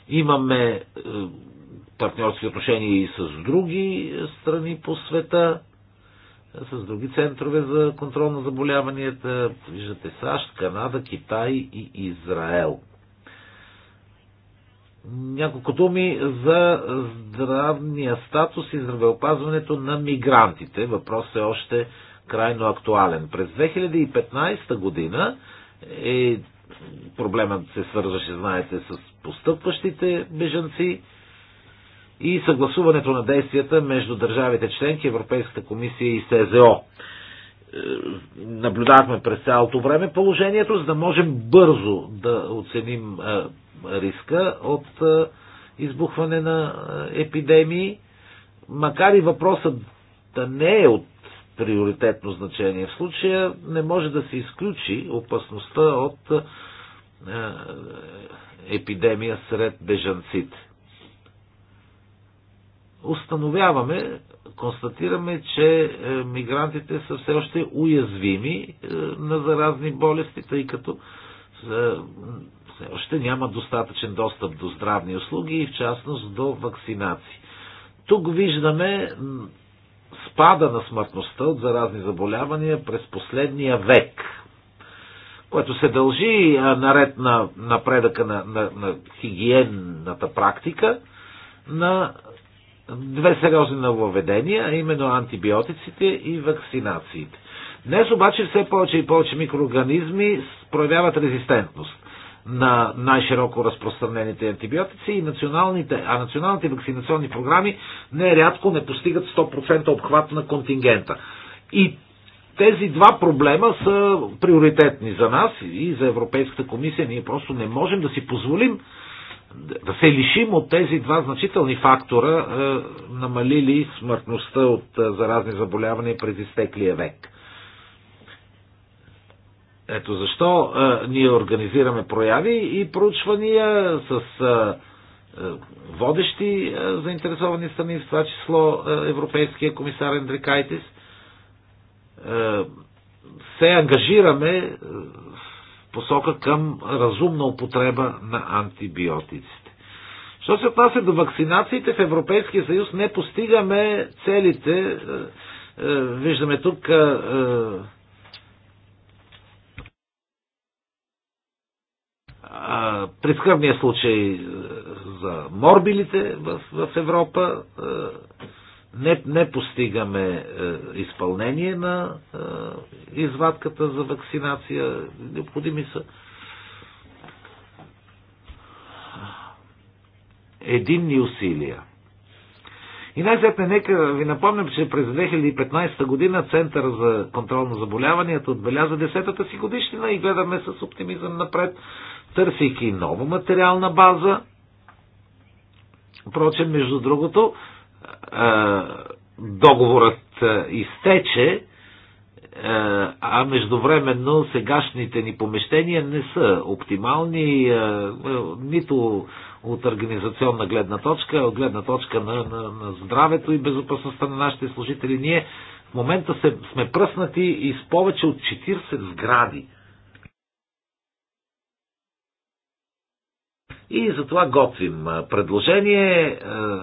[SPEAKER 1] Имаме партньорски отношения и с други страни по света, с други центрове за контрол на заболяванията. Виждате САЩ, Канада, Китай и Израел. Няколко думи за здравния статус и здравеопазването на мигрантите. Въпрос е още крайно актуален. През 2015 година е, проблемът се свързваше, знаете, с постъпващите бежанци и съгласуването на действията между държавите членки, Европейската комисия и СЗО. Е, наблюдавахме през цялото време положението, за да можем бързо да оценим е, риска от е, избухване на епидемии, макар и въпросът да не е от приоритетно значение в случая, не може да се изключи опасността от епидемия сред бежанците установяваме, констатираме, че е, мигрантите са все още уязвими е, на заразни болести, тъй като е, все още няма достатъчен достъп до здравни услуги и в частност до вакцинации. Тук виждаме спада на смъртността от заразни заболявания през последния век, което се дължи наред на напредъка на, на, на хигиенната практика, на две сериозни нововведения, а именно антибиотиците и вакцинациите. Днес обаче все повече и повече микроорганизми проявяват резистентност на най-широко разпространените антибиотици и националните, а националните вакцинационни програми нерядко не постигат 100% обхват на контингента. И тези два проблема са приоритетни за нас и за Европейската комисия. Ние просто не можем да си позволим да се лишим от тези два значителни фактора, е, намалили смъртността от е, заразни заболявания през изтеклия век. Ето защо е, ние организираме прояви и проучвания с е, е водещи е, заинтересовани страни, в това число е, Европейския комисар Ендрикайтис. Е, се ангажираме посока към разумна употреба на антибиотиците. Що се отнася до вакцинациите в Европейския съюз, не постигаме целите. Е, е, виждаме тук е, скръбния случай за морбилите в, в Европа, не, не постигаме е, изпълнение на е, извадката за вакцинация. Необходими са единни усилия. И най-сетне нека ви напомням, че през 2015 година Център за контрол на заболяванията отбеляза 10-та си годишнина и гледаме с оптимизъм напред, търсейки нова материална база. Впрочем, между другото, договорът изтече, а междувременно сегашните ни помещения не са оптимални нито от организационна гледна точка, от гледна точка на, на, на здравето и безопасността на нашите служители. Ние в момента се, сме пръснати и с повече от 40 сгради И затова готвим предложение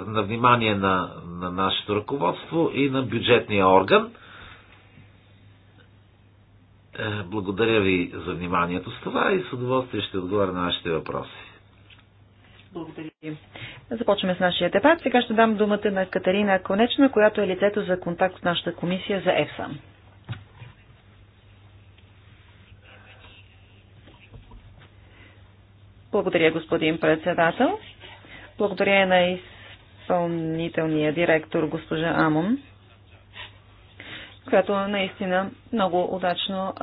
[SPEAKER 1] на внимание на, на нашето ръководство и на бюджетния орган. Е, благодаря ви за вниманието с това и с удоволствие ще отговоря на нашите въпроси.
[SPEAKER 2] Благодаря ви. Започваме с нашия дебат. Сега ще дам думата на Катерина Конечна, която е лицето за контакт с нашата комисия за ЕФСА. Благодаря, господин председател. Благодаря на изпълнителния директор госпожа Амон, която наистина много удачно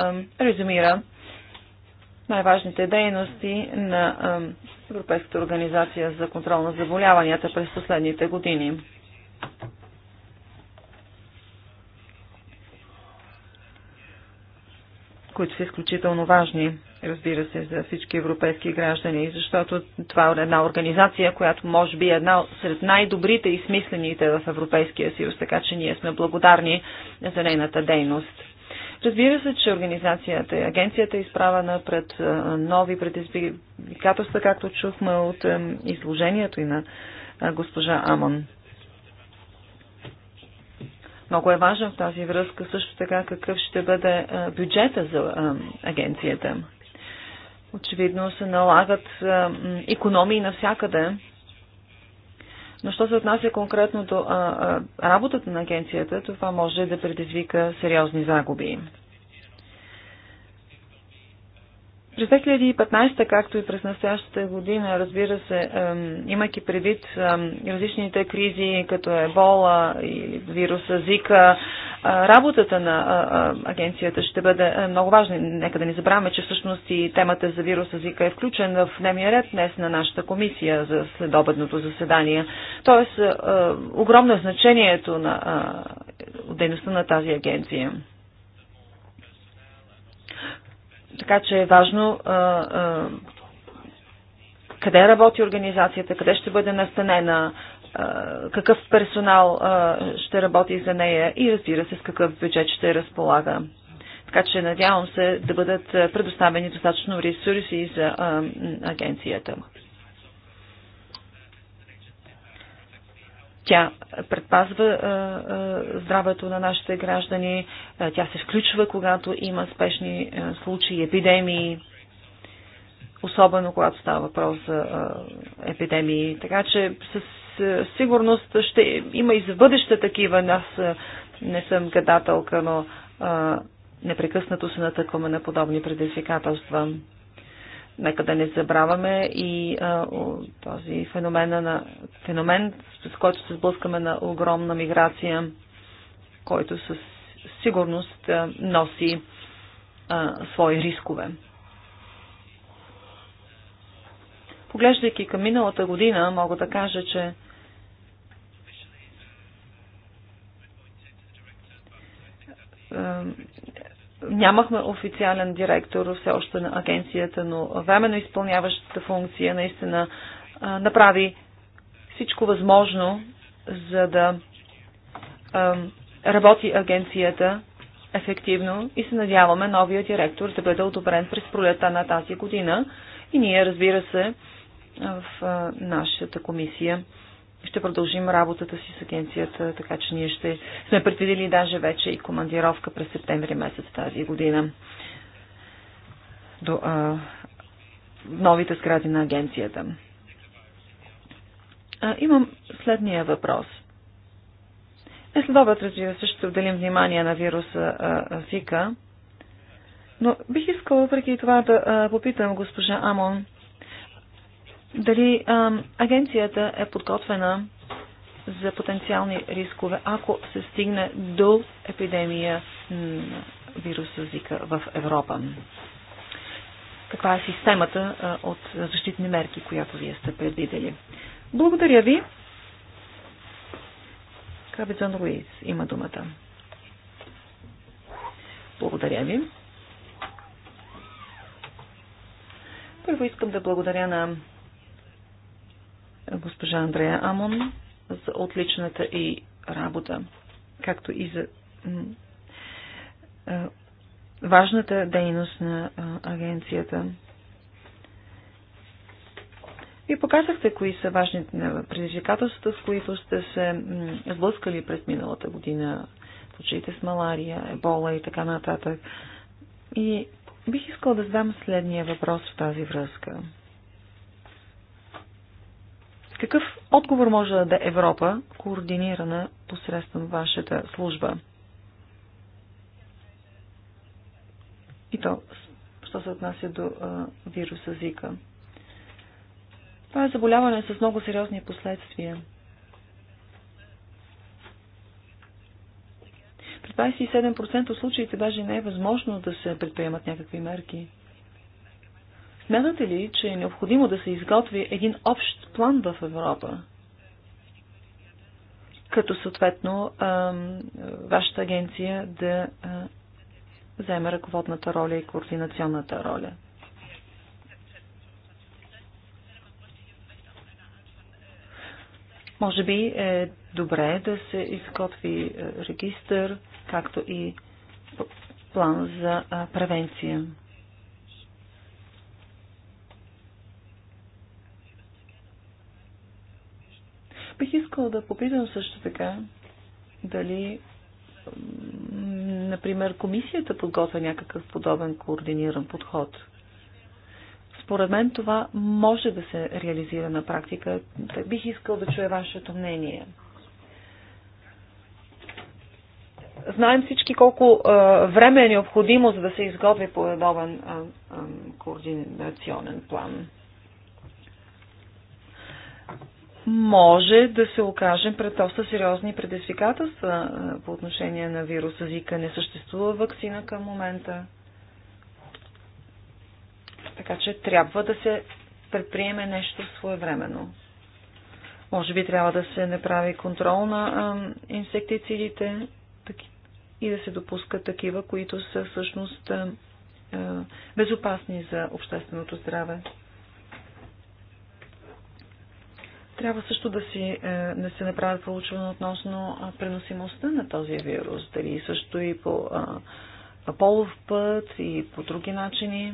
[SPEAKER 2] резюмира най-важните дейности на Европейската организация за контрол на заболяванията през последните години. които са изключително важни, разбира се, за всички европейски граждани, защото това е една организация, която може би е една сред най-добрите и смислените в Европейския съюз, така че ние сме благодарни за нейната дейност. Разбира се, че организацията и агенцията е изправена пред нови предизвикателства, както чухме от изложението и на госпожа Амон. Много е важен в тази връзка също така какъв ще бъде бюджета за агенцията. Очевидно се налагат економии навсякъде. Но що се отнася конкретно до работата на агенцията, това може да предизвика сериозни загуби. През 2015, както и през настоящата година, разбира се, имайки предвид различните кризи, като ебола или вируса Зика, е, работата на е, е, агенцията ще бъде много важна. Нека да не забравяме, че всъщност и темата за вируса Зика е включен в дневния ред днес на нашата комисия за следобедното заседание. Тоест, огромно е значението на дейността на тази агенция. Така че е важно къде работи организацията, къде ще бъде настанена, какъв персонал ще работи за нея и разбира се с какъв бюджет ще разполага. Така че надявам се да бъдат предоставени достатъчно ресурси за агенцията. Тя предпазва а, а, здравето на нашите граждани, а, тя се включва, когато има спешни а, случаи, епидемии, особено когато става въпрос за а, епидемии. Така че с а, сигурност ще има и за бъдеще такива. Аз а, не съм гадателка, но а, непрекъснато се натъкваме на подобни предизвикателства. Нека да не забравяме и а, този феномен, на, феномен, с който се сблъскаме на огромна миграция, който със сигурност а, носи а, свои рискове. Поглеждайки към миналата година, мога да кажа, че нямахме официален директор все още на агенцията, но временно изпълняващата функция наистина а, направи всичко възможно, за да а, работи агенцията ефективно и се надяваме новия директор да бъде одобрен през пролета на тази година. И ние, разбира се, в нашата комисия ще продължим работата си с агенцията, така че ние ще сме предвидели даже вече и командировка през септември месец тази година до а, новите сгради на агенцията. А, имам следния въпрос. Е, след обед, разбира се, ще отделим внимание на вируса а, но бих искала въпреки това да а, попитам госпожа Амон дали а, агенцията е подготвена за потенциални рискове, ако се стигне до епидемия на вируса Зика в Европа. Каква е системата а, от защитни мерки, която вие сте предвидели? Благодаря ви. Капитан Руис има думата. Благодаря ви. Първо искам да благодаря на госпожа Андрея Амон за отличната и работа, както и за важната дейност на агенцията. и показахте кои са важните предизвикателства, с които сте се сблъскали през миналата година, случаите с малария, ебола и така нататък. И бих искал да задам следния въпрос в тази връзка. Какъв отговор може да даде Европа, координирана посредством вашата служба? И то, що се отнася до а, вируса Зика. Това е заболяване с много сериозни последствия. При 27% от случаите даже не е възможно да се предприемат някакви мерки. Смятате ли, че е необходимо да се изготви един общ план в Европа? Като съответно вашата агенция да вземе ръководната роля и координационната роля. Може би е добре да се изготви регистър, както и план за превенция. Бих искала да попитам също така дали, например, комисията подготвя някакъв подобен координиран подход. Според мен това може да се реализира на практика. Бих искал да чуя вашето мнение. Знаем всички колко а, време е необходимо, за да се изготви подобен координационен план. може да се окажем пред доста сериозни предизвикателства е, по отношение на вируса Зика. Не съществува вакцина към момента. Така че трябва да се предприеме нещо своевременно. Може би трябва да се направи контрол на е, инсектицидите и да се допускат такива, които са всъщност е, безопасни за общественото здраве. Трябва също да, си, е, да се направят проучване относно преносимостта на този вирус, дали също и по полов път и по други начини.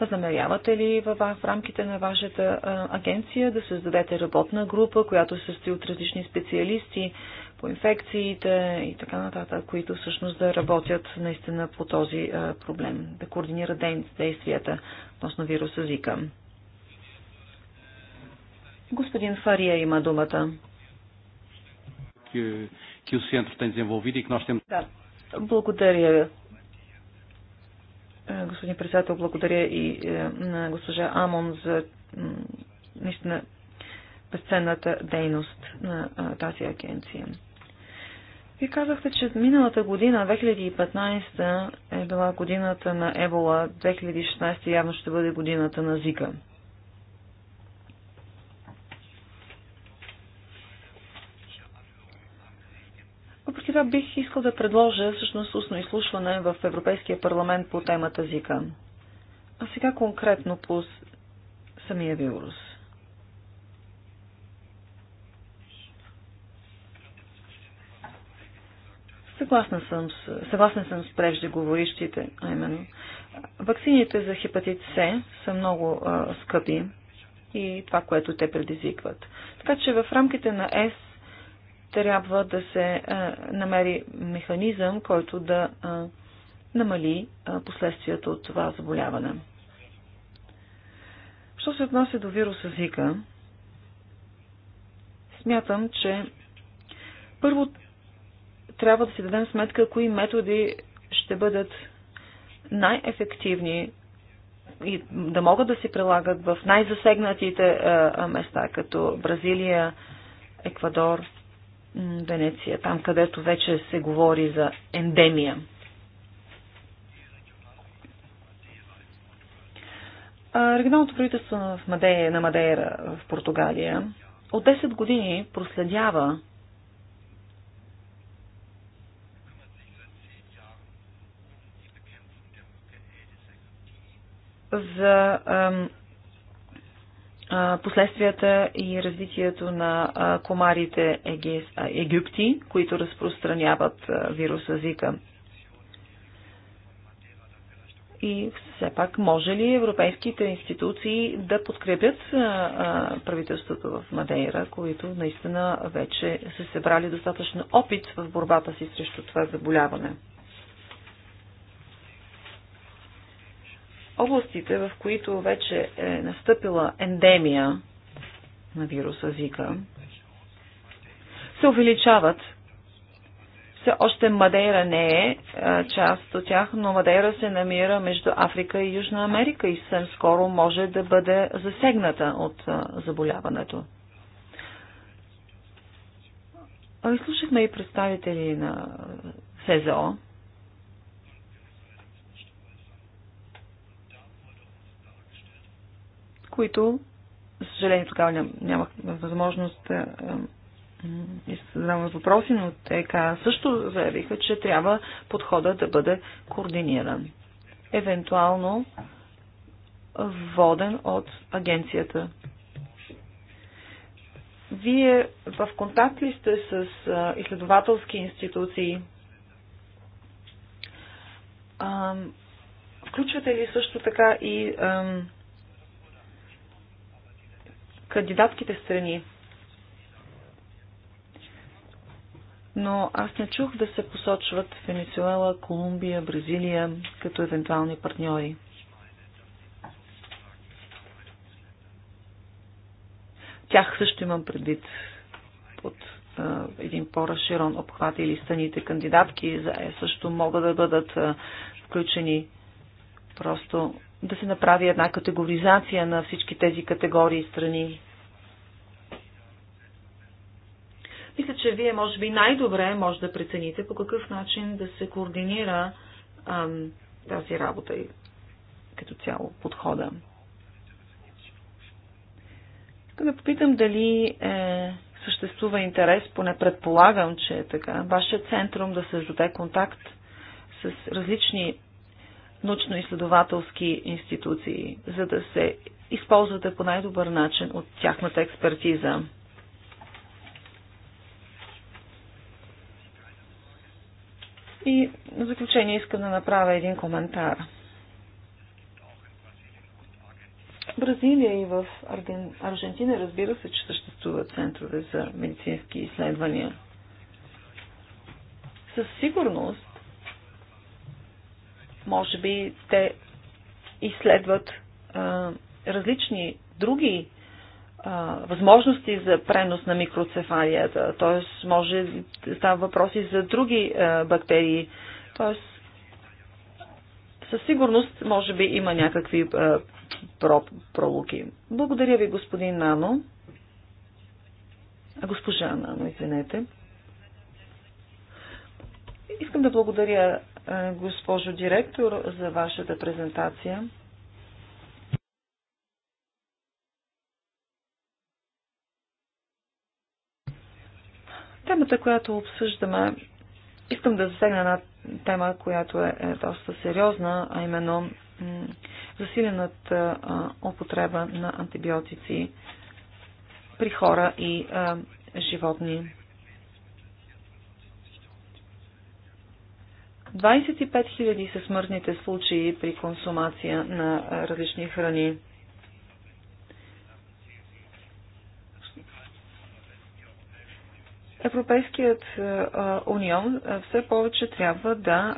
[SPEAKER 2] Възнамерявате ли в рамките на вашата агенция да създадете работна група, която се състои от различни специалисти по инфекциите и така нататък, които всъщност да работят наистина по този проблем, да координират действията относно вируса Зика? Господин Фария има думата. Да. Благодаря, е, господин председател, благодаря и е, на госпожа Амон за наистина безценната дейност на е, тази агенция. Вие казахте, че миналата година, 2015, е била годината на Ебола, 2016 явно ще бъде годината на Зика. Сега бих искал да предложа всъщност устно изслушване в Европейския парламент по темата ЗИКА. А сега конкретно по самия вирус. Съгласна съм с, съгласна съм с преждеговорищите, а именно. Ваксините за хепатит С са много а, скъпи и това, което те предизвикват. Така че в рамките на ЕС трябва да се а, намери механизъм, който да а, намали а, последствията от това заболяване. Що се отнася до вируса Зика, смятам, че първо трябва да си дадем сметка кои методи ще бъдат най-ефективни и да могат да се прилагат в най-засегнатите места, като Бразилия, Еквадор, Венеция, там където вече се говори за ендемия. Регионалното правителство в Мадея, на Мадейра в Португалия от 10 години проследява за последствията и развитието на комарите египти, които разпространяват вируса Зика. И все пак може ли европейските институции да подкрепят правителството в Мадейра, които наистина вече са събрали достатъчно опит в борбата си срещу това заболяване? Областите, в които вече е настъпила ендемия на вируса Зика, се увеличават. Все още Мадейра не е част от тях, но Мадейра се намира между Африка и Южна Америка и съвсем скоро може да бъде засегната от заболяването. слушахме и представители на СЗО, които, за съжаление, тогава нямах възможност да и задавам въпроси, но те също заявиха, че трябва подхода да бъде координиран. Евентуално воден от агенцията. Вие в контакт ли сте с изследователски институции? включвате ли също така и кандидатските страни. Но аз не чух да се посочват Венесуела, Колумбия, Бразилия като евентуални партньори. Тях също имам предвид под а, един по-разширен обхват или страните кандидатки за е също могат да бъдат а, включени. Просто да се направи една категоризация на всички тези категории страни. Мисля, че вие може би най-добре може да прецените по какъв начин да се координира ам, тази работа и като цяло подхода. Така да попитам дали е, съществува интерес, поне предполагам, че е така, вашия центрум да създаде контакт с различни научно-изследователски институции, за да се използвате по най-добър начин от тяхната експертиза. И на заключение искам да направя един коментар. Бразилия и в Аржентина, разбира се, че съществуват центрове за медицински изследвания. Със сигурност може би те изследват а, различни други а, възможности за пренос на микроцефалията. Т.е. може да става въпроси за други а, бактерии. Т.е. със сигурност може би има някакви а, пролуки. Благодаря ви, господин Нано. А госпожа Нано, извинете. Искам да благодаря е, госпожо директор, за вашата презентация. Темата, която обсъждаме, искам да засегна една тема, която е, е доста сериозна, а именно засилената употреба на антибиотици при хора и а, животни. 25 000 са смъртните случаи при консумация на различни храни. Европейският унион все повече трябва да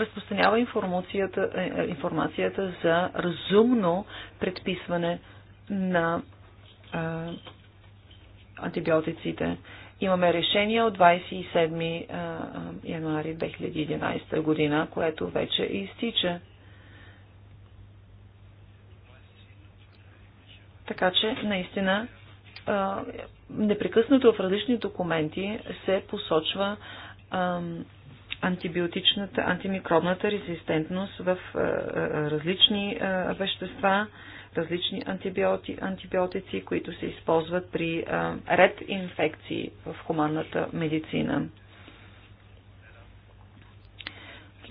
[SPEAKER 2] разпространява информацията, е, е, информацията за разумно предписване на антибиотиците. Имаме решение от 27 януари 2011 година, което вече изтича. Така че, наистина, непрекъснато в различни документи се посочва антибиотичната, антимикробната резистентност в различни вещества, различни антибиоти, антибиотици, които се използват при а, ред инфекции в хуманната медицина.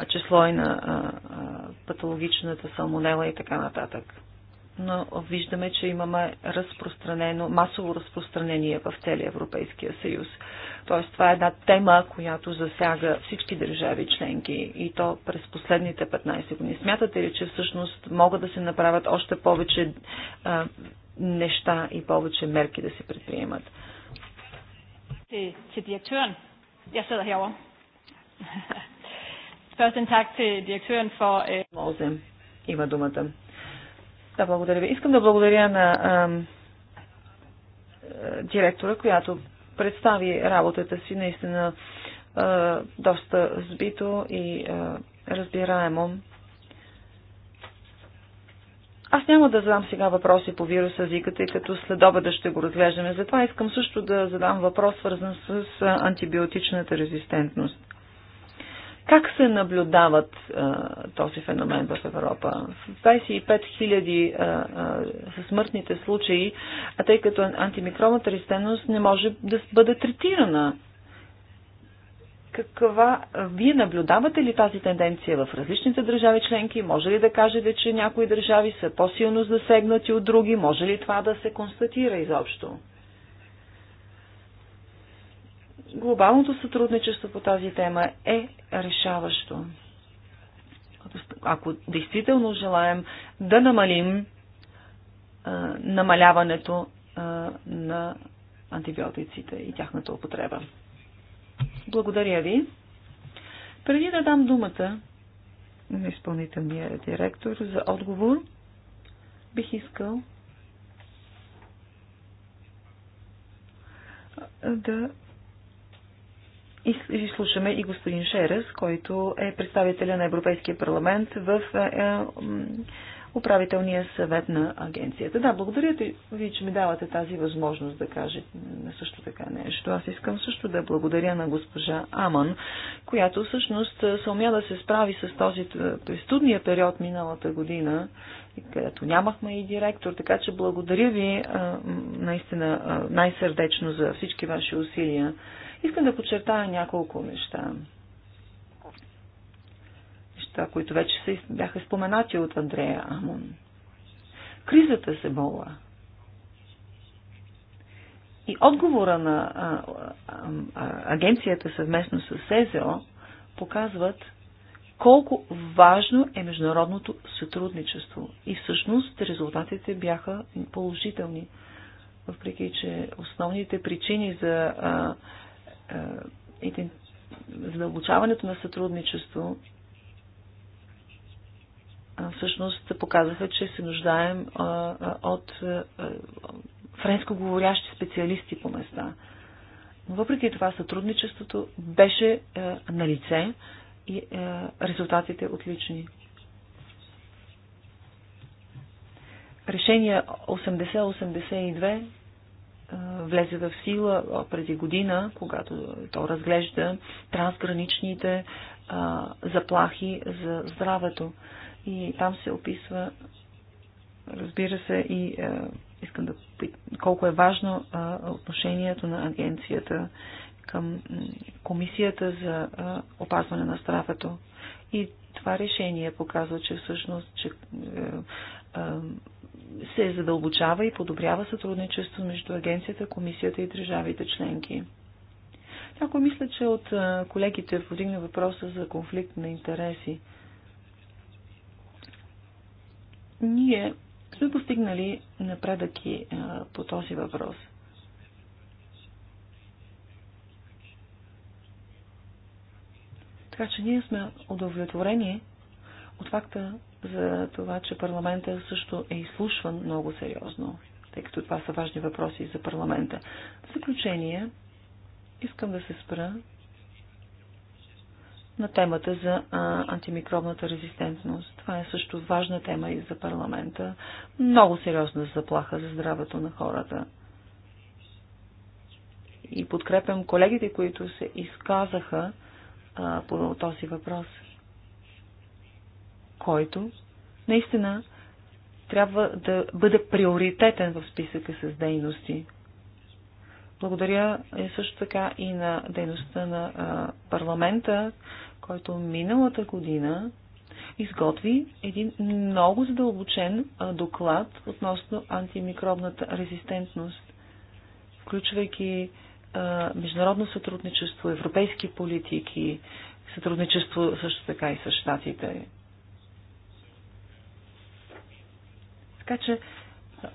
[SPEAKER 2] число и на а, а, патологичната салмонела и така нататък но виждаме, че имаме разпространено, масово разпространение в целия Европейския съюз. Тоест, това е една тема, която засяга всички държави членки и то през последните 15 години. Смятате ли, че всъщност могат да се направят още повече а, неща и повече мерки да се предприемат?
[SPEAKER 3] Til, direktøren. Jeg sidder herovre. Først en tak til direktøren for...
[SPEAKER 2] Øh, има думата. Да, благодаря ви. Искам да благодаря на а, е, директора, която представи работата си наистина а, е, доста сбито и а, е, разбираемо. Аз няма да задам сега въпроси по вируса Зика, тъй като след обеда ще го разглеждаме. Затова искам също да задам въпрос, свързан с антибиотичната резистентност. Как се наблюдават а, този феномен в Европа? 25 000 са смъртните случаи, а тъй като антимикробната резистентност не може да бъде третирана. Каква... Вие наблюдавате ли тази тенденция в различните държави членки? Може ли да кажете, че някои държави са по-силно засегнати от други? Може ли това да се констатира изобщо? глобалното сътрудничество по тази тема е решаващо. Ако действително желаем да намалим а, намаляването а, на антибиотиците и тяхната употреба. Благодаря ви. Преди да дам думата на изпълнителния директор за отговор, бих искал да и слушаме и господин Шерес, който е представителя на Европейския парламент в е, е, управителния съвет на агенцията. Да, благодаря ви, че ми давате тази възможност да кажа също така нещо. Аз искам също да благодаря на госпожа Аман, която всъщност е, се умя да се справи с този студния период миналата година, където нямахме и директор, така че благодаря ви наистина най-сърдечно за всички ваши усилия Искам да подчертая няколко неща. Неща, които вече са, бяха споменати от Андрея Амон. Кризата се бола. И отговора на а, а, а, агенцията съвместно с СЕЗО показват колко важно е международното сътрудничество. И всъщност резултатите бяха положителни. Въпреки, че основните причини за а, е, задълбочаването на сътрудничество всъщност показаха, че се нуждаем от е, е, френско говорящи специалисти по места. Но въпреки това сътрудничеството беше на лице и резултатите отлични. Решение 80-82 влезе в сила преди година, когато то разглежда трансграничните заплахи за здравето. И там се описва, разбира се, и искам да колко е важно отношението на агенцията към комисията за опазване на здравето. И това решение показва, че всъщност, че е, е, се задълбочава и подобрява сътрудничество между агенцията, комисията и държавите членки. Някой мисля, че от колегите повдигна въпроса за конфликт на интереси. Ние сме постигнали напредък и по този въпрос. Така че ние сме удовлетворени от факта, за това, че парламента също е изслушван много сериозно, тъй като това са важни въпроси за парламента. В заключение, искам да се спра на темата за а, антимикробната резистентност. Това е също важна тема и за парламента. Много сериозна заплаха за здравето на хората. И подкрепям колегите, които се изказаха а, по този въпрос който наистина трябва да бъде приоритетен в списъка с дейности. Благодаря е също така и на дейността на парламента, който миналата година изготви един много задълбочен доклад относно антимикробната резистентност, включвайки международно сътрудничество, европейски политики, сътрудничество също така и с щатите. Така че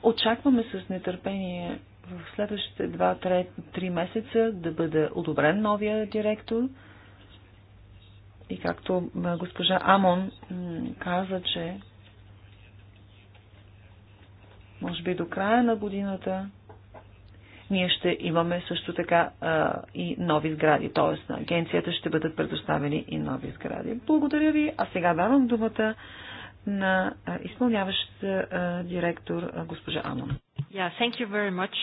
[SPEAKER 2] очакваме с нетърпение в следващите 2-3 месеца да бъде одобрен новия директор. И както госпожа Амон каза, че може би до края на годината ние ще имаме също така а, и нови сгради, т.е. на агенцията ще бъдат предоставени и нови сгради. Благодаря ви, а сега давам думата на изпълняващ директор госпожа Амон.
[SPEAKER 3] Yeah, thank you very much.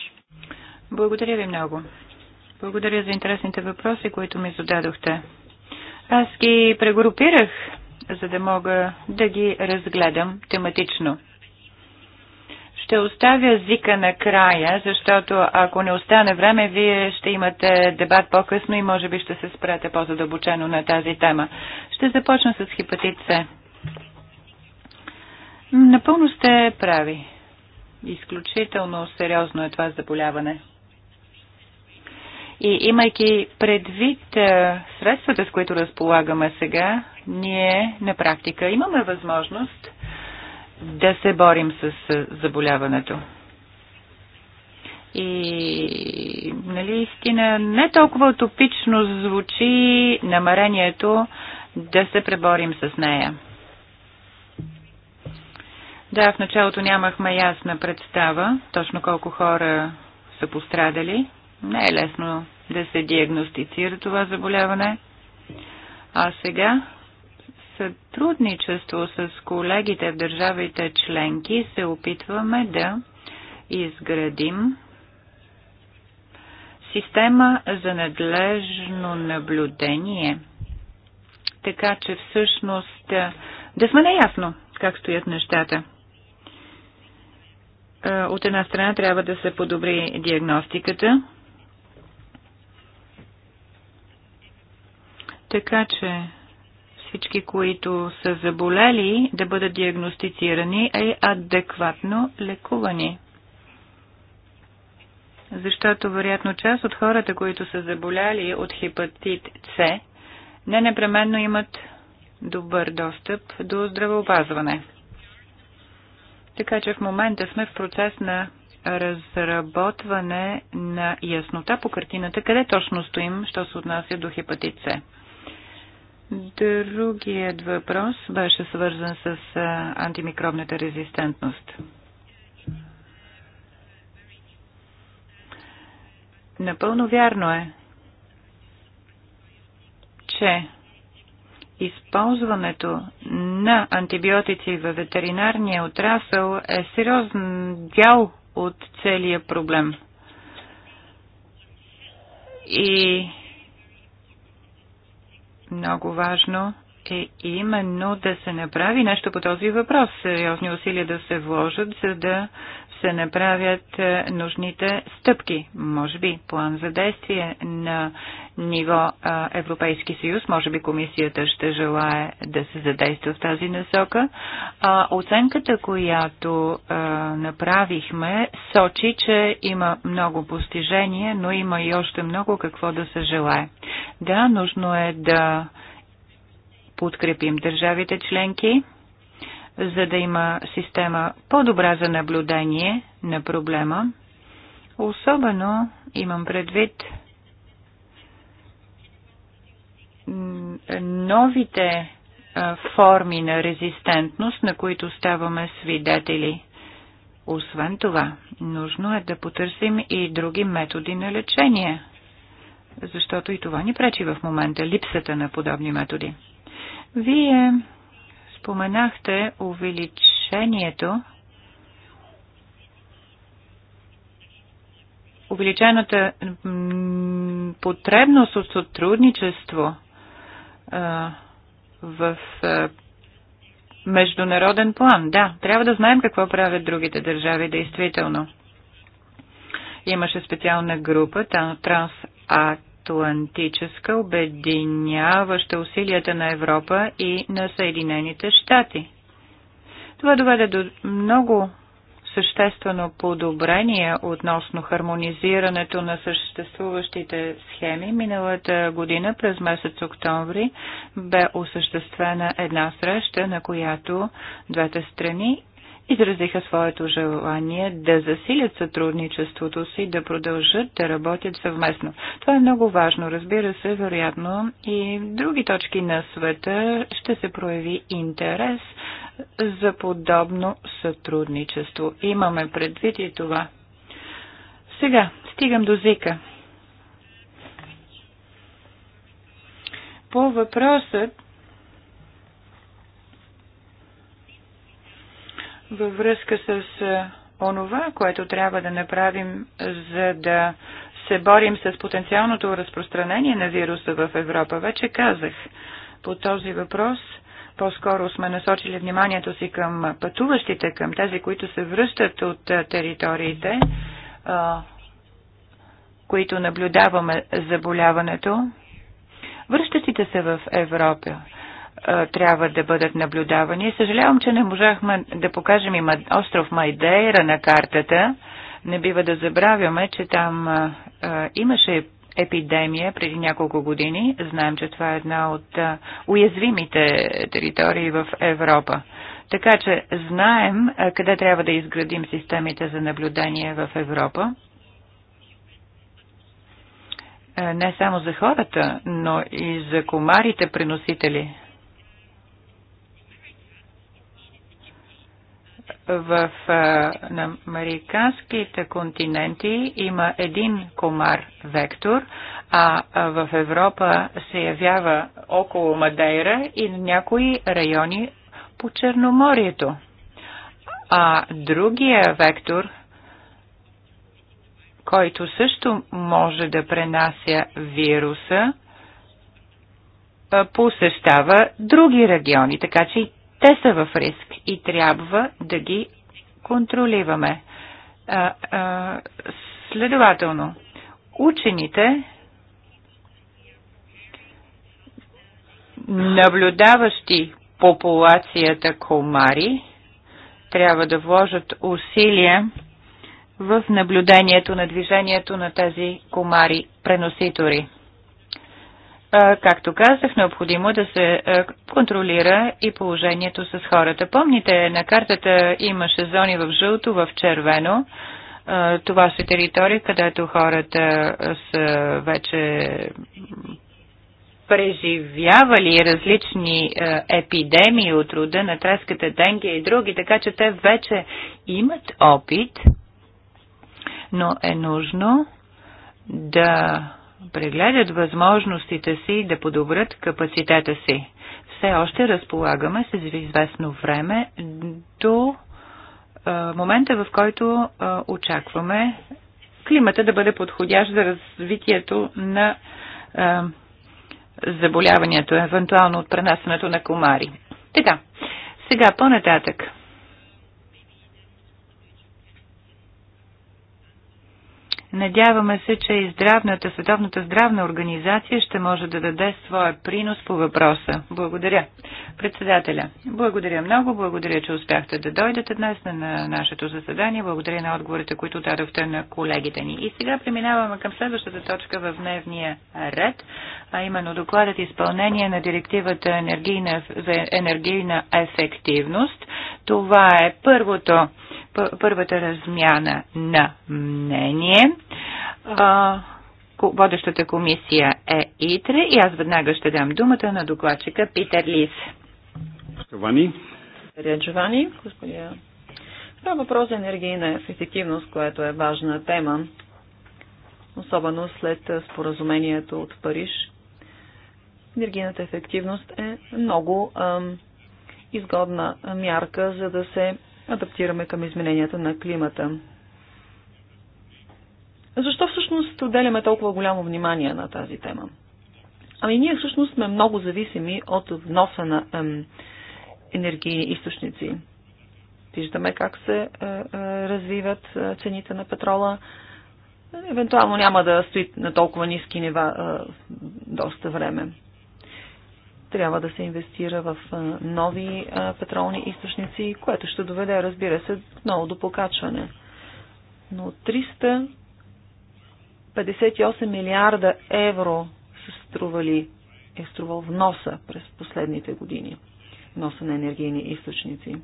[SPEAKER 2] Благодаря ви много. Благодаря за
[SPEAKER 3] интересните въпроси, които ми зададохте. Аз ги прегрупирах, за да мога да ги разгледам тематично. Ще оставя зика на края, защото ако не остане време, вие ще имате дебат по-късно и може би ще се спрете по-задълбочено на тази тема. Ще започна с хепатит С. Напълно сте прави. Изключително сериозно е това заболяване. И имайки предвид е, средствата, с които разполагаме сега, ние на практика имаме възможност да се борим с заболяването. И нали, истина не толкова утопично звучи намерението да се преборим с нея. Да, в началото нямахме ясна представа точно колко хора са пострадали. Не е лесно да се диагностицира това заболяване. А сега сътрудничество с колегите в държавите членки се опитваме да изградим система за надлежно наблюдение, така че всъщност да сме наясно как стоят нещата. Е, от една страна трябва да се подобри диагностиката, така че всички, които са заболели, да бъдат диагностицирани и е адекватно лекувани. Защото, вероятно, част от хората, които са заболяли от хепатит С, не непременно имат добър достъп до здравеопазване. Така че в момента сме в процес на разработване на яснота по картината, къде точно стоим, що се отнася до хепатит С. Другият въпрос беше свързан с антимикробната резистентност. Напълно вярно е, че използването на антибиотици във ветеринарния отрасъл е сериозен дял от целия проблем. И много важно е именно да се направи нещо по този въпрос. Сериозни усилия да се вложат, за да се направят е, нужните стъпки. Може би план за действие на ниво Европейски съюз, може би комисията ще желае да се задейства в тази насока. А оценката, която направихме, сочи, че има много постижения, но има и още много какво да се желае. Да, нужно е да подкрепим държавите членки за да има система по-добра за наблюдение на проблема. Особено имам предвид новите форми на резистентност, на които ставаме свидетели. Освен това, нужно е да потърсим и други методи на лечение, защото и това ни пречи в момента липсата на подобни методи. Вие Споменахте увеличението, увеличената потребност от сътрудничество в международен план. Да, трябва да знаем какво правят другите държави, действително. Имаше специална група, Транс атлантическа, обединяваща усилията на Европа и на Съединените щати. Това доведе до много съществено подобрение относно хармонизирането на съществуващите схеми. Миналата година през месец октомври бе осъществена една среща, на която двете страни изразиха своето желание да засилят сътрудничеството си, да продължат да работят съвместно. Това е много важно. Разбира се, вероятно и в други точки на света ще се прояви интерес за подобно сътрудничество. Имаме предвид и това. Сега стигам до Зика. По въпросът във връзка с онова, което трябва да направим, за да се борим с потенциалното разпространение на вируса в Европа. Вече казах по този въпрос. По-скоро сме насочили вниманието си към пътуващите, към тези, които се връщат от териториите, които наблюдаваме заболяването. Връщащите се в Европа е, трябва да бъдат наблюдавани. Съжалявам, че не можахме да покажем и остров Майдейра на картата. Не бива да забравяме, че там е, е, имаше епидемия преди няколко години. Знаем, че това е една от уязвимите територии в Европа. Така че знаем къде трябва да изградим системите за наблюдение в Европа не само за хората, но и за комарите преносители. в на американските континенти има един комар вектор, а в Европа се явява около Мадейра и на някои райони по Черноморието. А другия вектор, който също може да пренася вируса, посещава други региони, така че те са в риск и трябва да ги контролираме. Следователно, учените, наблюдаващи популацията комари, трябва да вложат усилия в наблюдението на движението на тези комари-преноситори както казах, необходимо да се контролира и положението с хората. Помните, на картата имаше зони в жълто, в червено. Това са територии, където хората са вече преживявали различни епидемии от рода на треската денге и други, така че те вече имат опит, но е нужно да прегледат възможностите си и да подобрят капацитета си. Все още разполагаме с известно време до момента, в който очакваме климата да бъде подходящ за развитието на заболяването, евентуално от пренасенето на комари. Така, сега по-нататък. Надяваме се, че и здравната, Световната здравна организация ще може да даде своя принос по въпроса. Благодаря. Председателя, благодаря много, благодаря, че успяхте да дойдете днес на нашето заседание, благодаря на отговорите, които дадохте на колегите ни. И сега преминаваме към следващата точка в дневния ред, а именно докладът изпълнение на директивата енергийна, за енергийна ефективност. Това е първото първата размяна на мнение. водещата комисия е ИТРЕ и аз веднага ще дам думата на докладчика Питер Лис.
[SPEAKER 1] Джовани.
[SPEAKER 2] Благодаря, Джовани. Господя. Това въпрос за енергийна ефективност, което е важна тема, особено след споразумението от Париж. Енергийната ефективност е много изгодна мярка, за да се адаптираме към измененията на климата. Защо всъщност отделяме толкова голямо внимание на тази тема? Ами ние всъщност сме много зависими от вноса на ем, енергийни източници. Виждаме как се е, е, развиват е, цените на петрола. Евентуално няма да стои на толкова ниски нива е, доста време. Трябва да се инвестира в нови петролни източници, което ще доведе, разбира се, много до покачване. Но 358 милиарда евро са стрували, е струвал вноса през последните години. Вноса на енергийни източници.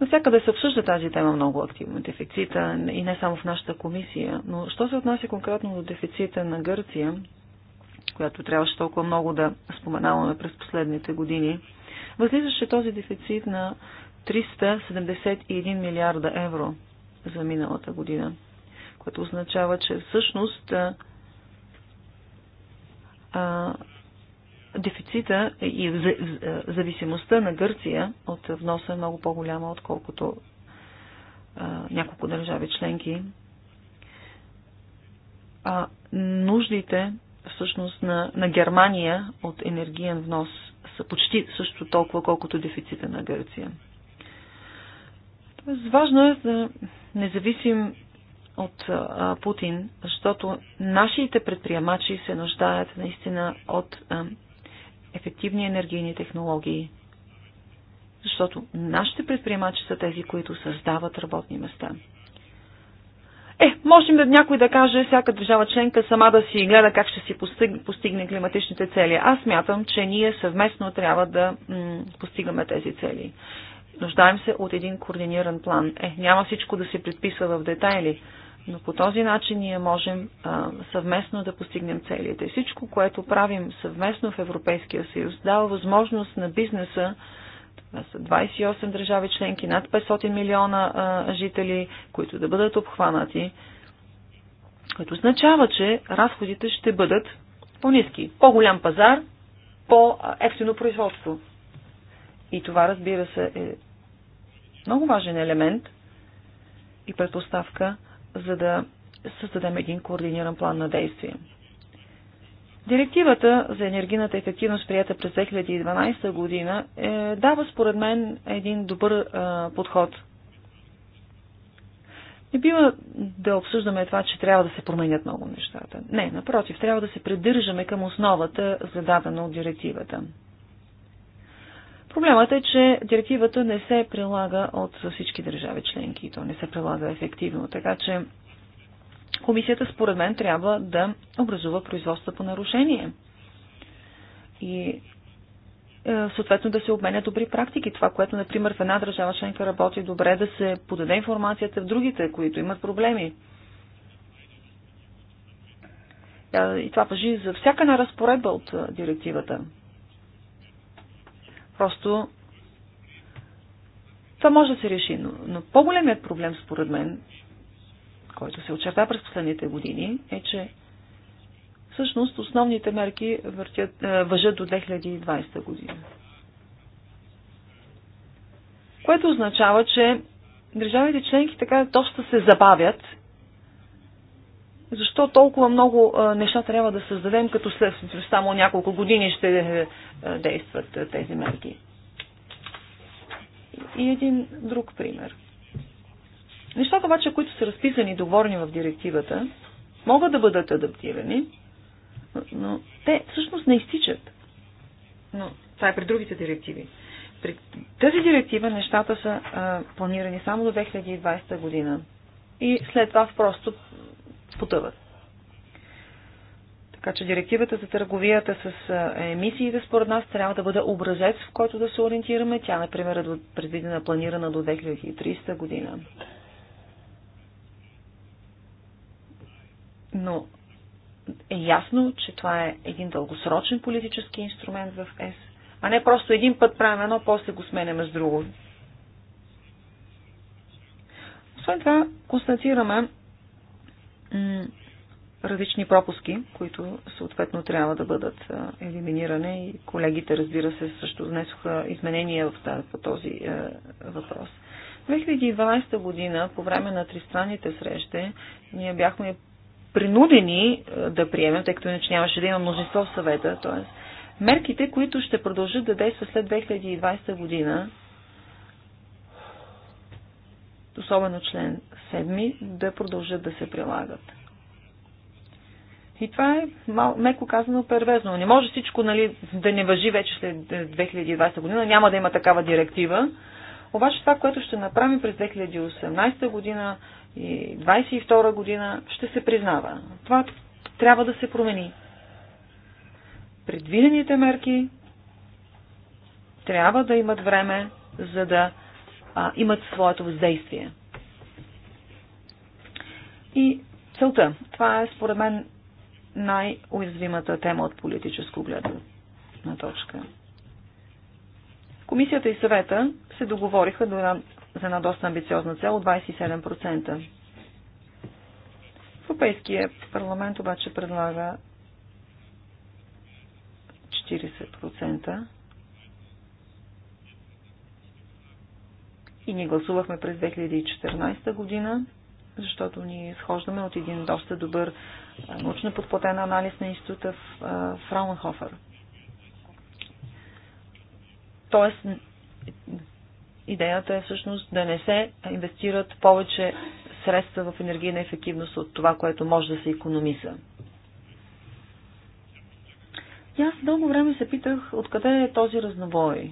[SPEAKER 2] Навсякъде се обсъжда тази тема много активно, дефицита и не само в нашата комисия, но що се отнася конкретно до дефицита на Гърция, която трябваше толкова много да споменаваме през последните години, възлизаше този дефицит на 371 милиарда евро за миналата година, което означава, че всъщност а, дефицита и зависимостта на Гърция от вноса е много по-голяма, отколкото а, няколко държави членки. А нуждите всъщност на, на Германия от енергиен внос са почти също толкова, колкото дефицита на Гърция. Тоест, важно е да независим от а, Путин, защото нашите предприемачи се нуждаят наистина от а, ефективни енергийни технологии. Защото нашите предприемачи са тези, които създават работни места. Е, можем да някой да каже, всяка държава членка сама да си гледа как ще си постигне, постигне климатичните цели. Аз мятам, че ние съвместно трябва да постигаме тези цели. Нуждаем се от един координиран план. Е, няма всичко да се предписва в детайли, но по този начин ние можем а, съвместно да постигнем целите. Всичко, което правим съвместно в Европейския съюз, дава възможност на бизнеса са 28 държави членки, над 500 милиона а, жители, които да бъдат обхванати, което означава, че разходите ще бъдат по-низки. По-голям пазар, по-ефтино производство. И това, разбира се, е много важен елемент и предпоставка, за да създадем един координиран план на действие. Директивата за енергийната ефективност, прията през 2012 година, е, дава според мен един добър е, подход. Не бива да обсъждаме това, че трябва да се променят много нещата. Не, напротив, трябва да се придържаме към основата, зададена от директивата. Проблемът е, че директивата не се прилага от всички държави членки и то не се прилага ефективно, така че комисията според мен трябва да образува производства по нарушение. И е, съответно да се обменя добри практики. Това, което, например, в една държава членка работи добре, да се подаде информацията в другите, които имат проблеми. Е, и това пъжи за всяка една разпоредба от е, директивата. Просто това може да се реши, но, но по-големият проблем, според мен, който се очерта през последните години, е, че всъщност основните мерки въртят, е, въжат до 2020 година. Което означава, че държавите членки така доста се забавят защо толкова много е, неща трябва да създадем, като след само няколко години ще е, действат тези мерки? И един друг пример. Нещата обаче, които са разписани, и доворни в директивата, могат да бъдат адаптирани, но те всъщност не изтичат. Но това е при другите директиви. При тази директива нещата са а, планирани само до 2020 година и след това просто потъват. Така че директивата за търговията с емисиите според нас трябва да бъде образец, в който да се ориентираме. Тя, например, е предвидена планирана до 2030 година. но е ясно, че това е един дългосрочен политически инструмент в ЕС, а не просто един път правим едно, после го сменяме с друго. Освен това, констатираме различни пропуски, които съответно трябва да бъдат елиминирани и колегите, разбира се, също внесоха изменения в тази, по този е, въпрос. 2012 година, по време на тристранните срещи, ние бяхме принудени е, да приемем, тъй като иначе нямаше да има мнозинство в съвета, т.е. мерките, които ще продължат да действат след 2020 година, особено член 7, да продължат да се прилагат. И това е, мал, меко казано, первезно. Не може всичко нали, да не въжи вече след 2020 година, няма да има такава директива. Обаче това, което ще направим през 2018 година, и 22 година ще се признава. Това трябва да се промени. Предвидените мерки трябва да имат време, за да а, имат своето въздействие. И целта. Това е, според мен, най-уязвимата тема от политическо на точка. Комисията и съвета се договориха до една за една доста амбициозна цел от 27%. Европейския парламент обаче предлага 40%. И ние гласувахме през 2014 година, защото ние изхождаме от един доста добър научно подплатен анализ на института в Фраунхофер. Тоест, идеята е всъщност да не се инвестират повече средства в енергийна ефективност от това, което може да се економиса. И аз дълго време се питах откъде е този разнобой.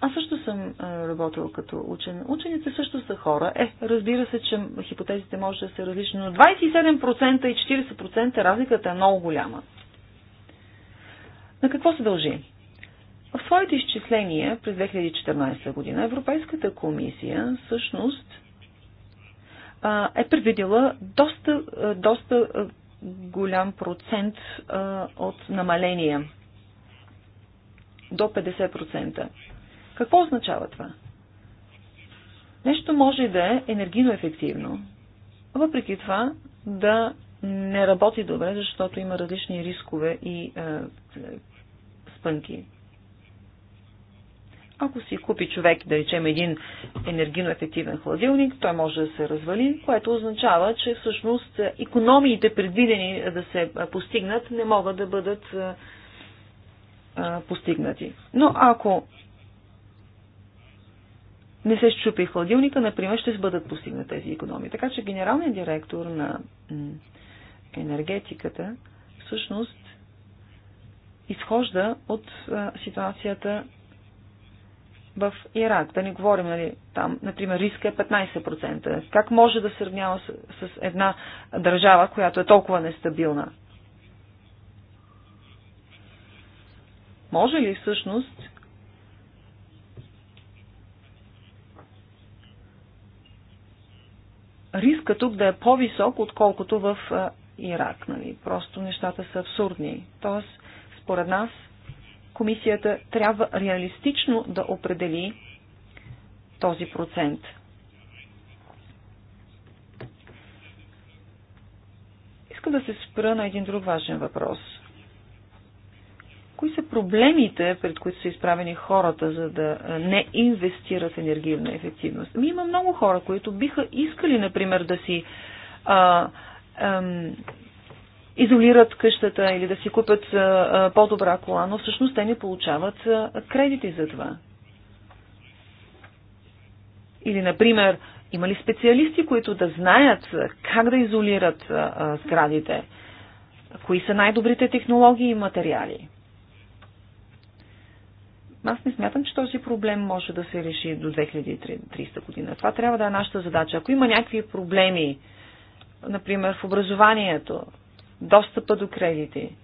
[SPEAKER 2] Аз също съм работила като учен. Учените също са хора. Е, разбира се, че хипотезите може да са различни, но 27% и 40% разликата е много голяма. На какво се дължи? В своите изчисления през 2014 година Европейската комисия всъщност е предвидила доста, доста голям процент от намаления До 50%. Какво означава това? Нещо може да е енергийно ефективно, въпреки това да не работи добре, защото има различни рискове и е, спънки. Ако си купи човек, да речем, един енергийно ефективен хладилник, той може да се развали, което означава, че всъщност економиите предвидени да се постигнат не могат да бъдат постигнати. Но ако не се щупи хладилника, например, ще бъдат постигнати тези економии. Така че генералният директор на енергетиката всъщност изхожда от ситуацията в Ирак. Да не говорим, нали, там, например, риска е 15%. Как може да сравнява с, с една държава, която е толкова нестабилна? Може ли всъщност риска тук да е по-висок, отколкото в Ирак? Нали? Просто нещата са абсурдни. Тоест, според нас, комисията трябва реалистично да определи този процент. Искам да се спра на един друг важен въпрос. Кои са проблемите, пред които са изправени хората, за да не инвестират в енергийна ефективност? Ми има много хора, които биха искали, например, да си а, ам, изолират къщата или да си купят по-добра кола, но всъщност те не получават кредити за това. Или, например, има ли специалисти, които да знаят как да изолират сградите? Кои са най-добрите технологии и материали? Аз не смятам, че този проблем може да се реши до 2300 година. Това трябва да е нашата задача. Ако има някакви проблеми, например, в образованието, достъпа до кредити.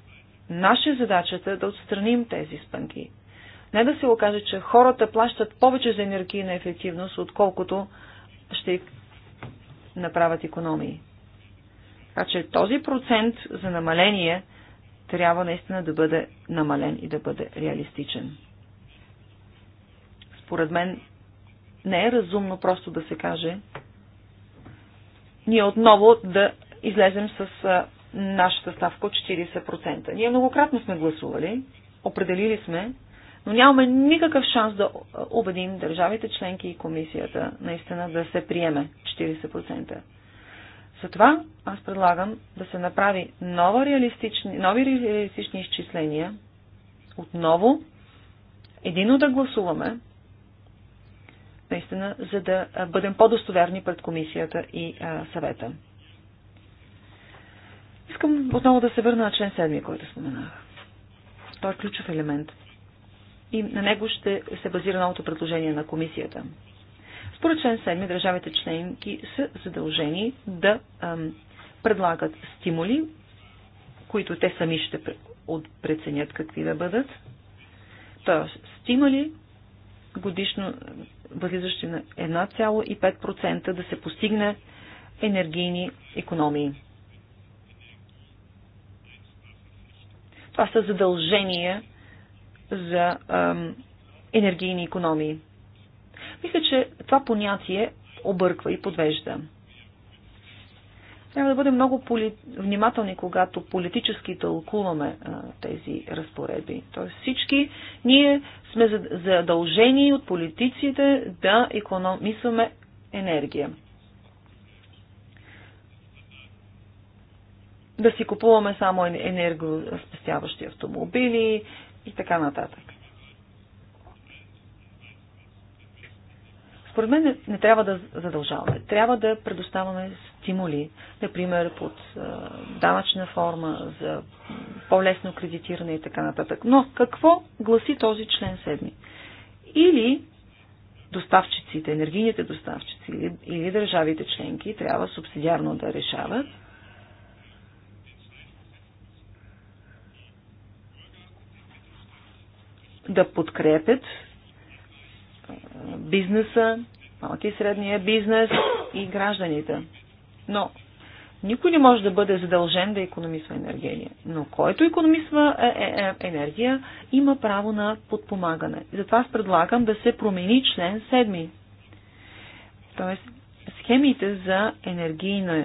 [SPEAKER 2] Наша задача е да отстраним тези спънки. Не да се окаже, че хората плащат повече за енергийна ефективност, отколкото ще направят економии. Така че този процент за намаление трябва наистина да бъде намален и да бъде реалистичен. Според мен не е разумно просто да се каже ние отново да излезем с нашата ставка от 40%. Ние многократно сме гласували, определили сме, но нямаме никакъв шанс да убедим държавите членки и комисията наистина да се приеме 40%. Затова аз предлагам да се направи нова реалистични, нови реалистични изчисления, отново, едино да гласуваме, наистина, за да бъдем по-достоверни пред комисията и а, съвета. Искам отново да се върна на член 7, който споменах. Той е ключов елемент. И на него ще се базира новото предложение на комисията. Според член 7, държавите членки са задължени да ам, предлагат стимули, които те сами ще преценят какви да бъдат. Тоест, стимули годишно възлизащи на 1,5% да се постигне енергийни економии. Това са задължения за ам, енергийни економии. Мисля, че това понятие обърква и подвежда. Трябва да бъдем много поли... внимателни, когато политически тълкуваме а, тези разпоредби. Тоест всички ние сме задължени от политиците да економисваме енергия. да си купуваме само енергоспестяващи автомобили и така нататък. Според мен не, трябва да задължаваме. Трябва да предоставяме стимули, например под данъчна форма, за по-лесно кредитиране и така нататък. Но какво гласи този член 7? Или доставчиците, енергийните доставчици или, или държавите членки трябва субсидиарно да решават да подкрепят бизнеса, малки и средния бизнес и гражданите. Но никой не може да бъде задължен да економисва енергия. Но който економисва е, е, е, енергия, има право на подпомагане. И затова аз предлагам да се промени член 7. Тоест, схемите за енергийно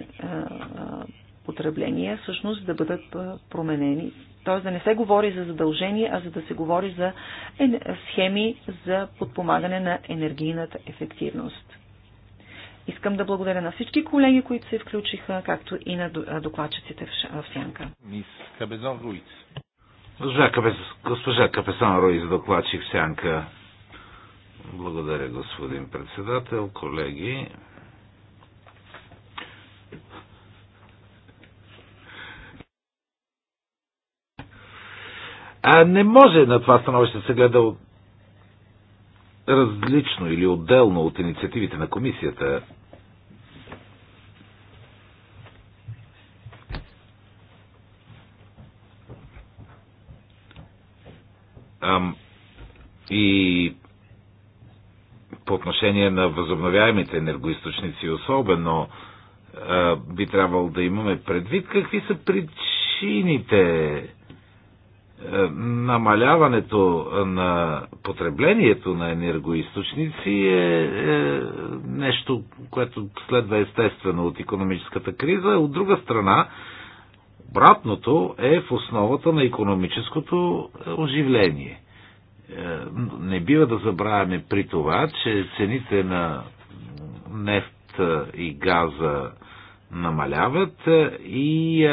[SPEAKER 2] потребление всъщност да бъдат променени Тоест да не се говори за задължение, а за да се говори за схеми за подпомагане на енергийната ефективност. Искам да благодаря на всички колеги, които се включиха, както и на докладчиците в
[SPEAKER 1] Сянка. Мис Кабезон Руиц. Госпожа, Капес... Госпожа Капесан Руиц, докладчик Сянка. Благодаря, господин председател, колеги. А не може на това становище да се гледа от... различно или отделно от инициативите на комисията. Ам, и по отношение на възобновяемите енергоисточници особено а, би трябвало да имаме предвид какви са причините е, намаляването на потреблението на енергоисточници е, е нещо, което следва естествено от економическата криза. От друга страна, обратното е в основата на економическото е, оживление. Не бива да забравяме при това, че цените на нефт и газа намаляват и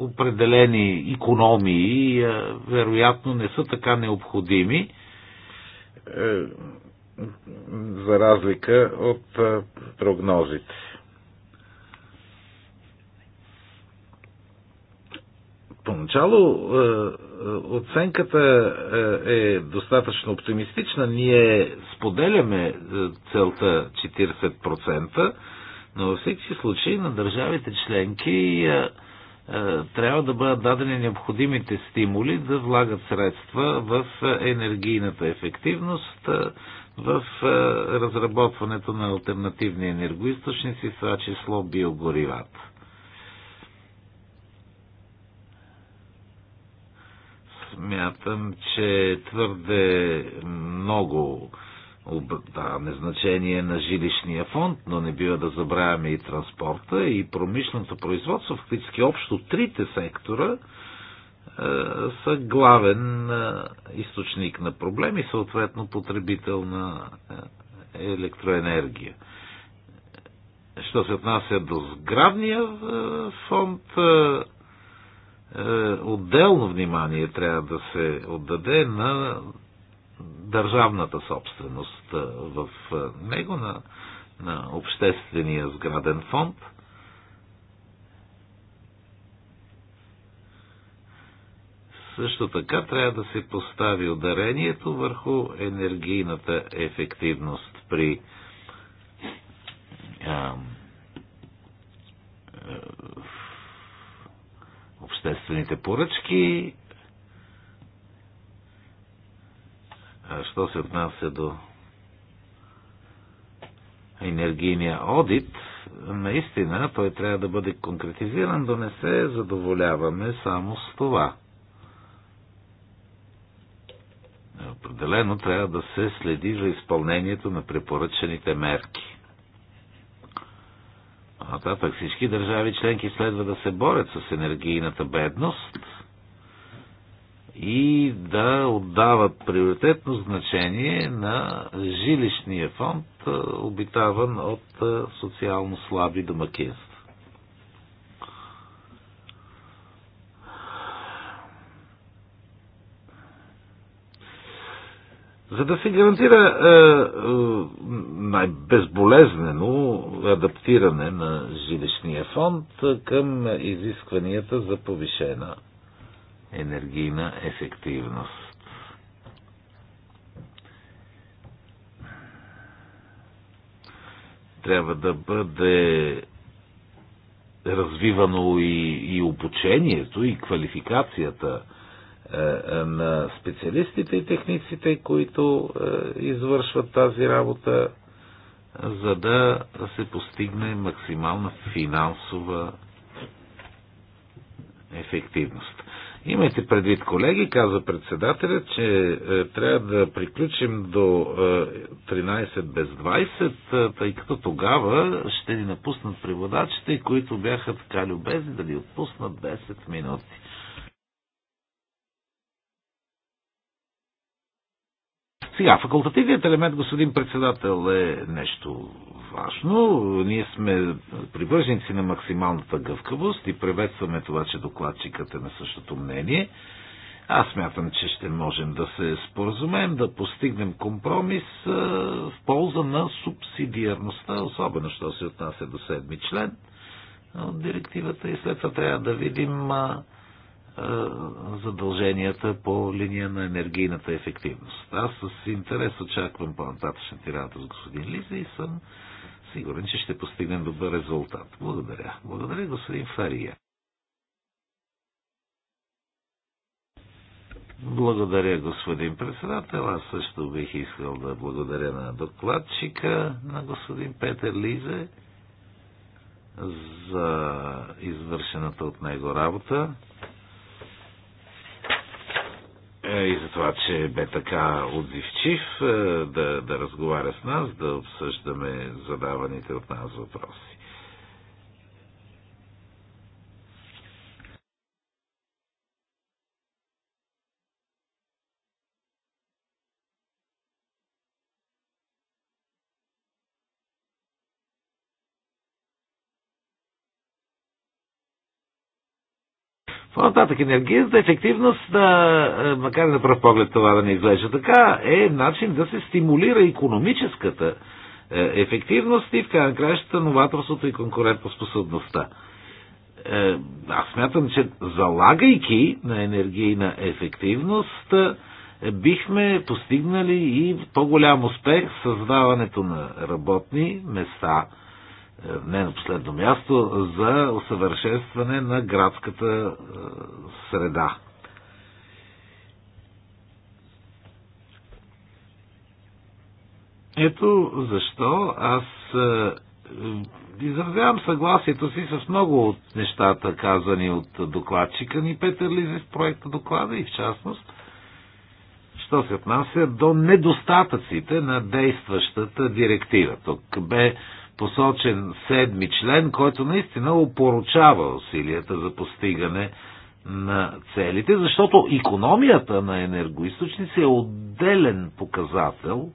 [SPEAKER 1] определени економии вероятно не са така необходими е, за разлика от прогнозите. Поначало е, е, оценката е достатъчно оптимистична. Ние споделяме целта 40%, но във всеки случай на държавите членки е, е, трябва да бъдат дадени необходимите стимули да влагат средства в енергийната ефективност, е, в разработването на альтернативни енергоисточници, в това число биогоривата. Смятам, че твърде много да, значение на жилищния фонд, но не бива да забравяме и транспорта и промишленото производство, фактически общо трите сектора е, са главен е, източник на проблеми, съответно потребител на е, електроенергия. Що се отнася до сградния е, фонд, е, е, отделно внимание трябва да се отдаде на държавната собственост в него, на, на обществения сграден фонд. Също така трябва да се постави ударението върху енергийната ефективност при а, обществените поръчки А що се отнася до енергийния одит, наистина той трябва да бъде конкретизиран, да не се задоволяваме само с това. Определено трябва да се следи за изпълнението на препоръчените мерки. А нататък всички държави членки следва да се борят с енергийната бедност – и да отдават приоритетно значение на жилищния фонд, обитаван от социално слаби домакинства. За да се гарантира е, е, най-безболезнено адаптиране на жилищния фонд към изискванията за повишена енергийна ефективност. Трябва да бъде развивано и, и обучението, и квалификацията е, на специалистите и техниците, които е, извършват тази работа, за да се постигне максимална финансова ефективност. Имайте предвид, колеги, каза председателя, че е, трябва да приключим до 13 е, без 20, е, тъй като тогава ще ни напуснат преводачите, които бяха така любезни да ни отпуснат 10 минути. Сега, факултативният елемент, господин председател, е нещо важно. Ние сме привърженици на максималната гъвкавост и приветстваме това, че докладчикът е на същото мнение. Аз мятам, че ще можем да се споразумеем, да постигнем компромис в полза на субсидиарността, особено що се отнася до седми член от директивата и след това трябва да видим е, задълженията по линия на енергийната ефективност. Аз с интерес очаквам по-нататъчната работа с господин Лиза и съм сигурен, че ще постигнем добър резултат. Благодаря. Благодаря, господин Фария. Благодаря, господин председател. Аз също бих искал да благодаря на докладчика, на господин Петър Лизе, за извършената от него работа. Е, и за това, че бе така отзивчив е, да, да разговаря с нас, да обсъждаме задаваните от нас въпроси. По-нататък енергийната ефективност, е, макар и на пръв поглед това да не изглежда така, е начин да се стимулира економическата е, ефективност и в крайна краща новаторството и конкурентоспособността. Е, аз смятам, че залагайки на енергийна ефективност, бихме постигнали и по-голям успех в създаването на работни места – не на последно място, за усъвършенстване на градската е, среда. Ето защо аз е, изразявам съгласието си с много от нещата, казани от докладчика ни Петър Лизи в проекта доклада и в частност, що се отнася до недостатъците на действащата директива. Тук бе посочен седми член, който наистина опоручава усилията за постигане на целите, защото економията на енергоисточници е отделен показател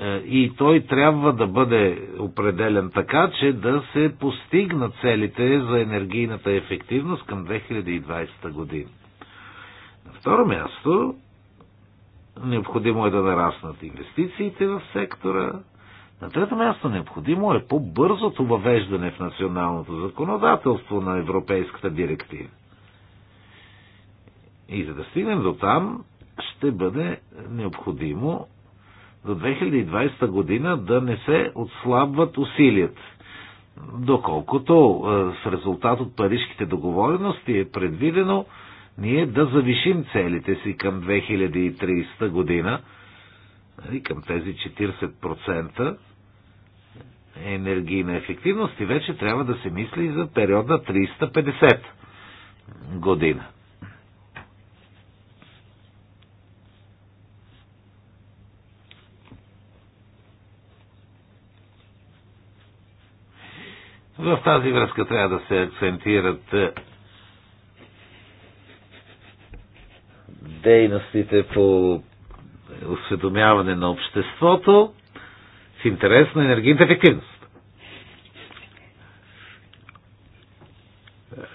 [SPEAKER 1] е, и той трябва да бъде определен така, че да се постигнат целите за енергийната ефективност към 2020 година. На второ място, необходимо е да нараснат инвестициите в сектора, на трето място необходимо е по-бързото въвеждане в националното законодателство на Европейската директива. И за да стигнем до там, ще бъде необходимо до 2020 година да не се отслабват усилията. Доколкото е, с резултат от парижките договорености е предвидено ние да завишим целите си към 2030 година, нали, към тези 40%, енергийна ефективност и вече трябва да се мисли за периода 350 година. В тази връзка трябва да се акцентират е, дейностите по осведомяване на обществото в интерес на енергийната ефективност.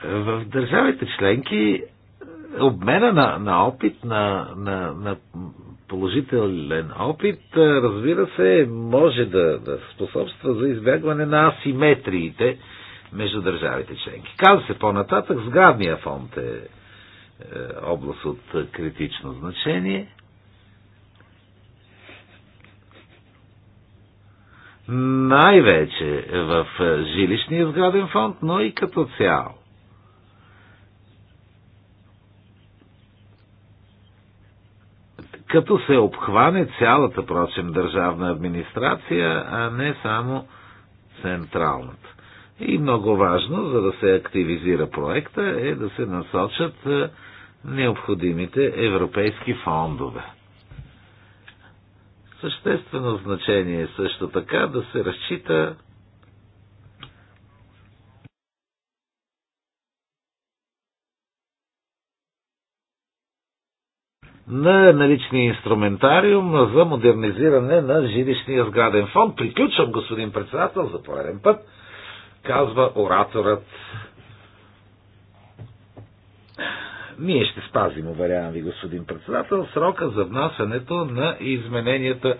[SPEAKER 1] В държавите членки обмена на, на опит, на, на, на положителен опит, разбира се, може да, да способства за избягване на асиметриите между държавите членки. Казва се по-нататък, сградния фонд е, е област от критично значение. Най-вече в жилищния сграден фонд, но и като цяло. като се обхване цялата, прочим, държавна администрация, а не само централната. И много важно, за да се активизира проекта, е да се насочат необходимите европейски фондове. Съществено значение е също така да се разчита на наличния инструментариум за модернизиране на жилищния сграден фонд. Приключвам, господин председател, за пореден път, казва ораторът. Ние ще спазим, уверявам ви, господин председател, срока за внасянето на измененията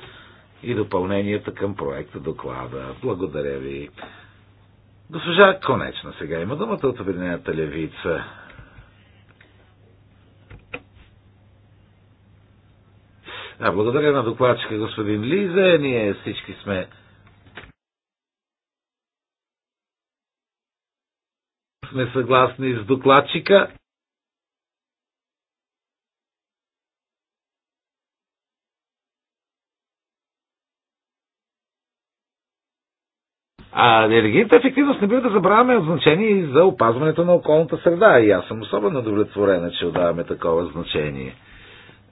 [SPEAKER 1] и допълненията към проекта доклада. Благодаря ви. Госпожа Конечна сега има думата от Обединената левица. А, благодаря на докладчика господин Лиза. Ние всички сме сме
[SPEAKER 4] съгласни с докладчика.
[SPEAKER 1] А енергийната ефективност не бива да забравяме от значение и за опазването на околната среда. И аз съм особено удовлетворена, че отдаваме такова значение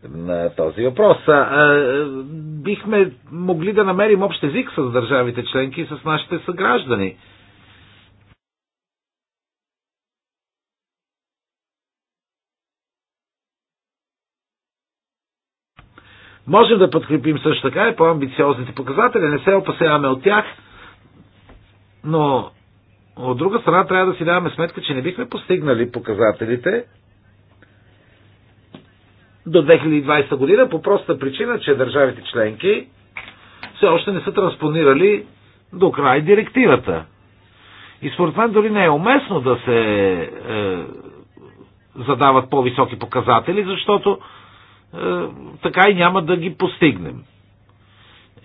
[SPEAKER 1] на този въпрос. Бихме могли да намерим общ език с държавите членки и с нашите съграждани. Можем да подкрепим също така и по-амбициозните показатели, не се опасяваме от тях, но от друга страна трябва да си даваме сметка, че не бихме постигнали показателите, до 2020 година по проста причина, че държавите членки все още не са транспонирали до край директивата. И според мен дори не е уместно да се е, задават по-високи показатели, защото е, така и няма да ги постигнем.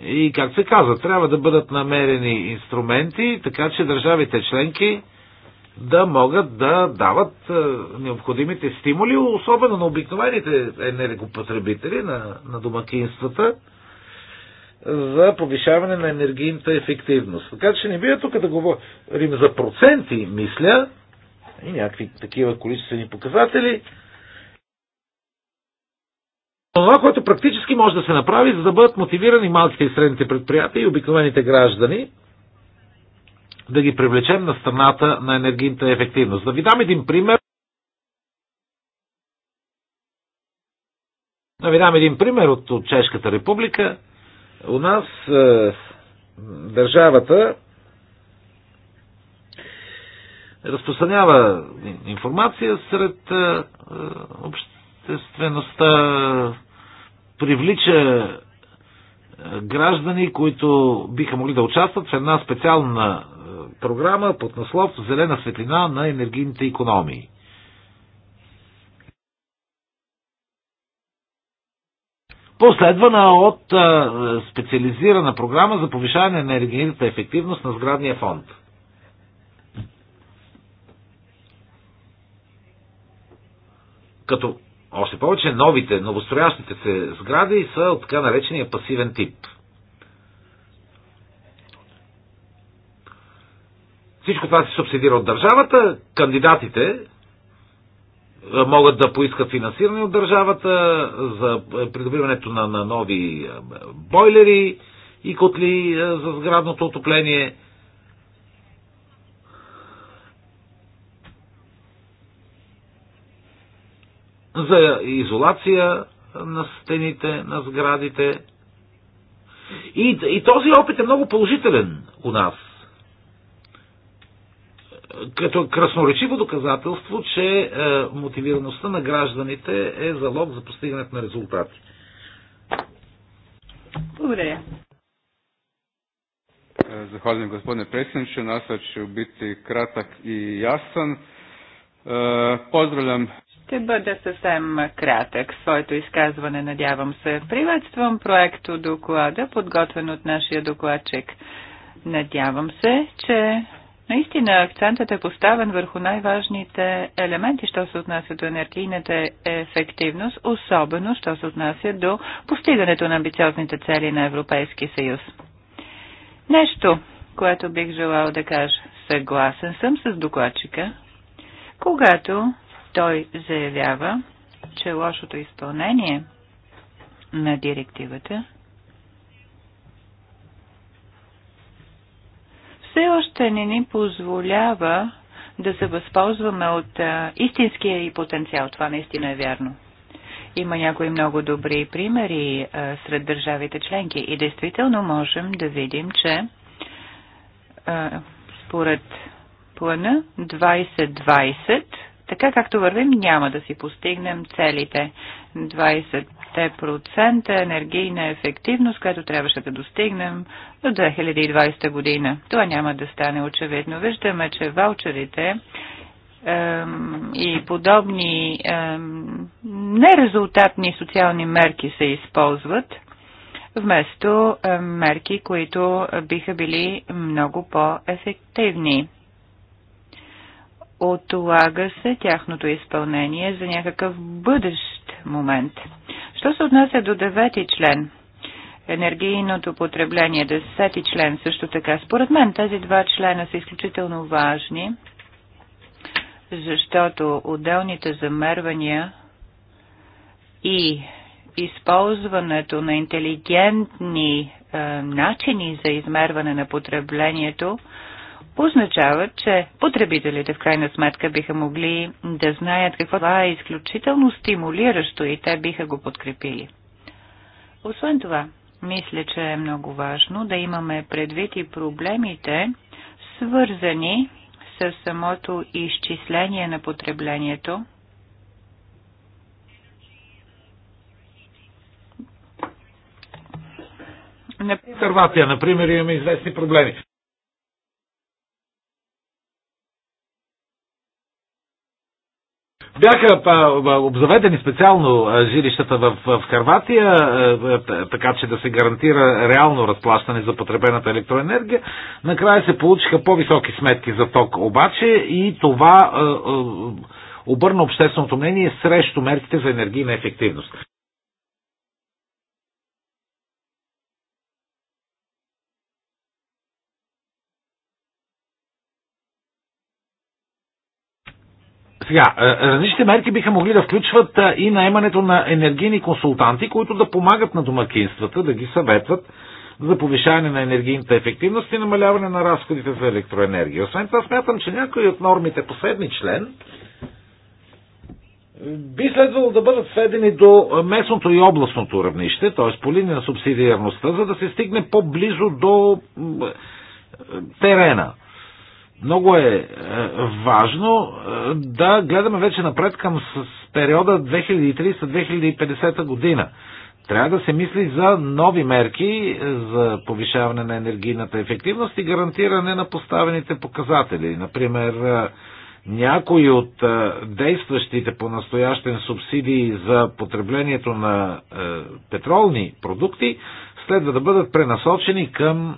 [SPEAKER 1] И, както се казва, трябва да бъдат намерени инструменти, така че държавите членки да могат да дават е, необходимите стимули, особено на обикновените енергопотребители, на, на домакинствата, е, за повишаване на енергийната ефективност. Така че не бива тук да говорим за проценти, мисля, и някакви такива количествени показатели. Това, което практически може да се направи, за да бъдат мотивирани малките и средните предприятия и обикновените граждани – да ги привлечем на страната на енергийната ефективност. Да ви дам един пример. Да ви дам един пример от, от Чешката република. У нас е, държавата разпространява информация сред е, е обществеността, привлича граждани, които биха могли да участват в една специална е, програма под наслов Зелена светлина на енергийните економии. последвана от е, специализирана програма за повишаване на енергийната ефективност на сградния фонд. Като още повече новите, новостроящите се сгради са от така наречения пасивен тип. Всичко това се субсидира от държавата. Кандидатите могат да поискат финансиране от държавата за придобиването на, на нови бойлери и котли за сградното отопление – за изолация на стените, на сградите. И, и този опит е много положителен у нас. Като красноречиво доказателство, че е, мотивираността на гражданите е залог за постигането на
[SPEAKER 4] резултати. Благодаря. Zahvaljujem gospodine predsjedniče. nastavit ću biti kratak i jasan. Pozdravljam
[SPEAKER 3] ще бъда съвсем кратък своето изказване, надявам се. Приветствам проекто доклада, подготвен от нашия докладчик. Надявам се, че наистина акцентът е поставен върху най-важните елементи, що се отнася до енергийната ефективност, особено що се отнася до постигането на амбициозните цели на Европейски съюз. Нещо, което бих желал да кажа. Съгласен съм с докладчика, когато той заявява, че лошото изпълнение на директивата все още не ни позволява да се възползваме от а, истинския и потенциал. Това наистина е вярно. Има някои много добри примери а, сред държавите членки и действително можем да видим, че а, според плана 2020 така както вървим, няма да си постигнем целите. 20% енергийна ефективност, която трябваше да достигнем до 2020 година. Това няма да стане очевидно. Виждаме, че ваучерите и подобни нерезултатни социални мерки се използват, вместо мерки, които биха били много по-ефективни отлага се тяхното изпълнение за някакъв бъдещ момент. Що се отнася до девети член? Енергийното потребление, десети член също така. Според мен тези два члена са изключително важни, защото отделните замервания и използването на интелигентни е, начини за измерване на потреблението – означава, че потребителите в крайна сметка биха могли да знаят какво това е изключително стимулиращо и те биха го подкрепили. Освен това, мисля, че е много важно да имаме предвид и проблемите, свързани с самото изчисление на потреблението,
[SPEAKER 1] Например, например, имаме известни проблеми. Бяха обзаведени специално жилищата в, в Харватия, така че да се гарантира реално разплащане за потребената електроенергия. Накрая се получиха по-високи сметки за ток обаче и това обърна общественото мнение срещу мерките за енергийна ефективност. Сега, е, е, различните мерки биха могли да включват е, и наемането на енергийни консултанти, които да помагат на домакинствата, да ги съветват за повишаване на енергийната ефективност и намаляване на разходите за електроенергия. Освен това смятам, че някои от нормите по седми член би следвало да бъдат сведени до местното и областното равнище, т.е. по линия на субсидиарността, за да се стигне по-близо до терена много е, е важно е, да гледаме вече напред към с периода 2030-2050 година. Трябва да се мисли за нови мерки е, за повишаване на енергийната ефективност и гарантиране на поставените показатели. Например, някои от действащите по настоящен субсидии за потреблението на петролни продукти следва да бъдат пренасочени към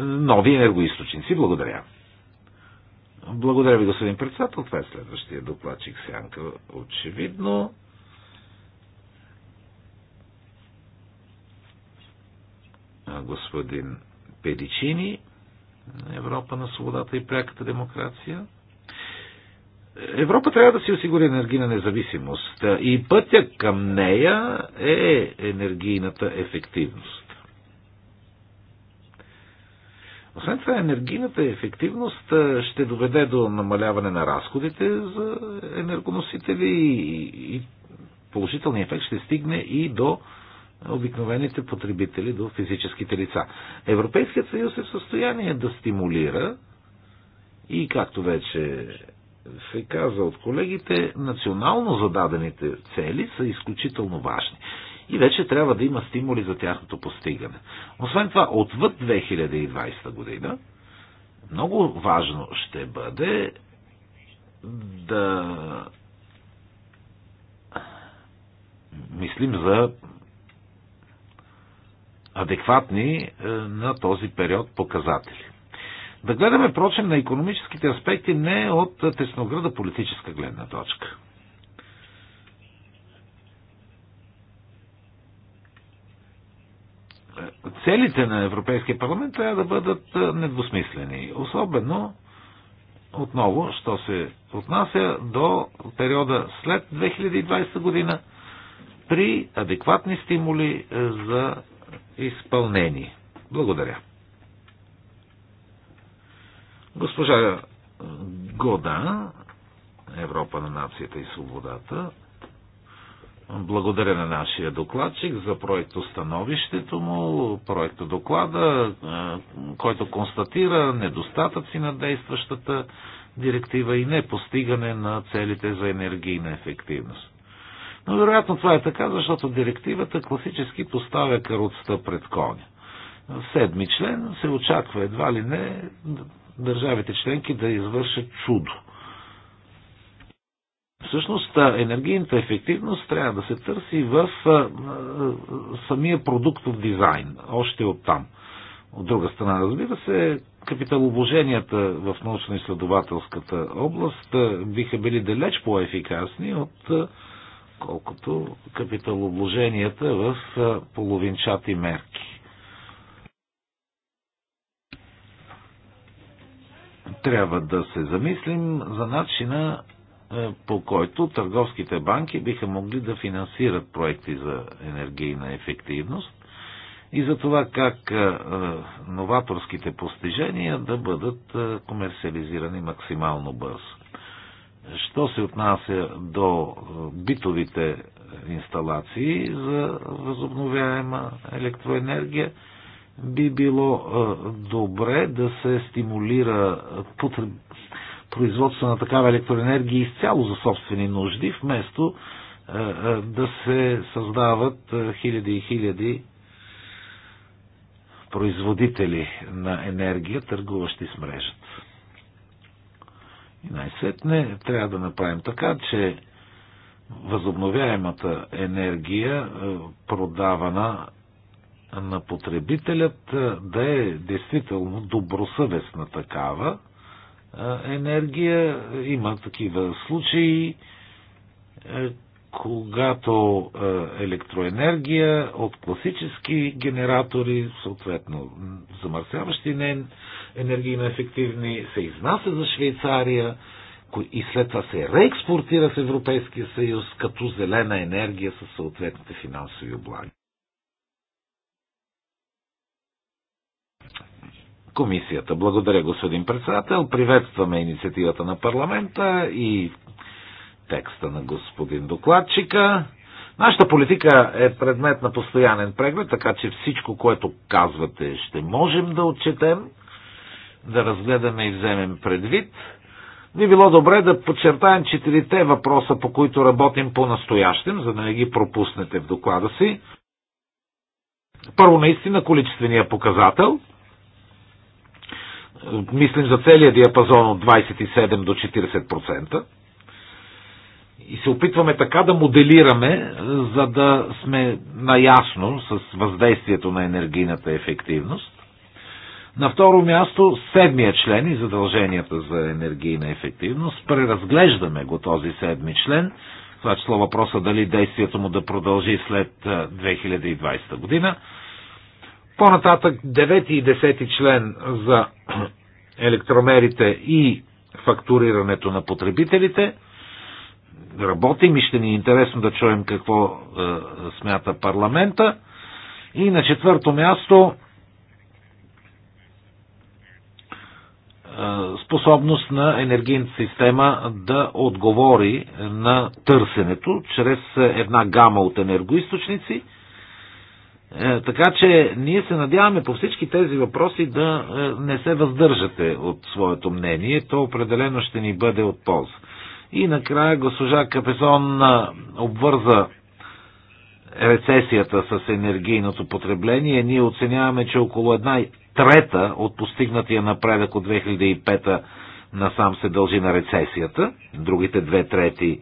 [SPEAKER 1] нови енергоисточници. Благодаря. Благодаря ви, господин председател. Това е следващия докладчик Сянка. Очевидно. Господин Педичини, Европа на свободата и пряката демокрация. Европа трябва да си осигури енергийна независимост и пътя към нея е енергийната ефективност. Освен това, енергийната ефективност ще доведе до намаляване на разходите за енергоносители и положителният ефект ще стигне и до обикновените потребители, до физическите лица. Европейският съюз е в състояние да стимулира и, както вече се каза от колегите, национално зададените цели са изключително важни и вече трябва да има стимули за тяхното постигане. Освен това, отвъд 2020 година, много важно ще бъде да мислим за адекватни е, на този период показатели. Да гледаме, прочим, на економическите аспекти не от теснограда политическа гледна точка. целите на Европейския парламент трябва да бъдат недвусмислени. Особено, отново, що се отнася до периода след 2020 година при адекватни стимули е, за изпълнение. Благодаря. Госпожа Года, Европа на нацията и свободата, благодаря на нашия докладчик за проектостановището му, проекто доклада, е, който констатира недостатъци на действащата директива и не постигане на целите за енергийна ефективност. Но вероятно това е така, защото директивата класически поставя каруцата пред коня. В седми член се очаква едва ли не държавите членки да извършат чудо – Всъщност енергийната ефективност трябва да се търси в самия продуктов дизайн, още от там. От друга страна, разбира се, капиталовложенията в научно-изследователската област биха били далеч по-ефикасни от колкото капиталовложенията в половинчати мерки. Трябва да се замислим за начина е, по който търговските банки биха могли да финансират проекти за енергийна ефективност и за това как е, е, новаторските постижения да бъдат комерциализирани максимално бързо. Що се отнася до битовите инсталации за възобновяема електроенергия, би било добре да се стимулира производство на такава електроенергия изцяло за собствени нужди, вместо е, е, да се създават е, хиляди и хиляди производители на енергия, търгуващи с мрежата. И най-сетне трябва да направим така, че възобновяемата енергия, продавана на потребителят, да е действително добросъвестна такава, енергия. Има такива случаи, е, когато е, електроенергия от класически генератори, съответно замърсяващи енергийно ефективни, се изнася за Швейцария и след това се реекспортира в Европейския съюз като зелена енергия със съответните финансови облаги. комисията. Благодаря, господин председател. Приветстваме инициативата на парламента и текста на господин докладчика. Нашата политика е предмет на постоянен преглед, така че всичко, което казвате, ще можем да отчетем, да разгледаме и вземем предвид. Би било добре да подчертаем четирите въпроса, по които работим по-настоящем, за да не ги пропуснете в доклада си. Първо, наистина, количествения показател – мислим за целия диапазон от 27 до 40%. И се опитваме така да моделираме, за да сме наясно с въздействието на енергийната ефективност. На второ място, седмия член и задълженията за енергийна ефективност. Преразглеждаме го този седми член, това число въпроса дали действието му да продължи след 2020 година. По-нататък 9 и 10 член за електромерите и фактурирането на потребителите. Работим и ще ни е интересно да чуем какво е, смята парламента. И на четвърто място е, способност на енергийната система да отговори на търсенето чрез една гама от енергоисточници – е, така че ние се надяваме по всички тези въпроси да е, не се въздържате от своето мнение. То определено ще ни бъде от полза. И накрая госпожа Капесон е, обвърза рецесията с енергийното потребление. Ние оценяваме, че около една трета от постигнатия напредък от 2005 насам се дължи на рецесията. Другите две трети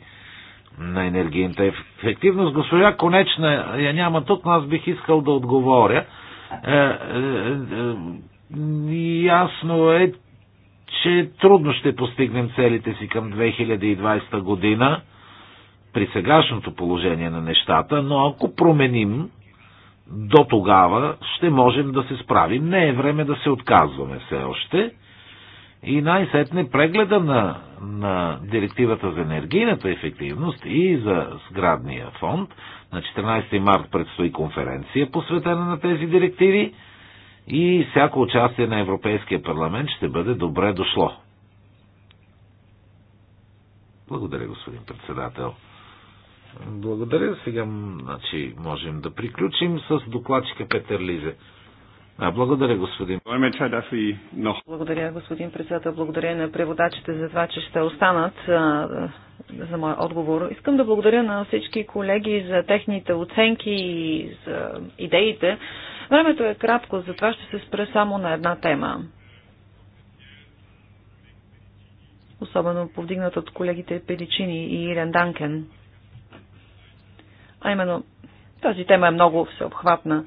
[SPEAKER 1] на енергийната ефективност. Госпожа Конечна я няма тук, но аз бих искал да отговоря. Е, е, е, ясно е, че трудно ще постигнем целите си към 2020 година при сегашното положение на нещата, но ако променим до тогава ще можем да се справим. Не е време да се отказваме все още. И най-сетне прегледа на, на директивата за енергийната ефективност и за сградния фонд. На 14 март предстои конференция, посветена на тези директиви и всяко участие на Европейския парламент ще бъде добре дошло. Благодаря, господин председател. Благодаря. Сега значи, можем да приключим с докладчика Петър Лизе. Благодаря, господин.
[SPEAKER 2] Благодаря, господин председател. Благодаря на преводачите за това, че ще останат за моя отговор. Искам да благодаря на всички колеги за техните оценки и за идеите. Времето е кратко, затова ще се спре само на една тема. Особено повдигнат от колегите Пеличини и Ирен Данкен. А именно, тази тема е много всеобхватна.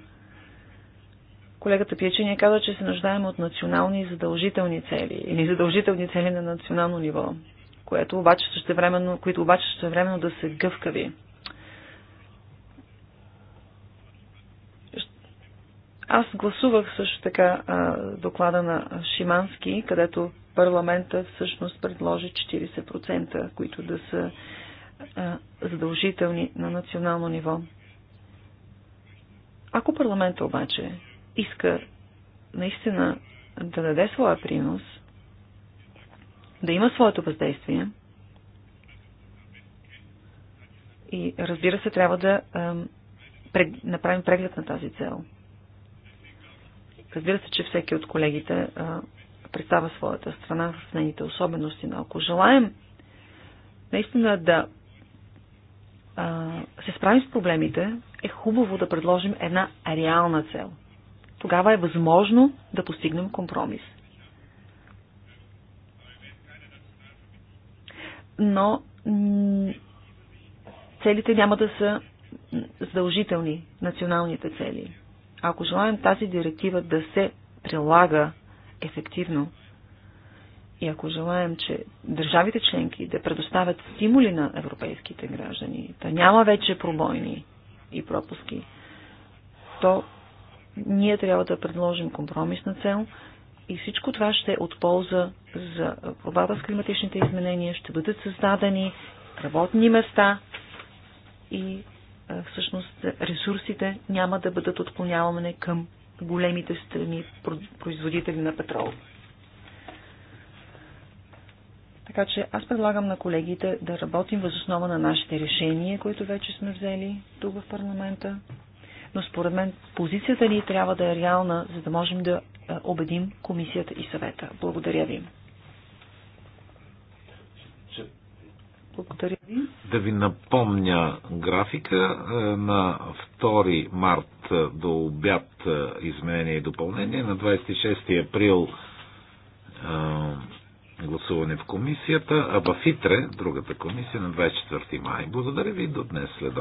[SPEAKER 2] Колегата Пиечения каза, че се нуждаем от национални задължителни цели или задължителни цели на национално ниво, което обаче същевременно, които обаче същевременно да са гъвкави. Аз гласувах също така а, доклада на Шимански, където парламента всъщност предложи 40%, които да са а, задължителни на национално ниво. Ако парламента обаче иска наистина да даде своя принос, да има своето въздействие и разбира се, трябва да пред, направим преглед на тази цел. Разбира се, че всеки от колегите а, представа своята страна в нейните особености, но ако желаем наистина да а, се справим с проблемите, е хубаво да предложим една реална цел – тогава е възможно да постигнем компромис. Но целите няма да са задължителни, националните цели. Ако желаем тази директива да се прилага ефективно и ако желаем, че държавите членки да предоставят стимули на европейските граждани, да няма вече пробойни и пропуски, то ние трябва да предложим компромисна цел и всичко това ще е от полза за борбата с климатичните изменения, ще бъдат създадени работни места и всъщност ресурсите няма да бъдат отклонявани към големите страни производители на петрол. Така че аз предлагам на колегите да работим въз основа на нашите решения, които вече сме взели тук в парламента но според мен позицията ни трябва да е реална, за да можем да е, убедим комисията и съвета. Благодаря ви. Благодаря
[SPEAKER 4] ви.
[SPEAKER 1] Да ви напомня графика е, на 2 март е, до обяд изменение и допълнение, на 26 април гласуване в комисията, а в ИТРЕ, другата комисия, на
[SPEAKER 4] 24 май. Благодаря ви до днес след